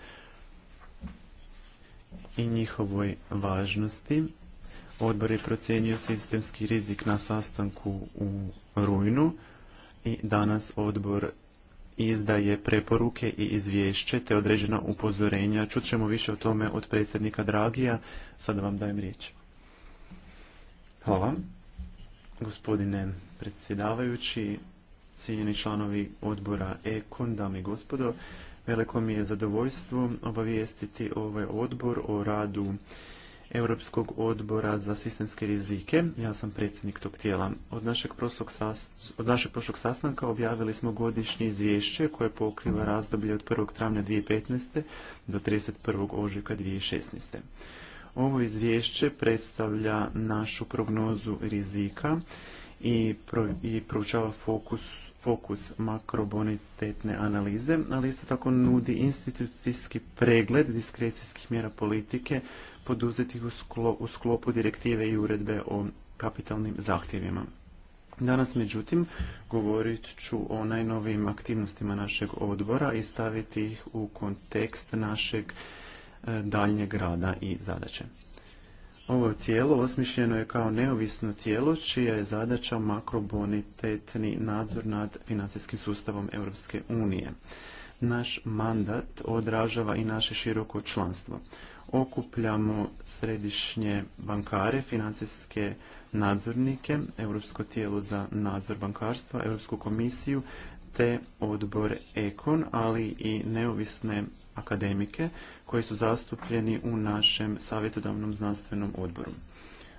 i njihovoj važnosti. Odbor je procjenio sistemski rizik na sastanku u rujnu i danas odbor izdaje preporuke i izvješće te određena upozorenja. Čut ćemo više o tome od predsjednika Dragija. Sada vam dajem riječ. Hvala. Gospodine predsjedavajući, cijenjeni članovi odbora EKON, dame i gospodo. Veliko mi je zadovoljstvo obavijestiti ovaj odbor o radu Europskog odbora za sistemske rizike. Ja sam predsjednik tog tijela. Od našeg, prošlog sastanka objavili smo godišnje izvješće koje pokriva razdoblje od 1. travnja 2015. do 31. ožujka 2016. Ovo izvješće predstavlja našu prognozu rizika i proučava fokus fokus makrobonitetne analize, ali isto tako nudi institucijski pregled diskrecijskih mjera politike poduzetih u sklopu direktive i uredbe o kapitalnim zahtjevima. Danas, međutim, govorit ću o najnovijim aktivnostima našeg odbora i staviti ih u kontekst našeg e, daljnjeg rada i zadaće. Ovo tijelo osmišljeno je kao neovisno tijelo čija je zadaća makrobonitetni nadzor nad financijskim sustavom Europske unije. Naš mandat odražava i naše široko članstvo. Okupljamo središnje bankare, financijske nadzornike, Europsko tijelo za nadzor bankarstva, Europsku komisiju, te odbor Ekon, ali i neovisne akademike koji su zastupljeni u našem savjetodavnom znanstvenom odboru.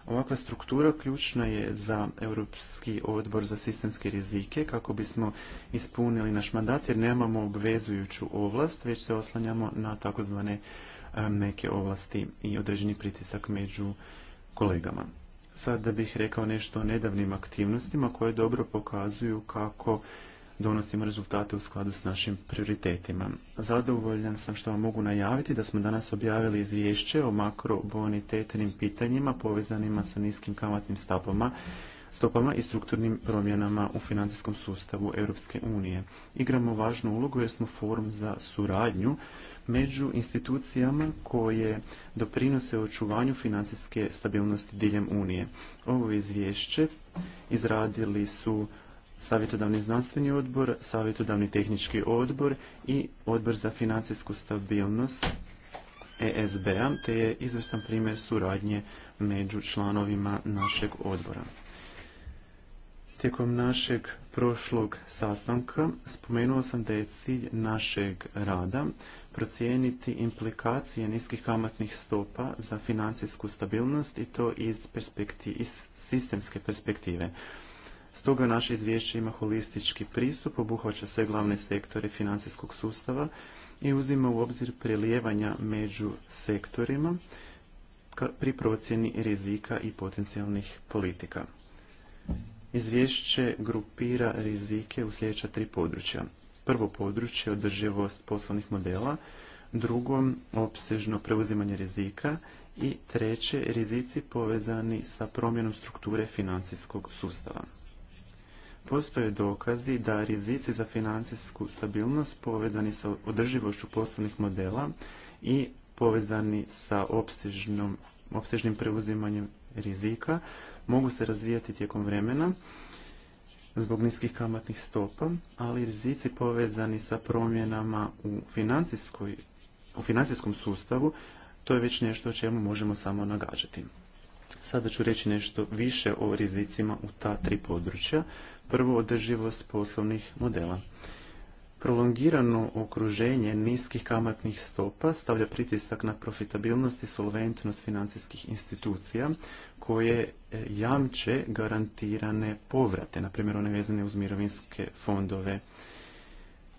Ovakva struktura ključna je za Europski odbor za sistemske rizike kako bismo ispunili naš mandat jer nemamo obvezujuću ovlast, već se oslanjamo na takozvane e, neke ovlasti i određeni pritisak među kolegama. Sada bih rekao nešto o nedavnim aktivnostima koje dobro pokazuju kako donosimo rezultate u skladu s našim prioritetima. Zadovoljan sam što vam mogu najaviti da smo danas objavili izvješće o makrobonitetnim pitanjima povezanima sa niskim kamatnim stopama stopama i strukturnim promjenama u financijskom sustavu Europske unije. Igramo važnu ulogu jer smo forum za suradnju među institucijama koje doprinose očuvanju financijske stabilnosti diljem Unije. Ovo izvješće izradili su savjetodavni znanstveni odbor, savjetodavni tehnički odbor i odbor za financijsku stabilnost ESB-a, te je izvrstan primjer suradnje među članovima našeg odbora. Tijekom našeg prošlog sastanka spomenuo sam da je cilj našeg rada procijeniti implikacije niskih kamatnih stopa za financijsku stabilnost i to iz, iz sistemske perspektive. Stoga naše izvješće ima holistički pristup, obuhvaća sve glavne sektore financijskog sustava i uzima u obzir prelijevanja među sektorima pri procjeni rizika i potencijalnih politika. Izvješće grupira rizike u sljedeća tri područja. Prvo područje održivost poslovnih modela, drugo opsežno preuzimanje rizika i treće rizici povezani sa promjenom strukture financijskog sustava. Postoje dokazi da rizici za financijsku stabilnost povezani sa održivošću poslovnih modela i povezani sa opsežnim preuzimanjem rizika mogu se razvijati tijekom vremena zbog niskih kamatnih stopa, ali rizici povezani sa promjenama u financijskom sustavu, to je već nešto o čemu možemo samo nagađati. Sada ću reći nešto više o rizicima u ta tri područja prvo održivost poslovnih modela. Prolongirano okruženje niskih kamatnih stopa stavlja pritisak na profitabilnost i solventnost financijskih institucija koje e, jamče garantirane povrate, na primjer one vezane uz mirovinske fondove.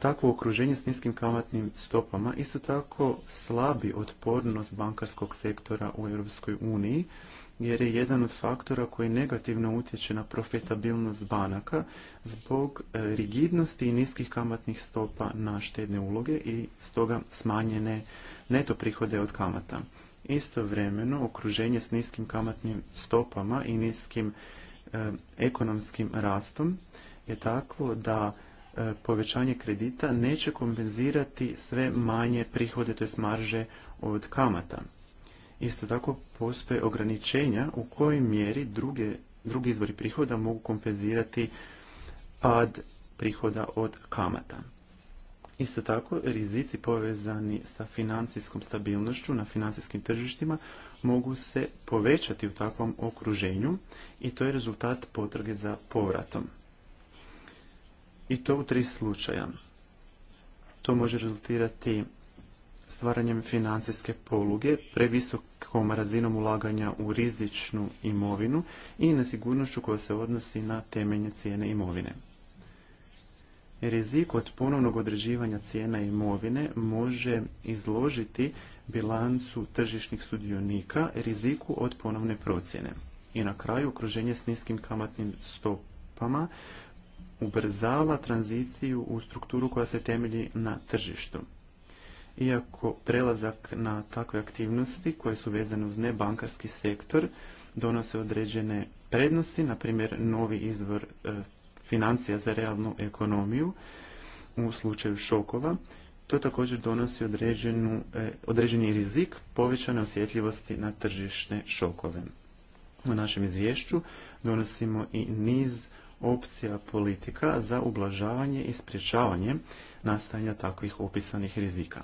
Takvo okruženje s niskim kamatnim stopama isto tako slabi otpornost bankarskog sektora u Europskoj uniji, jer je jedan od faktora koji negativno utječe na profitabilnost banaka zbog e, rigidnosti i niskih kamatnih stopa na štedne uloge i stoga smanjene neto prihode od kamata. Istovremeno, okruženje s niskim kamatnim stopama i niskim e, ekonomskim rastom je takvo da e, povećanje kredita neće kompenzirati sve manje prihode, to marže od kamata. Isto tako postoje ograničenja u kojoj mjeri druge, drugi izvori prihoda mogu kompenzirati pad prihoda od kamata. Isto tako, rizici povezani sa financijskom stabilnošću na financijskim tržištima mogu se povećati u takvom okruženju i to je rezultat potrage za povratom. I to u tri slučaja. To može rezultirati stvaranjem financijske poluge, previsokom razinom ulaganja u rizičnu imovinu i nesigurnošću koja se odnosi na temeljne cijene imovine. Rizik od ponovnog određivanja cijena imovine može izložiti bilancu tržišnih sudionika riziku od ponovne procjene. I na kraju okruženje s niskim kamatnim stopama ubrzava tranziciju u strukturu koja se temelji na tržištu iako prelazak na takve aktivnosti koje su vezane uz nebankarski sektor donose određene prednosti, na primjer novi izvor e, financija za realnu ekonomiju u slučaju šokova, to također donosi određenu, e, određeni rizik povećane osjetljivosti na tržišne šokove. U našem izvješću donosimo i niz opcija politika za ublažavanje i sprječavanje nastajanja takvih opisanih rizika.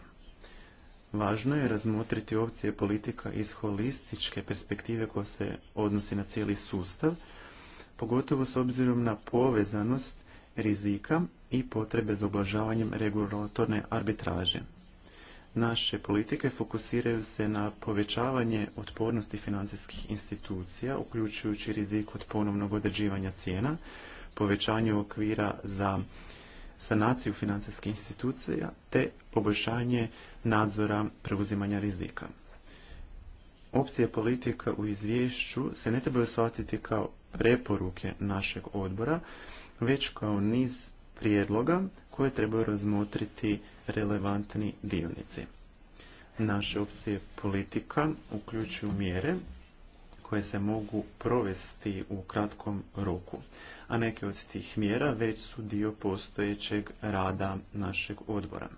Važno je razmotriti opcije politika iz holističke perspektive koja se odnosi na cijeli sustav, pogotovo s obzirom na povezanost rizika i potrebe za oblažavanjem regulatorne arbitraže. Naše politike fokusiraju se na povećavanje otpornosti financijskih institucija, uključujući rizik od ponovnog određivanja cijena, povećanje okvira za sanaciju financijskih institucija te poboljšanje nadzora preuzimanja rizika. Opcije politika u izvješću se ne trebaju shvatiti kao preporuke našeg odbora, već kao niz prijedloga koje trebaju razmotriti relevantni dionici. Naše opcije politika uključuju mjere koje se mogu provesti u kratkom roku a neke od tih mjera već su dio postojećeg rada našeg odbora.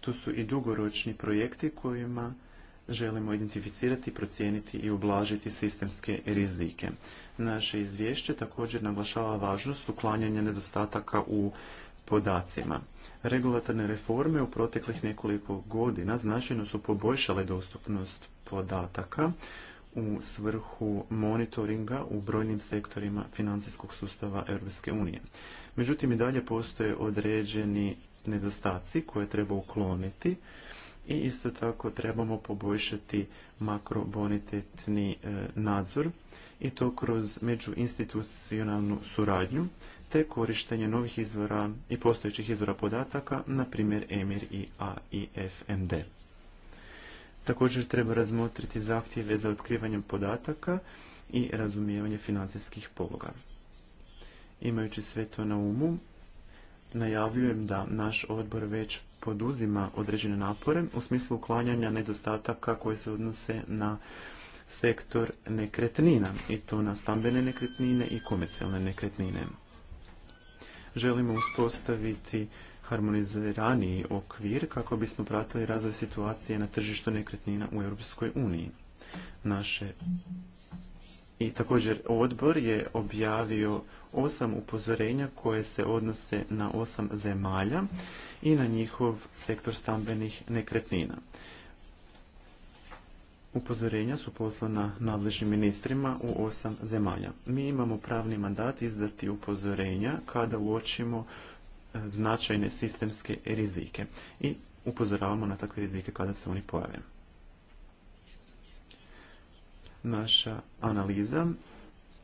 Tu su i dugoročni projekti kojima želimo identificirati, procijeniti i ublažiti sistemske rizike. Naše izvješće također naglašava važnost uklanjanja nedostataka u podacima. Regulatorne reforme u proteklih nekoliko godina značajno su poboljšale dostupnost podataka u svrhu monitoringa u brojnim sektorima financijskog sustava Europske unije. Međutim, i dalje postoje određeni nedostaci koje treba ukloniti i isto tako trebamo poboljšati makrobonitetni e, nadzor i to kroz međuinstitucionalnu suradnju te korištenje novih izvora i postojećih izvora podataka, na primjer EMIR i AIFMD. Također treba razmotriti zahtjeve za otkrivanjem podataka i razumijevanje financijskih pologa. Imajući sve to na umu, najavljujem da naš odbor već poduzima određene napore u smislu uklanjanja nedostataka koji se odnose na sektor nekretnina i to na stambene nekretnine i komercijalne nekretnine. Želimo uspostaviti harmoniziraniji okvir kako bismo pratili razvoj situacije na tržištu nekretnina u Europskoj uniji. Naše i također odbor je objavio osam upozorenja koje se odnose na osam zemalja i na njihov sektor stambenih nekretnina. Upozorenja su poslana nadležnim ministrima u osam zemalja. Mi imamo pravni mandat izdati upozorenja kada uočimo značajne sistemske rizike i upozoravamo na takve rizike kada se oni pojave. Naša analiza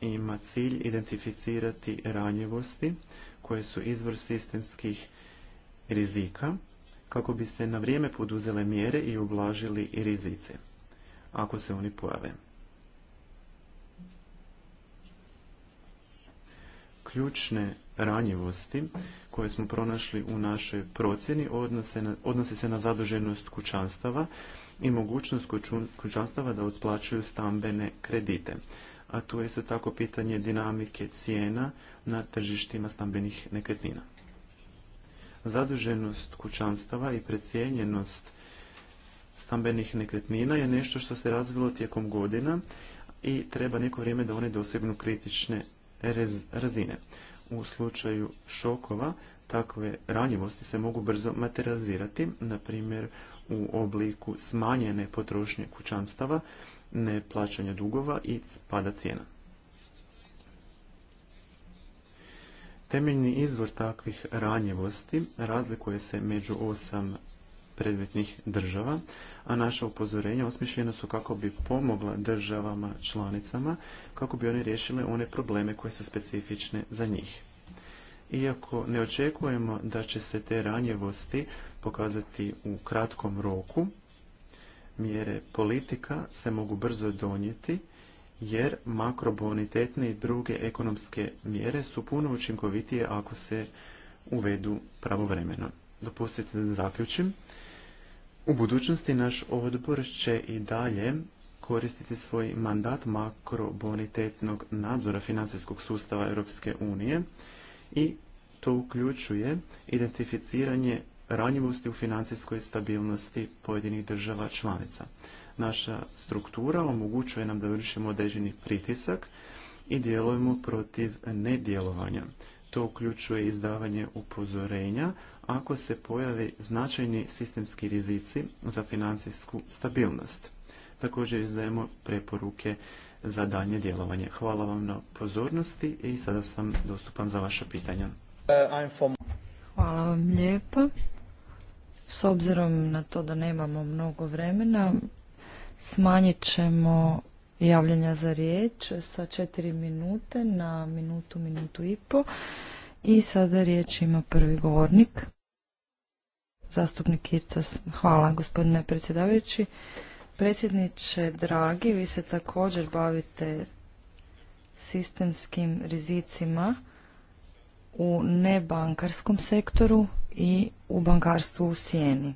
ima cilj identificirati ranjivosti koje su izvor sistemskih rizika kako bi se na vrijeme poduzele mjere i ublažili rizici ako se oni pojave. Ključne ranjivosti koje smo pronašli u našoj procjeni odnose, se na zaduženost kućanstava i mogućnost kućanstava da otplaćuju stambene kredite. A tu je isto tako pitanje dinamike cijena na tržištima stambenih nekretnina. Zaduženost kućanstava i precijenjenost stambenih nekretnina je nešto što se razvilo tijekom godina i treba neko vrijeme da one dosegnu kritične razine. U slučaju šokova takve ranjivosti se mogu brzo materializirati, na primjer u obliku smanjene potrošnje kućanstava, neplaćanja dugova i pada cijena. Temeljni izvor takvih ranjivosti razlikuje se među osam predmetnih država, a naša upozorenja osmišljena su kako bi pomogla državama članicama kako bi one riješile one probleme koje su specifične za njih. Iako ne očekujemo da će se te ranjevosti pokazati u kratkom roku, mjere politika se mogu brzo donijeti jer makrobonitetne i druge ekonomske mjere su puno učinkovitije ako se uvedu pravovremeno. Dopustite da zaključim. U budućnosti naš odbor će i dalje koristiti svoj mandat makrobonitetnog nadzora financijskog sustava Europske unije i to uključuje identificiranje ranjivosti u financijskoj stabilnosti pojedinih država članica. Naša struktura omogućuje nam da vršimo određeni pritisak i djelujemo protiv nedjelovanja. To uključuje izdavanje upozorenja ako se pojave značajni sistemski rizici za financijsku stabilnost. Također izdajemo preporuke za daljnje djelovanje. Hvala vam na pozornosti i sada sam dostupan za vaša pitanja. Hvala vam lijepa. S obzirom na to da nemamo mnogo vremena, smanjit ćemo javljanja za riječ sa četiri minute na minutu, minutu i po. I sada riječ ima prvi govornik, zastupnik Ircas. Hvala gospodine predsjedavajući. Predsjedniče Dragi, vi se također bavite sistemskim rizicima u nebankarskom sektoru i u bankarstvu u sjeni.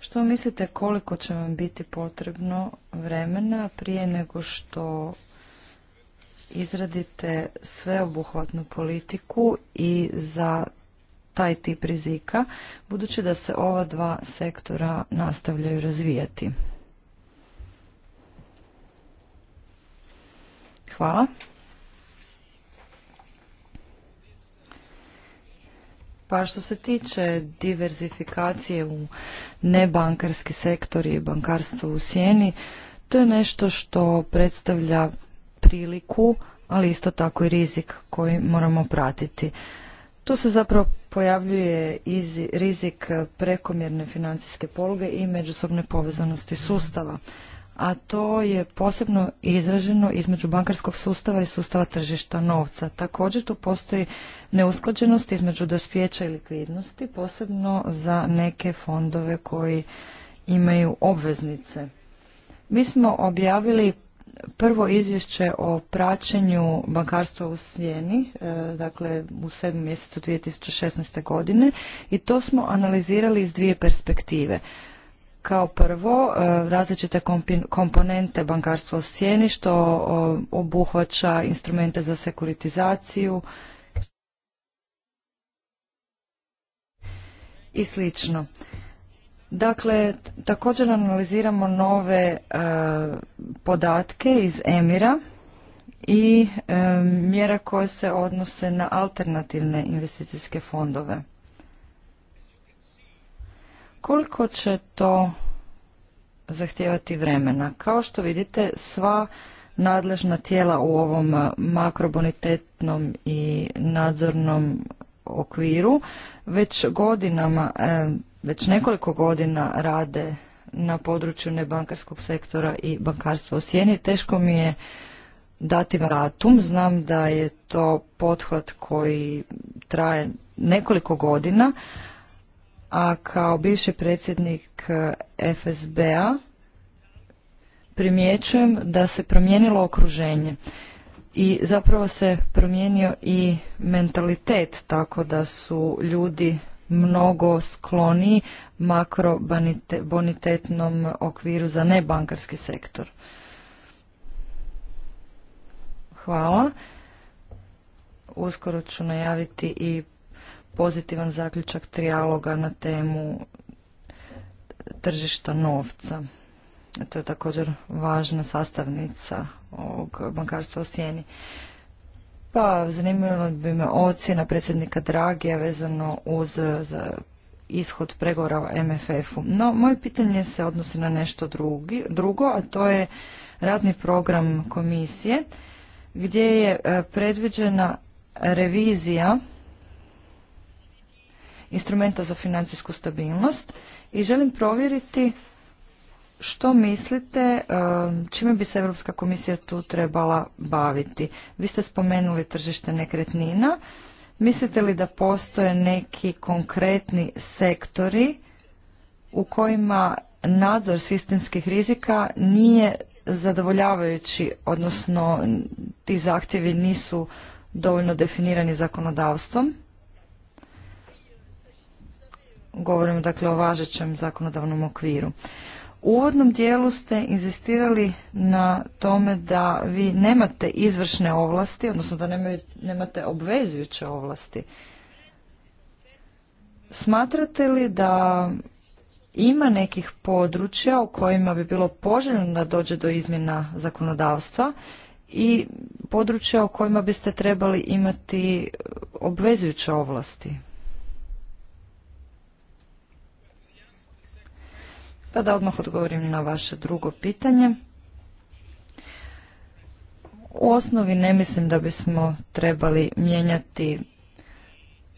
Što mislite koliko će vam biti potrebno vremena prije nego što izradite sveobuhvatnu politiku i za taj tip rizika, budući da se ova dva sektora nastavljaju razvijati? Hvala. Pa što se tiče diverzifikacije u nebankarski sektor i bankarstvo u sjeni, to je nešto što predstavlja priliku, ali isto tako i rizik koji moramo pratiti. Tu se zapravo pojavljuje rizik prekomjerne financijske poluge i međusobne povezanosti sustava a to je posebno izraženo između bankarskog sustava i sustava tržišta novca. Također tu postoji neusklađenost između dospjeća i likvidnosti, posebno za neke fondove koji imaju obveznice. Mi smo objavili prvo izvješće o praćenju bankarstva u Svijeni, e, dakle u 7. mjesecu 2016. godine i to smo analizirali iz dvije perspektive. Kao prvo, e, različite komponente bankarstva u sjeni što obuhvaća instrumente za sekuritizaciju i slično. Dakle, također analiziramo nove e, podatke iz Emira i e, mjera koje se odnose na alternativne investicijske fondove. Koliko će to zahtijevati vremena? Kao što vidite, sva nadležna tijela u ovom makrobonitetnom i nadzornom okviru već godinama, e, već nekoliko godina rade na području nebankarskog sektora i bankarstva u sjeni. Teško mi je dati datum. Znam da je to pothvat koji traje nekoliko godina, a kao bivši predsjednik eh, FSB-a primjećujem da se promijenilo okruženje i zapravo se promijenio i mentalitet tako da su ljudi mnogo skloniji makrobonitetnom okviru za nebankarski sektor. Hvala. Uskoro ću najaviti i pozitivan zaključak trijaloga na temu tržišta novca. To je također važna sastavnica ovog bankarstva u sjeni. Pa zanimljivo bi me ocjena predsjednika Dragija vezano uz za ishod pregovora o MFF-u. No, moje pitanje se odnosi na nešto drugi, drugo, a to je radni program komisije gdje je e, predviđena revizija instrumenta za financijsku stabilnost i želim provjeriti što mislite um, čime bi se Europska komisija tu trebala baviti? Vi ste spomenuli tržište nekretnina. Mislite li da postoje neki konkretni sektori u kojima nadzor sistemskih rizika nije zadovoljavajući, odnosno ti zahtjevi nisu dovoljno definirani zakonodavstvom? Govorimo dakle o važećem zakonodavnom okviru. U uvodnom dijelu ste inzistirali na tome da vi nemate izvršne ovlasti, odnosno da nemate obvezujuće ovlasti. Smatrate li da ima nekih područja u kojima bi bilo poželjno da dođe do izmjena zakonodavstva i područja u kojima biste trebali imati obvezujuće ovlasti? Pa da odmah odgovorim na vaše drugo pitanje. U osnovi ne mislim da bismo trebali mijenjati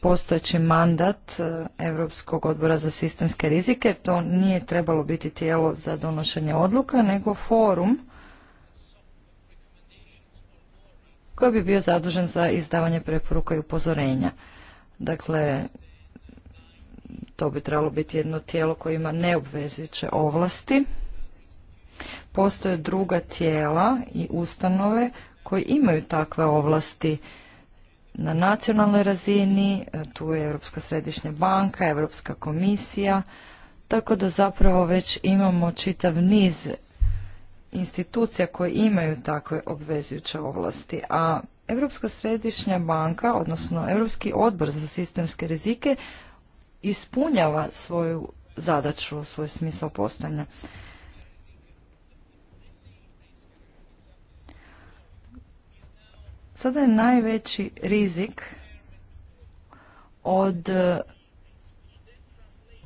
postojeći mandat e, Europskog odbora za sistemske rizike. To nije trebalo biti tijelo za donošenje odluka, nego forum koji bi bio zadužen za izdavanje preporuka i upozorenja. Dakle, to bi trebalo biti jedno tijelo koje ima neobvezujuće ovlasti. Postoje druga tijela i ustanove koji imaju takve ovlasti na nacionalnoj razini, tu je Europska središnja banka, Europska komisija, tako da zapravo već imamo čitav niz institucija koje imaju takve obvezujuće ovlasti, a Europska središnja banka, odnosno Europski odbor za sistemske rizike, ispunjava svoju zadaću, svoj smisao postojanja. Sada je najveći rizik od e,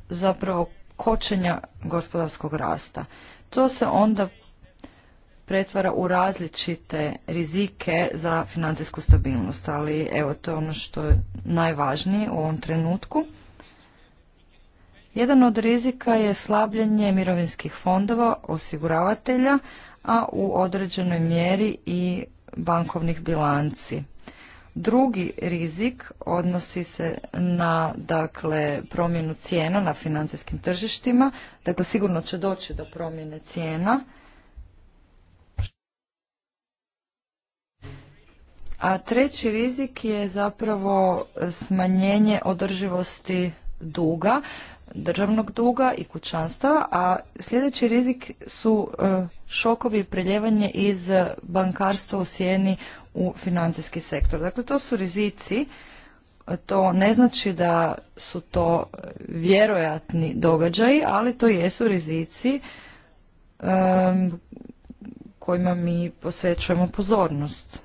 zapravo kočenja gospodarskog rasta. To se onda pretvara u različite rizike za financijsku stabilnost, ali evo to je ono što je najvažnije u ovom trenutku. Jedan od rizika je slabljenje mirovinskih fondova, osiguravatelja, a u određenoj mjeri i bankovnih bilanci. Drugi rizik odnosi se na dakle promjenu cijena na financijskim tržištima, dakle sigurno će doći do promjene cijena. A treći rizik je zapravo smanjenje održivosti duga državnog duga i kućanstava, a sljedeći rizik su e, šokovi i preljevanje iz bankarstva u sjeni u financijski sektor. Dakle, to su rizici, to ne znači da su to vjerojatni događaji, ali to jesu rizici kojima mi posvećujemo pozornost.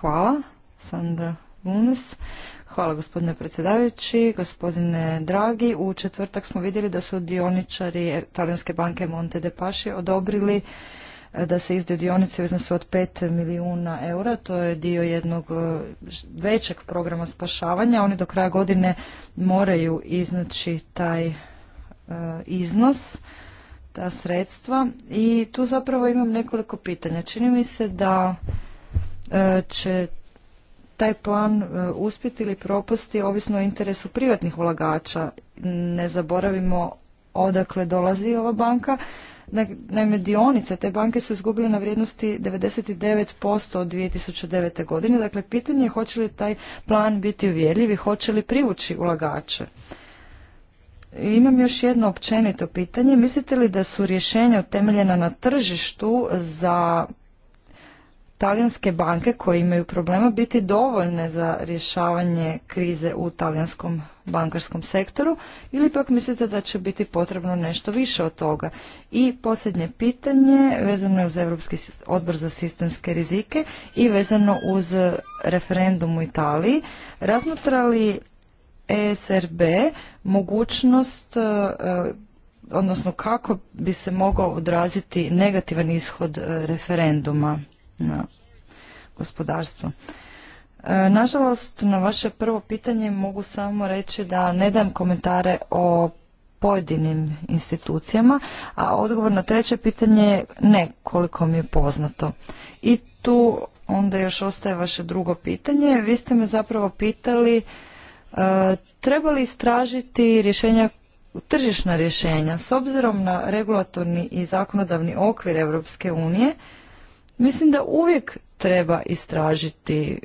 Hvala, Sandra Munes. Hvala gospodine predsjedavajući. Gospodine Dragi, u četvrtak smo vidjeli da su dioničari Talijanske banke Monte de Paši odobrili eh, da se izdaju dionice u iznosu od 5 milijuna eura. To je dio jednog eh, većeg programa spašavanja. Oni do kraja godine moraju iznaći taj eh, iznos, ta sredstva. I tu zapravo imam nekoliko pitanja. Čini mi se da će taj plan e, uspjeti ili propasti ovisno o interesu privatnih ulagača. Ne zaboravimo odakle dolazi ova banka. Naime, dionice te banke su izgubile na vrijednosti 99% od 2009. godine. Dakle, pitanje je hoće li taj plan biti uvjerljiv i hoće li privući ulagače. Imam još jedno općenito pitanje. Mislite li da su rješenja utemeljena na tržištu za talijanske banke koje imaju problema biti dovoljne za rješavanje krize u talijanskom bankarskom sektoru ili pak mislite da će biti potrebno nešto više od toga? I posljednje pitanje vezano je uz Europski odbor za sistemske rizike i vezano uz referendum u Italiji. Razmatra li ESRB mogućnost e, odnosno kako bi se mogao odraziti negativan ishod e, referenduma na gospodarstvo. E, nažalost, na vaše prvo pitanje mogu samo reći da ne dam komentare o pojedinim institucijama, a odgovor na treće pitanje je ne, koliko mi je poznato. I tu onda još ostaje vaše drugo pitanje. Vi ste me zapravo pitali e, li istražiti rješenja tržišna rješenja s obzirom na regulatorni i zakonodavni okvir Europske unije Mislim da uvijek treba istražiti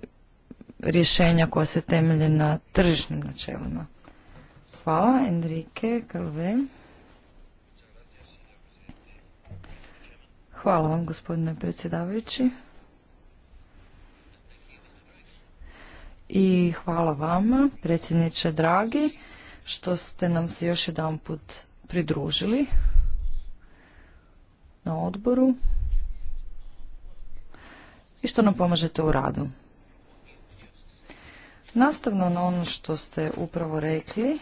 rješenja koja se temelje na tržišnim načelima. Hvala, Enrique Calve. Hvala vam, gospodine predsjedavajući. I hvala vama, predsjedniče dragi, što ste nam se još jedan put pridružili na odboru i što nam pomažete u radu. Nastavno na ono što ste upravo rekli,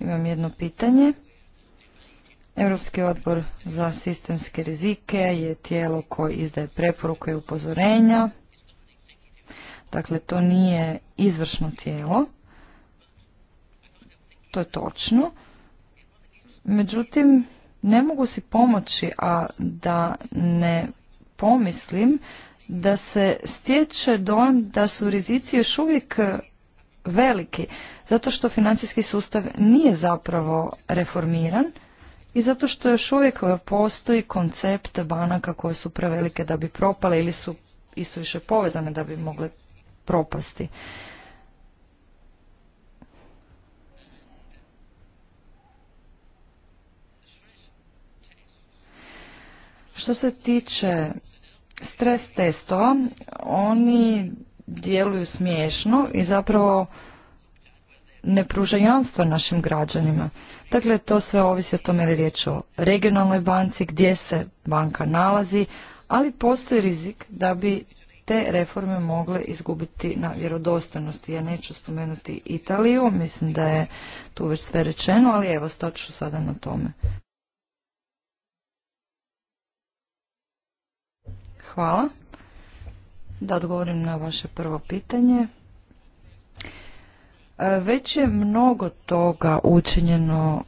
imam jedno pitanje. Europski odbor za sistemske rizike je tijelo koje izdaje preporuke i upozorenja. Dakle, to nije izvršno tijelo. To je točno. Međutim, ne mogu si pomoći, a da ne pomislim da se stječe dojam da su rizici još uvijek veliki, zato što financijski sustav nije zapravo reformiran i zato što još uvijek postoji koncept banaka koje su prevelike da bi propale ili su i su više povezane da bi mogle propasti. Što se tiče stres testova, oni djeluju smiješno i zapravo ne pruža jamstva našim građanima. Dakle, to sve ovisi o tome ili riječ o regionalnoj banci, gdje se banka nalazi, ali postoji rizik da bi te reforme mogle izgubiti na vjerodostojnosti. Ja neću spomenuti Italiju, mislim da je tu već sve rečeno, ali evo, stat sada na tome. Hvala. Da odgovorim na vaše prvo pitanje. E, već je mnogo toga učinjeno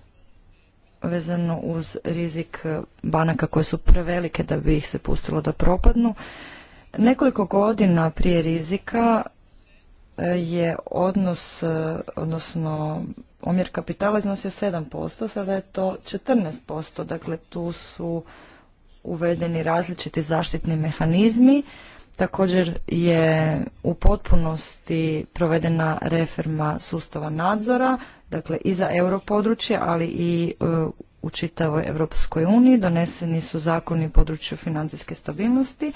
vezano uz rizik banaka koje su prevelike da bi ih se pustilo da propadnu. Nekoliko godina prije rizika e, je odnos, e, odnosno omjer kapitala iznosio 7%, sada je to 14%, dakle tu su uvedeni različiti zaštitni mehanizmi. Također je u potpunosti provedena reforma sustava nadzora, dakle i za europodručje, ali i e, u čitavoj Europskoj uniji. Doneseni su zakoni u području financijske stabilnosti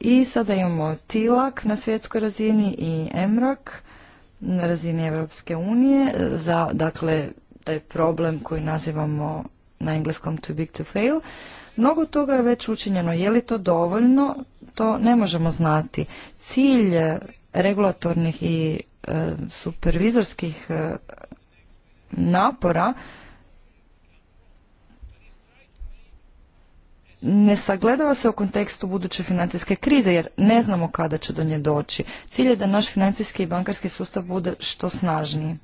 i sada imamo TILAK na svjetskoj razini i EMRAK na razini Europske unije e, za dakle taj problem koji nazivamo na engleskom too big to fail. Mnogo toga je već učinjeno. Je li to dovoljno? To ne možemo znati. Cilj e, regulatornih i e, supervizorskih e, napora ne sagledava se u kontekstu buduće financijske krize jer ne znamo kada će do nje doći. Cilj je da naš financijski i bankarski sustav bude što snažniji.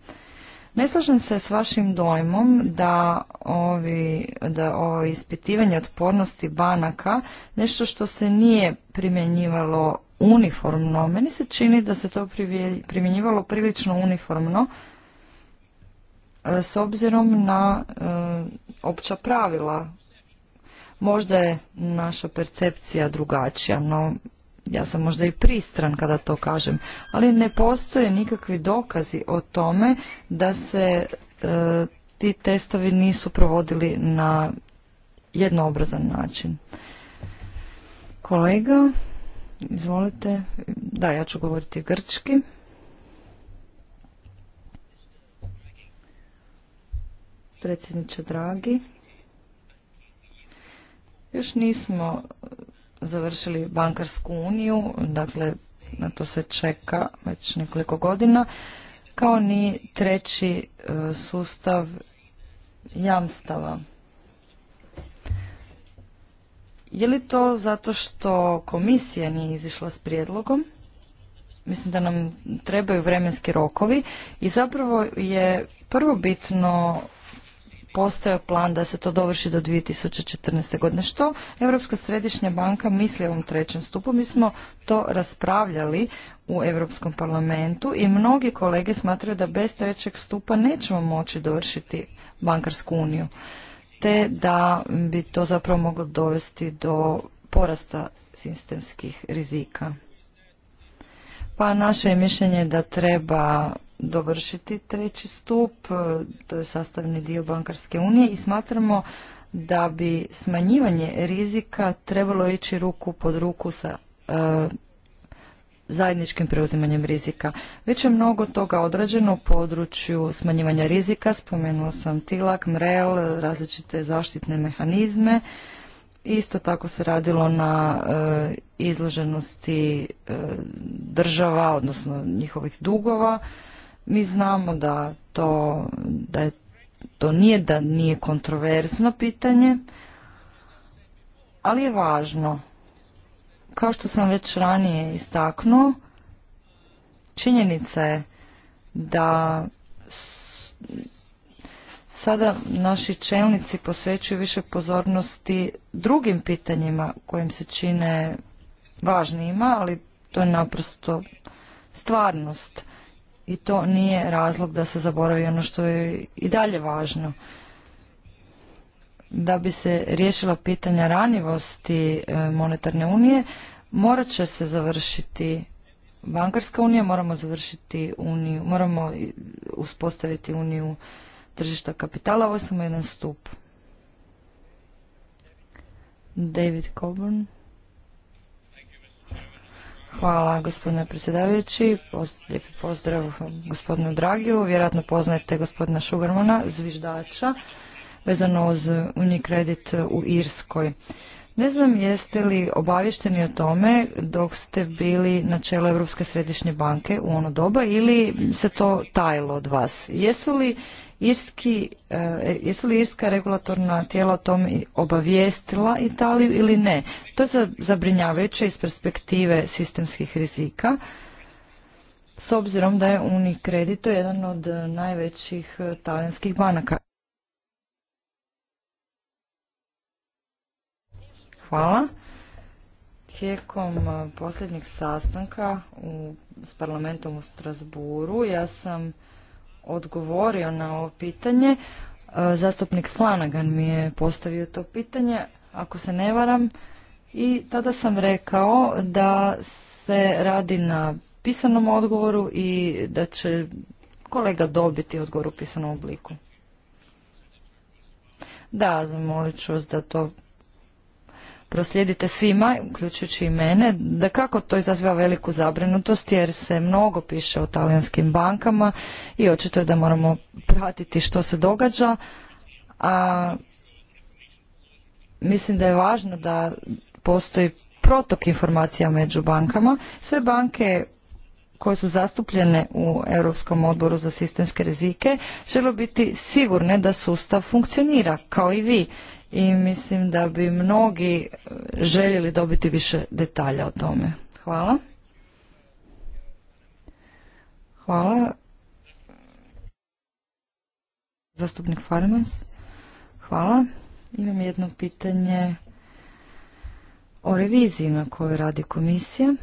Ne slažem se s vašim dojmom da, ovi, da ovo ispitivanje otpornosti banaka nešto što se nije primjenjivalo uniformno. Meni se čini da se to primjenjivalo prilično uniformno e, s obzirom na e, opća pravila. Možda je naša percepcija drugačija, no ja sam možda i pristran kada to kažem, ali ne postoje nikakvi dokazi o tome da se e, ti testovi nisu provodili na jednoobrazan način. Kolega, izvolite, da, ja ću govoriti grčki. Predsjedniče dragi, još nismo završili bankarsku uniju, dakle na to se čeka već nekoliko godina, kao ni treći e, sustav jamstava. Je li to zato što komisija nije izišla s prijedlogom? Mislim da nam trebaju vremenski rokovi i zapravo je prvo bitno postojao plan da se to dovrši do 2014. godine. Što Europska središnja banka misli o ovom trećem stupu? Mi smo to raspravljali u Europskom parlamentu i mnogi kolege smatraju da bez trećeg stupa nećemo moći dovršiti bankarsku uniju, te da bi to zapravo moglo dovesti do porasta sistemskih rizika. Pa naše je mišljenje da treba dovršiti treći stup, e, to je sastavni dio bankarske unije i smatramo da bi smanjivanje rizika trebalo ići ruku pod ruku sa e, zajedničkim preuzimanjem rizika. Već je mnogo toga odrađeno u području smanjivanja rizika, spomenula sam tilak, mrel, različite zaštitne mehanizme. Isto tako se radilo na e, izloženosti država, odnosno njihovih dugova. Mi znamo da to, da je, to nije da nije kontroverzno pitanje, ali je važno. Kao što sam već ranije istaknuo, činjenica je da sada naši čelnici posvećuju više pozornosti drugim pitanjima kojim se čine važnijima, ali to je naprosto stvarnost i to nije razlog da se zaboravi ono što je i dalje važno. Da bi se riješila pitanja ranjivosti e, monetarne unije, morat će se završiti bankarska unija, moramo završiti uniju, moramo uspostaviti uniju tržišta kapitala, ovo je samo jedan stup. David Coburn. Hvala gospodine predsjedavajući, lijepi pozdrav gospodinu Dragiju, vjerojatno poznajete gospodina Šugarmana, zviždača, vezano uz Unikredit u Irskoj. Ne znam jeste li obavješteni o tome dok ste bili na čelu Europske središnje banke u ono doba ili se to tajilo od vas. Jesu li Irski, e, jesu li irska regulatorna tijela o tom obavijestila Italiju ili ne? To je zabrinjavajuće iz perspektive sistemskih rizika, s obzirom da je Unicredito jedan od najvećih e, talijanskih banaka. Hvala. Tijekom e, posljednjeg sastanka u, s parlamentom u Strasburu ja sam odgovorio na ovo pitanje. E, zastupnik Flanagan mi je postavio to pitanje, ako se ne varam, i tada sam rekao da se radi na pisanom odgovoru i da će kolega dobiti odgovor u pisanom obliku. Da, zamolit ću vas da to proslijedite svima, uključujući i mene, da kako to izaziva veliku zabrinutost jer se mnogo piše o talijanskim bankama i očito je da moramo pratiti što se događa. A, mislim da je važno da postoji protok informacija među bankama. Sve banke koje su zastupljene u Europskom odboru za sistemske rizike žele biti sigurne da sustav funkcionira kao i vi i mislim da bi mnogi željeli dobiti više detalja o tome. Hvala. Hvala. Zastupnik Farmans. Hvala. Imam jedno pitanje o reviziji na kojoj radi komisija.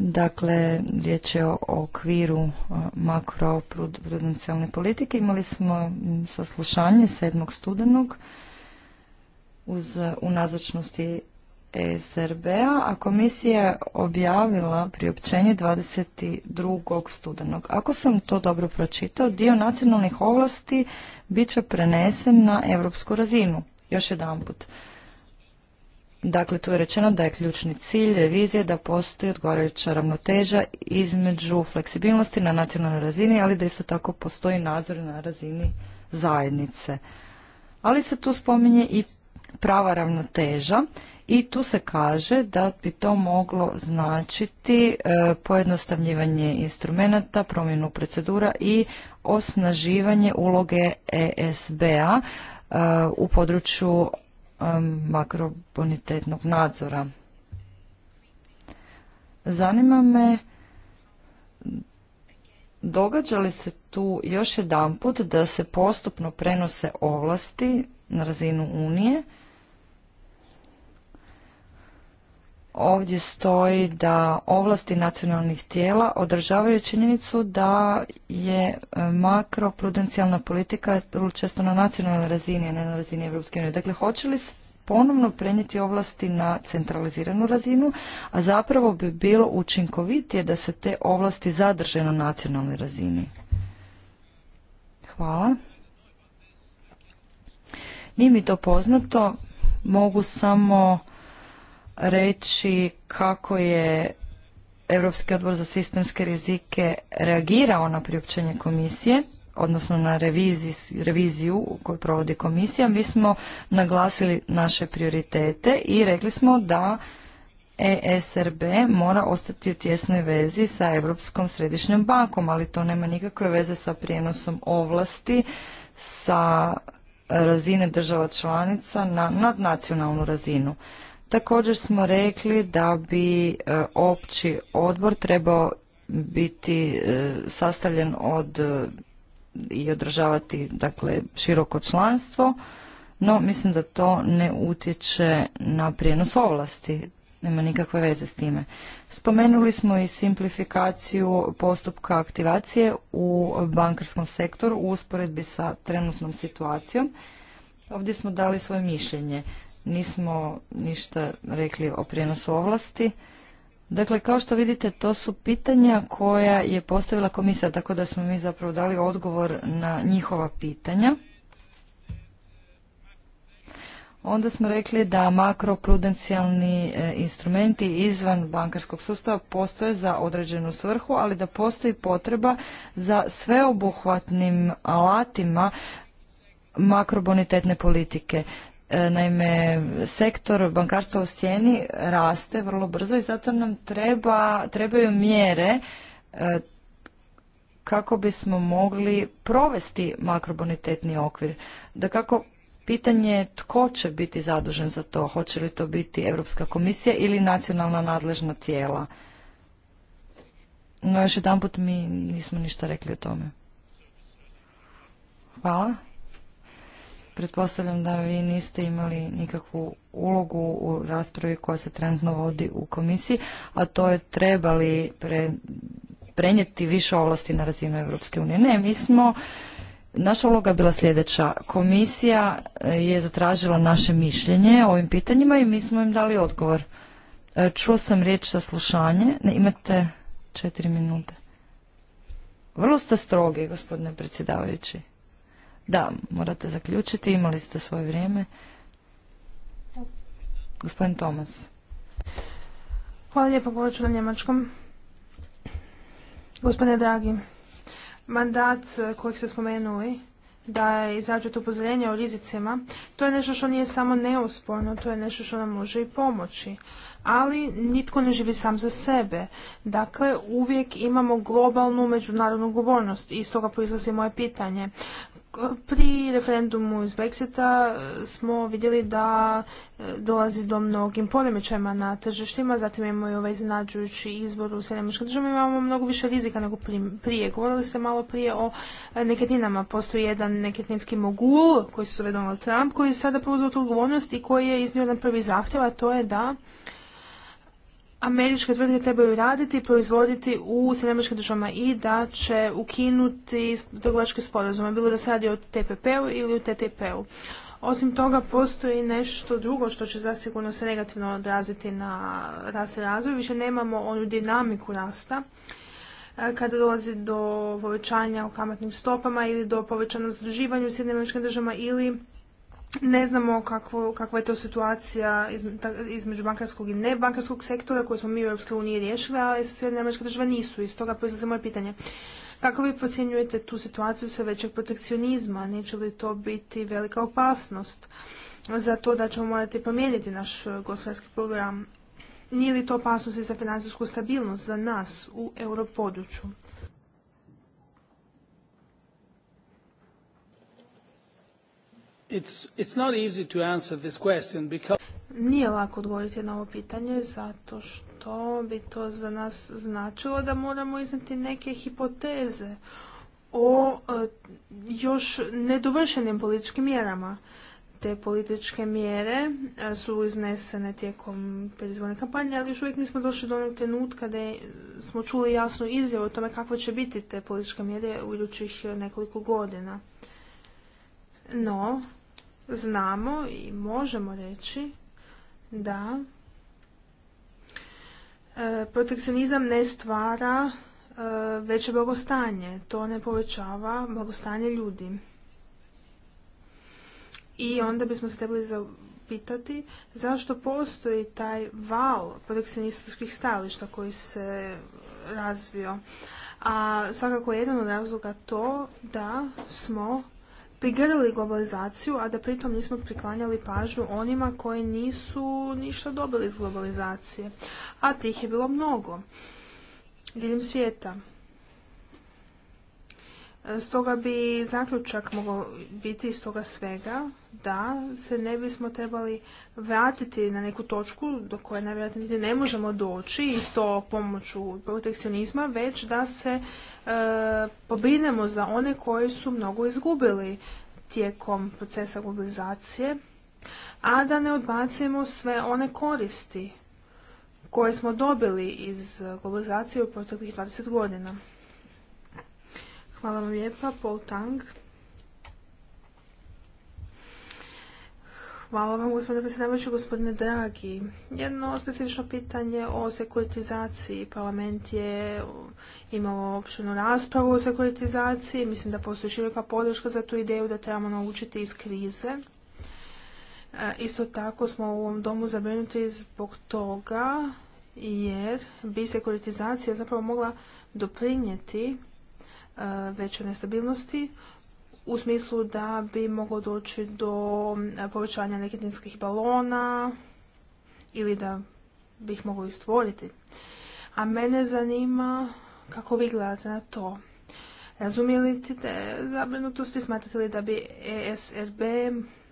Dakle, riječ je o okviru e, makroprudencijalne politike. Imali smo saslušanje 7. studenog uz, e, u nazočnosti e SRB-a, a komisija je objavila priopćenje 22. studenog. Ako sam to dobro pročitao, dio nacionalnih ovlasti bit će prenesen na europsku razinu. Još jedanput. put Dakle, tu je rečeno da je ključni cilj revizije da postoji odgovarajuća ravnoteža između fleksibilnosti na nacionalnoj razini, ali da isto tako postoji nadzor na razini zajednice. Ali se tu spominje i prava ravnoteža i tu se kaže da bi to moglo značiti e, pojednostavljivanje instrumenata, promjenu procedura i osnaživanje uloge ESB-a e, u području makrobonitetnog nadzora. Zanima me događa li se tu još put da se postupno prenose ovlasti na razinu Unije ovdje stoji da ovlasti nacionalnih tijela održavaju činjenicu da je e, makroprudencijalna politika često na nacionalnoj razini, a ne na razini Europske unije. Dakle, hoće li ponovno prenijeti ovlasti na centraliziranu razinu, a zapravo bi bilo učinkovitije da se te ovlasti zadrže na nacionalnoj razini. Hvala. Nije mi to poznato, mogu samo reći kako je Europski odbor za sistemske rizike reagirao na priopćenje komisije, odnosno na reviziju, reviziju koju provodi komisija. Mi smo naglasili naše prioritete i rekli smo da ESRB mora ostati u tjesnoj vezi sa Europskom središnjom bankom, ali to nema nikakve veze sa prijenosom ovlasti sa razine država članica na nadnacionalnu razinu. Također smo rekli da bi e, opći odbor trebao biti e, sastavljen od e, i održavati dakle široko članstvo, no mislim da to ne utječe na prijenos ovlasti, nema nikakve veze s time. Spomenuli smo i simplifikaciju postupka aktivacije u bankarskom sektoru u usporedbi sa trenutnom situacijom. Ovdje smo dali svoje mišljenje nismo ništa rekli o prijenosu ovlasti. Dakle, kao što vidite, to su pitanja koja je postavila komisija, tako da smo mi zapravo dali odgovor na njihova pitanja. Onda smo rekli da makroprudencijalni e, instrumenti izvan bankarskog sustava postoje za određenu svrhu, ali da postoji potreba za sveobuhvatnim alatima makrobonitetne politike. E, naime, sektor bankarstva u sjeni raste vrlo brzo i zato nam treba, trebaju mjere e, kako bismo mogli provesti makrobonitetni okvir. Da kako pitanje je tko će biti zadužen za to, hoće li to biti Europska komisija ili nacionalna nadležna tijela. No još jedan mi nismo ništa rekli o tome. Hvala. Pretpostavljam da vi niste imali nikakvu ulogu u raspravi koja se trenutno vodi u komisiji, a to je trebali pre, prenijeti više ovlasti na razinu Europske unije. Ne, mi smo, naša uloga je bila sljedeća. Komisija eh, je zatražila naše mišljenje o ovim pitanjima i mi smo im dali odgovor. Eh, čuo sam riječ saslušanje. Ne, imate četiri minute. Vrlo ste strogi, gospodine predsjedavajući. Da, morate zaključiti, imali ste svoje vrijeme. Gospodin Tomas. Hvala lijepo, govorit ću na njemačkom. Gospodine dragi, mandat eh, kojeg ste spomenuli, da je upozorenje o rizicima, to je nešto što nije samo neosporno, to je nešto što nam može i pomoći. Ali nitko ne živi sam za sebe. Dakle, uvijek imamo globalnu međunarodnu govornost i stoga toga proizlazi moje pitanje. Pri referendumu iz Brexita e, smo vidjeli da e, dolazi do mnogim poremećajima na tržištima, zatim imamo i ovaj iznenađujući izbor u i imamo mnogo više rizika nego prije. Govorili ste malo prije o e, nekretninama. Postoji jedan nekretninski mogul koji se zove Donald Trump koji je sada preuzeo tu odgovornost i koji je iznio jedan prvi zahtjev, a to je da američke tvrtke trebaju raditi i proizvoditi u Sjedinjeničkim državama i da će ukinuti trgovačke sporazume, bilo da se radi o TPP-u ili o TTP-u. Osim toga, postoji nešto drugo što će zasigurno se negativno odraziti na rast i razvoj. Više nemamo onu dinamiku rasta e, kada dolazi do povećanja u kamatnim stopama ili do povećanog zaduživanja u državama ili ne znamo kakvo, kakva je to situacija između bankarskog i nebankarskog sektora koju smo mi u EU riješili, a Sjedinjene američke države nisu. Iz toga se moje pitanje. Kako vi procjenjujete tu situaciju sve većeg protekcionizma? Neće li to biti velika opasnost za to da ćemo morati promijeniti naš e, gospodarski program? Nije li to opasnost i za financijsku stabilnost za nas u europodručju? Nije lako odgovoriti na ovo pitanje zato što bi to za nas značilo da moramo iznati neke hipoteze o e, još nedovršenim političkim mjerama. Te političke mjere e, su iznesene tijekom predizborne kampanje, ali još uvijek nismo došli do onog trenutka da smo čuli jasnu izjavu o tome kakve će biti te političke mjere u idućih nekoliko godina. No, znamo i možemo reći da e, protekcionizam ne stvara e, veće blagostanje, to ne povećava blagostanje ljudi. I onda bismo se trebali zapitati zašto postoji taj val protekcionističkih stajališta koji se razvio. A svakako jedan od razloga to da smo prigrlili globalizaciju, a da pritom nismo priklanjali pažnju onima koji nisu ništa dobili iz globalizacije. A tih je bilo mnogo. Diljem svijeta. E, stoga bi zaključak mogao biti iz toga svega da se ne bismo trebali vratiti na neku točku do koje najvjerojatno niti ne možemo doći i to pomoću protekcionizma, već da se e, pobrinemo za one koji su mnogo izgubili tijekom procesa globalizacije, a da ne odbacimo sve one koristi koje smo dobili iz globalizacije u proteklih 20 godina. Hvala vam lijepa, Paul Tang. Hvala vam, gospodine predsjedavajući, gospodine Dragi. Jedno specifično pitanje o sekuritizaciji. Parlament je imao općenu raspravu o sekuritizaciji. Mislim da postoji široka podrška za tu ideju da trebamo naučiti iz krize. E, isto tako smo u ovom domu zabrinuti zbog toga jer bi sekuritizacija zapravo mogla doprinijeti e, većoj nestabilnosti u smislu da bi moglo doći do povećanja nekretninskih balona ili da bi ih mogli stvoriti. A mene zanima kako vi gledate na to. ti te zabrinutosti? Smatrate li da bi ESRB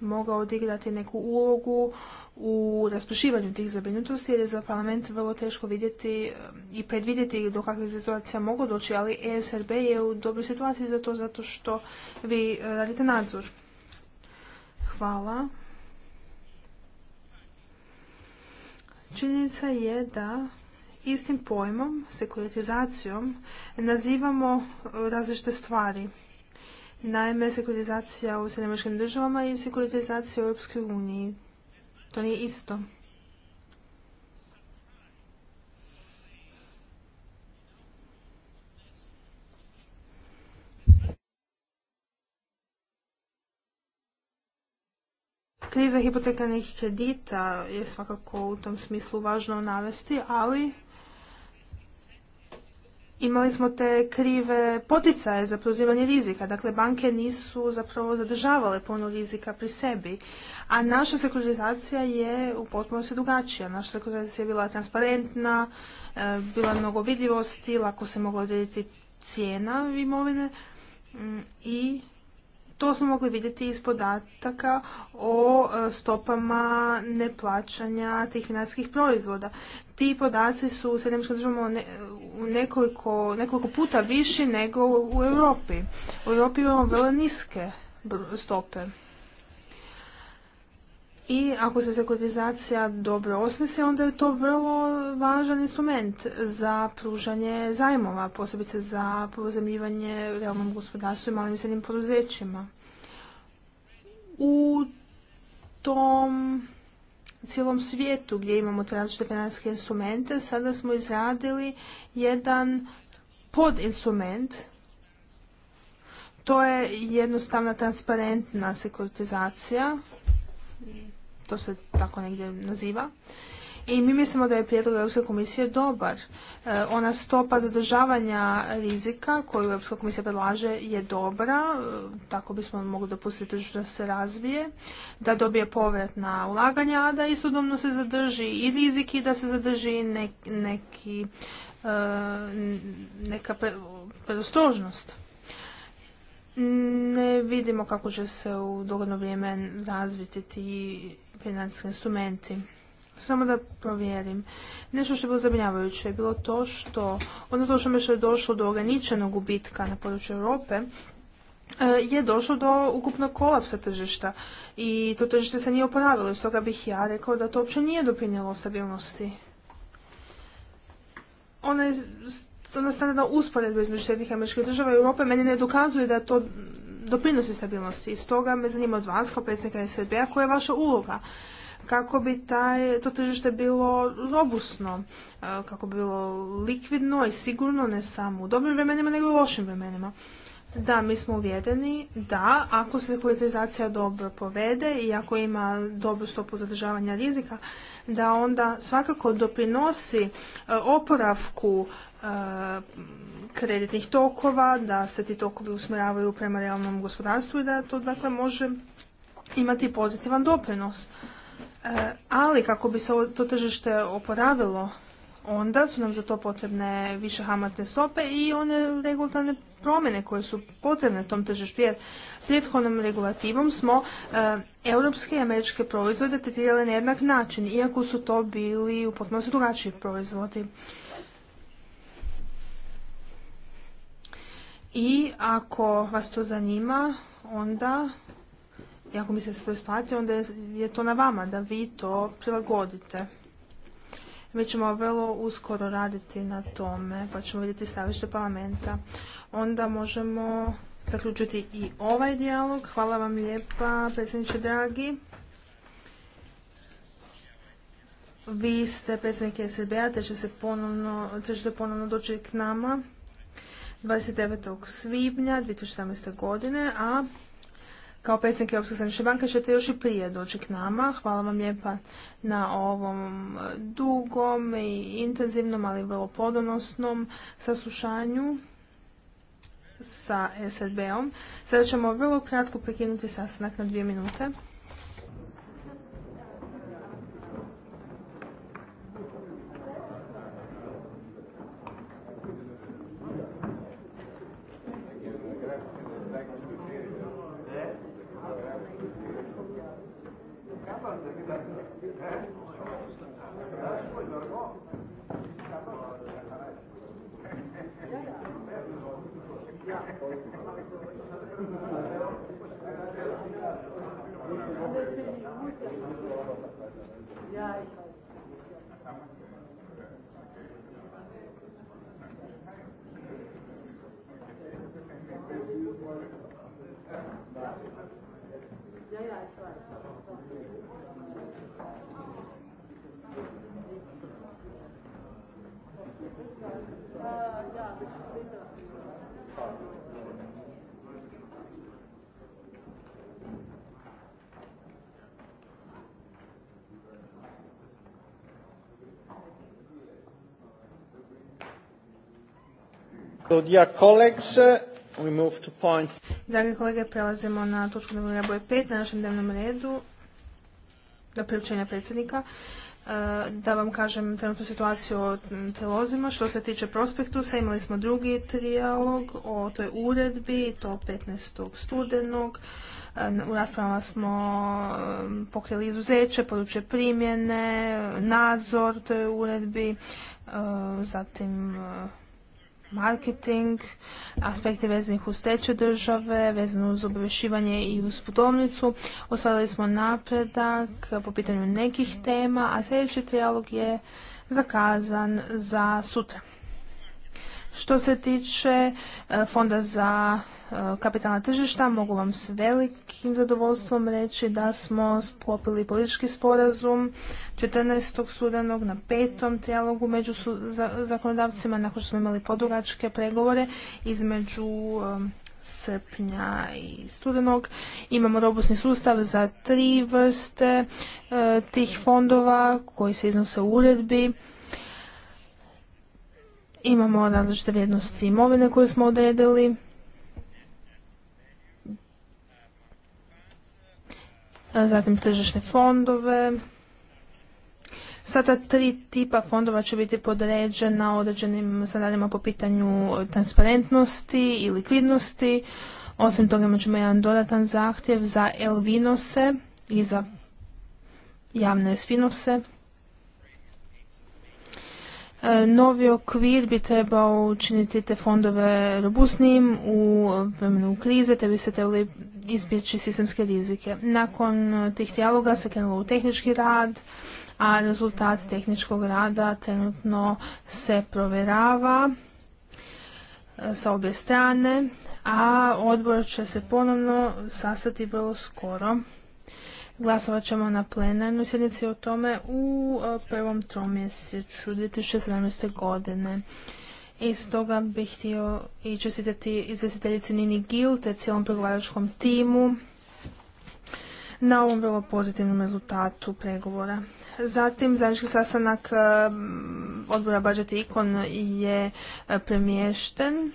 mogao odigrati neku ulogu u raspršivanju tih zabrinutosti jer je za parlament vrlo teško vidjeti um, i predvidjeti do kakvih situacija mogu doći, ali ESRB je u dobroj situaciji za to zato što vi uh, radite nadzor. Hvala. Činjenica je da istim pojmom, sekuritizacijom, nazivamo uh, različite stvari. Naime, sekuritizacija u Sjedinjavačkim državama i sekuritizacija u Europskoj uniji. To nije isto. Kriza hipotekarnih kredita je svakako u tom smislu važno navesti, ali imali smo te krive poticaje za preuzimanje rizika. Dakle, banke nisu zapravo zadržavale puno rizika pri sebi. A naša sekularizacija je u potpunosti drugačija. Naša sekularizacija je bila transparentna, e, bila je mnogo vidljivosti, lako se mogla odrediti cijena imovine mm, i to smo mogli vidjeti iz podataka o e, stopama neplaćanja tih financijskih proizvoda ti podaci su u državama nekoliko, puta viši nego u Europi. U Europi imamo vrlo niske stope. I ako se sekuritizacija dobro osmisli, onda je to vrlo važan instrument za pružanje zajmova, posebice za pozemljivanje realnom gospodarstvu i malim i srednjim poduzećima. U tom cijelom svijetu gdje imamo te različite financijske instrumente, sada smo izradili jedan podinstrument. To je jednostavna transparentna sekuritizacija, to se tako negdje naziva. I mi mislimo da je prijedlog Europske komisije dobar. E, ona stopa zadržavanja rizika koju Europska komisija predlaže je dobra, e, tako bismo mogli dopustiti tržištu da se razvije, da dobije povrat na ulaganja, a da istodobno se zadrži i rizik i da se zadrži neki, e, neka predostrožnost. Ne vidimo kako će se u dogodno vrijeme razviti ti financijski instrumenti. Samo da provjerim. Nešto što je bilo zabrinjavajuće je bilo to što, ono to što je došlo do ograničenog gubitka na području Europe, e, je došlo do ukupnog kolapsa tržišta i to tržište se nije oporavilo, stoga bih ja rekao da to uopće nije doprinjelo stabilnosti. Ona je ona standardna usporedba između Sjednih američkih država i Europe meni ne dokazuje da to doprinosi stabilnosti. I stoga me zanima od vas kao predsjednika SRB a koja je vaša uloga kako bi taj, to tržište bilo robusno, e, kako bi bilo likvidno i sigurno ne samo u dobrim vremenima nego i u lošim vremenima. Da, mi smo uvjereni da ako se sekuritizacija dobro povede i ako ima dobru stopu zadržavanja rizika, da onda svakako doprinosi e, oporavku e, kreditnih tokova, da se ti tokovi usmjeravaju prema realnom gospodarstvu i da to dakle može imati pozitivan doprinos. E, ali kako bi se to tržište oporavilo, onda su nam za to potrebne više hamatne stope i one regulatorne promjene koje su potrebne tom tržištu, jer prethodnom regulativom smo e, europske i američke proizvode tretirali na jednak način, iako su to bili u potpunosti drugačiji proizvodi. I ako vas to zanima, onda i ako mislite da se to isplati, onda je to na vama da vi to prilagodite. Mi ćemo vrlo uskoro raditi na tome, pa ćemo vidjeti stavište parlamenta. Onda možemo zaključiti i ovaj dijalog. Hvala vam lijepa, predsjedniče dragi. Vi ste predsjednik SRB-a, te ćete ponovno, ponovno doći k nama 29. svibnja 2017. godine, a kao predsjednik Europske središnje banke ćete još i prije doći k nama. Hvala vam lijepa na ovom e, dugom i intenzivnom, ali vrlo podonosnom saslušanju sa SRB-om. Sada ćemo vrlo kratko prekinuti sastanak na dvije minute. yeah, ich Dragi kolege, prelazimo na točku dnevnog reda broj 5 na našem dnevnom redu na priopćenja predsjednika. E, da vam kažem trenutnu situaciju o telozima. Što se tiče prospektusa, imali smo drugi trijalog o toj uredbi, to 15. studenog. E, u raspravama smo e, pokrili izuzeće, područje primjene, nadzor toj uredbi, zatim marketing, aspekte vezanih uz treće države, vezano uz obavješivanje i uz putovnicu. ostavili smo napredak po pitanju nekih tema, a sljedeći trijalog je zakazan za sutra. Što se tiče e, fonda za e, kapitalna tržišta, mogu vam s velikim zadovoljstvom reći da smo sklopili politički sporazum 14. studenog na petom trijalogu među zakonodavcima nakon što smo imali podugačke pregovore između e, srpnja i studenog. Imamo robustni sustav za tri vrste tih fondova koji se iznose u uredbi Imamo različite vrijednosti imovine koje smo odredili. Zatim tržišne fondove. Sada tri tipa fondova će biti podređena određenim standardima po pitanju transparentnosti i likvidnosti. Osim toga imat ćemo jedan dodatan zahtjev za elvinose i za javne svinose. Novi okvir bi trebao učiniti te fondove robustnijim u vremenu krize, te bi se trebali izbjeći sistemske rizike. Nakon e, tih dijaloga se krenulo u tehnički rad, a rezultat tehničkog rada trenutno se provjerava e, sa obje strane, a odbor će se ponovno sastati vrlo skoro Glasovat ćemo na plenarnoj sjednici o tome u e, prvom tromjesečju 2017. godine. I stoga bih htio i čestitati izvjestiteljici Nini Gil te cijelom pregovaračkom timu na ovom vrlo pozitivnom rezultatu pregovora. Zatim, zajednički sastanak e, odbora Budget Ikon je e, premješten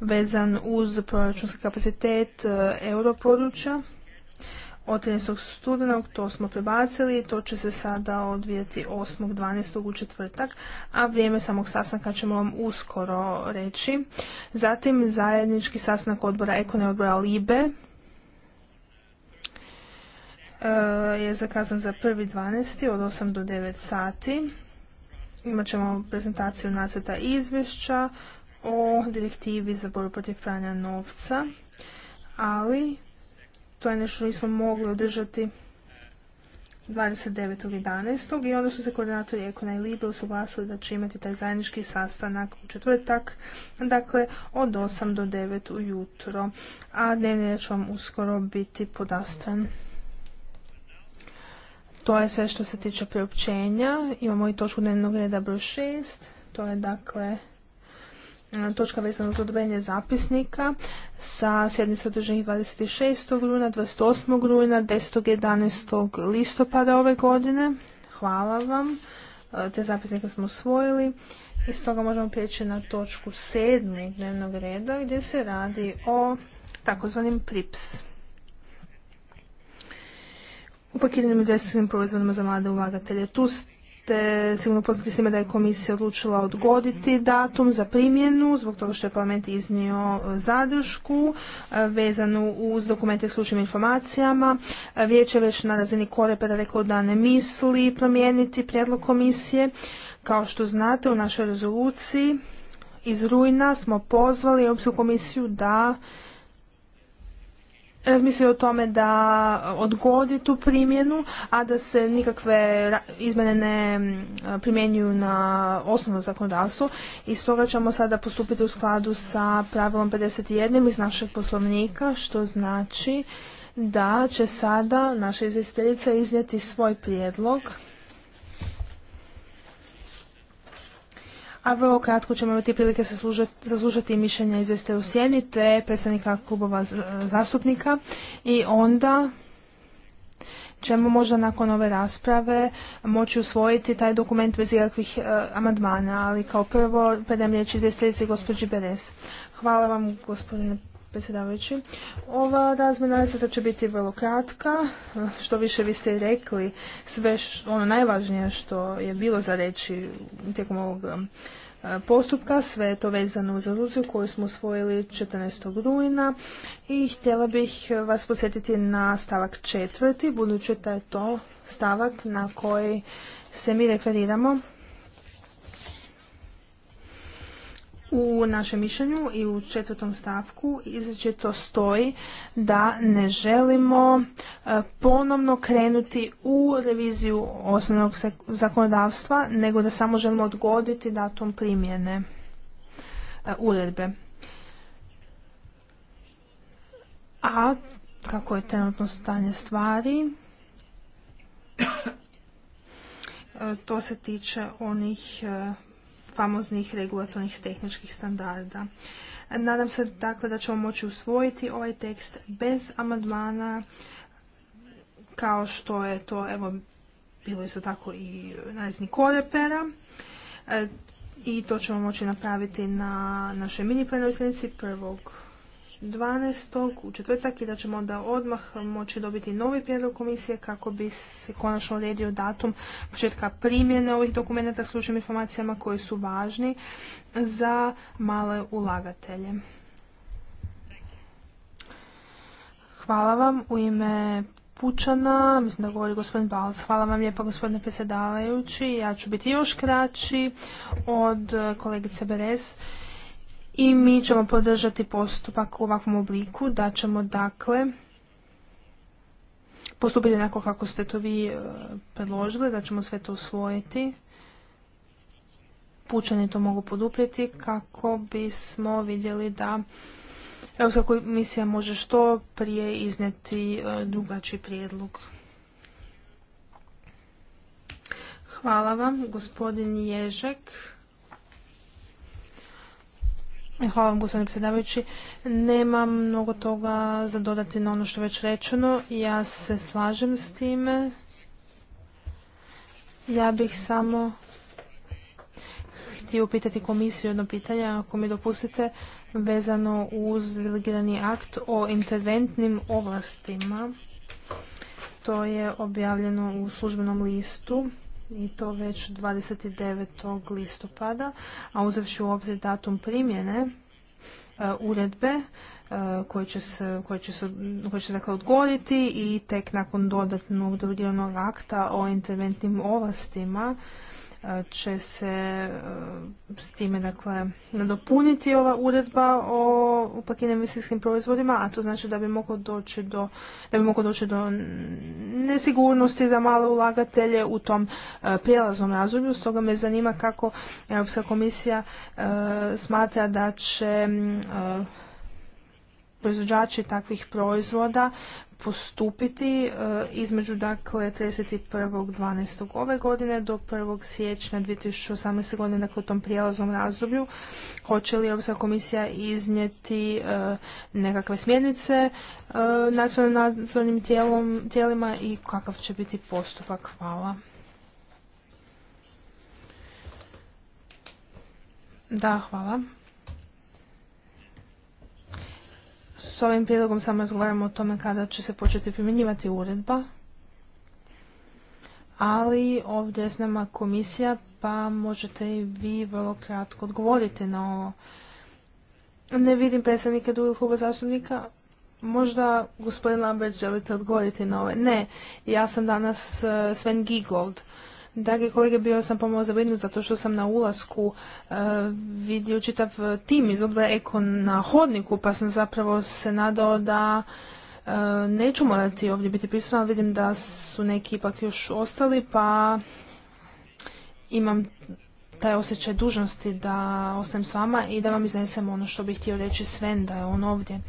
vezan uz proračunski kapacitet europodručja od 13. studenog, to smo prebacili, to će se sada odvijeti 12. u četvrtak, a vrijeme samog sastanka ćemo vam uskoro reći. Zatim zajednički sastanak odbora Ekone odbora Libe e, je zakazan za 1.12. od 8 do 9 sati. Imat ćemo prezentaciju nacrta izvješća o direktivi za borbu protiv pranja novca, ali to je nešto što nismo mogli održati 29.11. i onda su se koordinatori Ekona i Libe usuglasili da će imati taj zajednički sastanak u četvrtak, dakle od 8 do 9 ujutro, a dnevni reč vam uskoro biti podastan. To je sve što se tiče priopćenja. Imamo i točku dnevnog reda broj 6. To je dakle točka vezana uz odobrenje zapisnika sa sjednice održanih 26. rujna, 28. rujna, 10. i 11. listopada ove godine. Hvala vam. E, te zapisnike smo usvojili. I stoga možemo prijeći na točku 7. dnevnog reda gdje se radi o takozvanim PRIPS. u i investicijskim proizvodima za mlade ulagatelje. Tu ste sigurno poznati s da je komisija odlučila odgoditi datum za primjenu zbog toga što je parlament iznio e, zadršku e, vezanu uz dokumente s informacijama. E, Vijeće je već na razini korepera reklo da ne misli promijeniti prijedlog komisije. Kao što znate u našoj rezoluciji iz rujna smo pozvali Europsku komisiju da razmislio o tome da odgodi tu primjenu, a da se nikakve izmjene ne primjenjuju na osnovno zakonodavstvo i stoga ćemo sada postupiti u skladu sa pravilom 51 iz našeg poslovnika, što znači da će sada naša izvjestiteljica iznijeti svoj prijedlog a vrlo kratko ćemo imati prilike saslušati mišljenja izveste u sjeni te predstavnika klubova zastupnika i onda ćemo možda nakon ove rasprave moći usvojiti taj dokument bez ikakvih e, amandmana, ali kao prvo predam riječ izvjestiteljici gospođi Beres. Hvala vam gospodine predsjedavajući. Ova razmjena nacrta će biti vrlo kratka. Što više vi ste rekli, sve ono najvažnije što je bilo za reći tijekom ovog e, postupka, sve je to vezano uz rezoluciju koju smo usvojili 14. rujna i htjela bih vas posjetiti na stavak četvrti, budući da je to stavak na koji se mi referiramo U našem mišljenju i u četvrtom stavku izrečito stoji da ne želimo e, ponovno krenuti u reviziju osnovnog zakonodavstva, nego da samo želimo odgoditi datum primjene e, uredbe. A kako je trenutno stanje stvari, e, to se tiče onih famoznih regulatornih tehničkih standarda. Nadam se dakle da ćemo moći usvojiti ovaj tekst bez amandmana kao što je to evo bilo isto tako i na korepera e, i to ćemo moći napraviti na našoj mini plenoj prvog 12. u četvrtak i da ćemo onda odmah moći dobiti novi prijedlog komisije kako bi se konačno uredio datum početka primjene ovih dokumenta s informacijama koji su važni za male ulagatelje. Hvala vam u ime Pučana, mislim da govori gospodin Balc. Hvala vam lijepa gospodine predsjedavajući. Ja ću biti još kraći od kolegice Beres i mi ćemo podržati postupak u ovakvom obliku, da ćemo dakle postupiti onako kako ste to vi e, predložili, da ćemo sve to usvojiti. Pučani to mogu poduprijeti kako bismo vidjeli da Europska komisija može što prije izneti e, drugačiji prijedlog. Hvala vam, gospodin Ježek. Hvala vam gospodine predsjedavajući. Nemam mnogo toga za dodati na ono što je već rečeno. Ja se slažem s time. Ja bih samo htio pitati komisiju jedno pitanje, ako mi dopustite, vezano uz delegirani akt o interventnim ovlastima. To je objavljeno u službenom listu i to već 29. listopada, a uzevši u obzir datum primjene e, uredbe e, koje će se, koje se, dakle odgoditi i tek nakon dodatnog delegiranog akta o interventnim ovlastima će se e, s time dakle nadopuniti ova uredba o upakiranim medicinskim proizvodima, a to znači da bi moglo doći do, da bi moglo doći do nesigurnosti za male ulagatelje u tom e, prijelaznom razdoblju. Stoga me zanima kako Europska komisija e, smatra da će proizvođači takvih proizvoda postupiti e, između dakle 31.12. ove godine do 1. siječnja 2018. godine, dakle u tom prijelaznom razdoblju, hoće li Europska komisija iznijeti e, nekakve smjernice e, nacionalnim nadzornim tijelom, tijelima i kakav će biti postupak? Hvala. Da, hvala. S ovim prijedlogom samo razgovaramo o tome kada će se početi primjenjivati uredba, ali ovdje s nama komisija, pa možete i vi vrlo kratko odgovoriti na ovo. Ne vidim predstavnike drugih kluba zastupnika. Možda gospodin Lambert želite odgovoriti na ove. Ne, ja sam danas eh, Sven Gigold Dragi kolege, bio sam pomalo zabrinut zato što sam na ulasku e, vidio čitav tim iz odbora Eko na hodniku, pa sam zapravo se nadao da e, neću morati ovdje biti prisutna, ali vidim da su neki ipak još ostali, pa imam taj osjećaj dužnosti da ostanem s vama i da vam iznesem ono što bih htio reći Sven, da je on ovdje.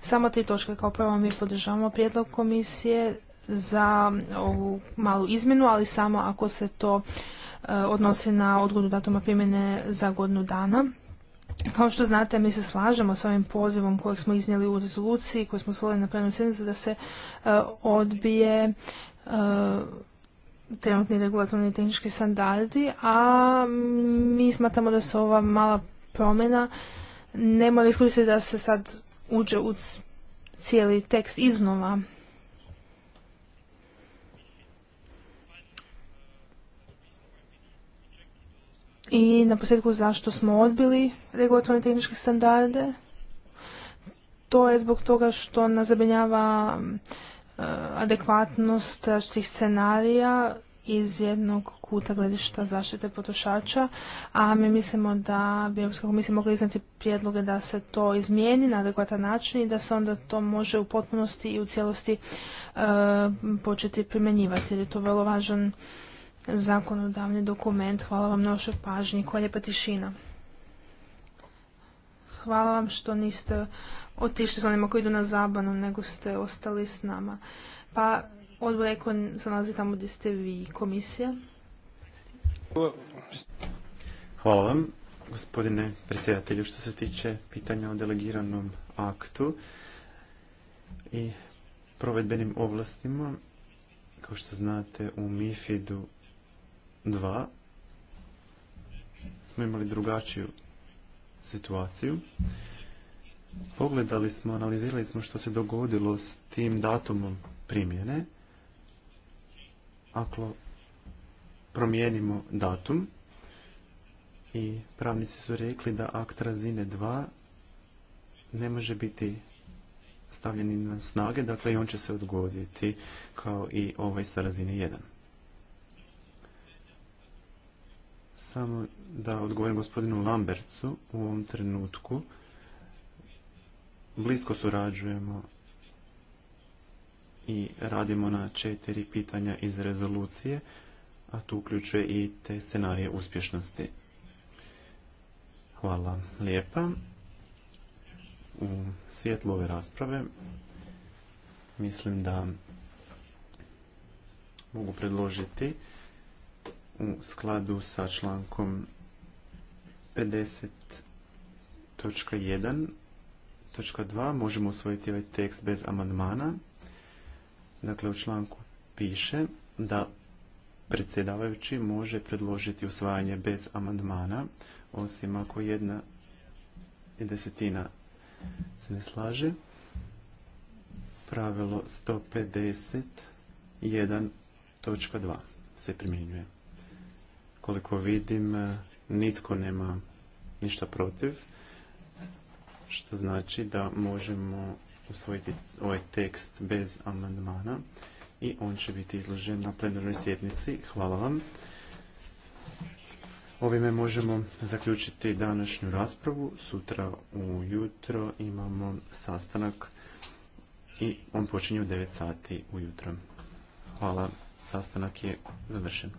Samo tri točke. Kao prvo mi podržavamo prijedlog komisije za ovu malu izmjenu, ali samo ako se to e, odnose na odgodu datuma primjene za godinu dana. Kao što znate, mi se slažemo s ovim pozivom kojeg smo iznijeli u rezoluciji, koju smo usvojili na plenarnoj sjednici da se e, odbije e, trenutni regulatorni tehnički standardi, a mi smatramo da se ova mala promjena ne mora iskoristiti da se sad uđe u cijeli tekst iznova I na posljedku zašto smo odbili regulatorne tehničke standarde? To je zbog toga što nas zabrinjava e, adekvatnost različitih scenarija iz jednog kuta gledišta zaštite potrošača, a mi mislimo da bi Europska komisija mogla iznati prijedloge da se to izmijeni na adekvatan način i da se onda to može u potpunosti i u cijelosti e, početi primjenjivati. Jer je to vrlo važan zakonodavni dokument. Hvala vam na vašoj pažnji. Koja lijepa tišina. Hvala vam što niste otišli s onima koji idu na zabanu, nego ste ostali s nama. Pa odbor eko se nalazi tamo gdje ste vi, komisija. Hvala vam, gospodine predsjedatelju, što se tiče pitanja o delegiranom aktu i provedbenim ovlastima. Kao što znate, u MIFID-u 2 smo imali drugačiju situaciju. Pogledali smo, analizirali smo što se dogodilo s tim datumom primjene. Ako promijenimo datum i pravnici su rekli da akt razine 2 ne može biti stavljeni na snage, dakle i on će se odgoditi kao i ovaj sa razine 1. Samo da odgovorim gospodinu Lambercu u ovom trenutku. Blisko surađujemo i radimo na četiri pitanja iz rezolucije, a tu uključuje i te scenarije uspješnosti. Hvala lijepa. U svijetlu ove rasprave mislim da mogu predložiti u skladu sa člankom 50.1.2 možemo usvojiti ovaj tekst bez amandmana. Dakle, u članku piše da predsjedavajući može predložiti usvajanje bez amandmana, osim ako jedna i desetina se ne slaže. Pravilo 150.1.2 se primjenjuje. Koliko vidim, e, nitko nema ništa protiv, što znači da možemo usvojiti ovaj tekst bez amandmana i on će biti izložen na plenarnoj sjednici. Hvala vam. Ovime možemo zaključiti današnju raspravu. Sutra ujutro imamo sastanak i on počinje u 9 sati ujutro. Hvala, sastanak je završen.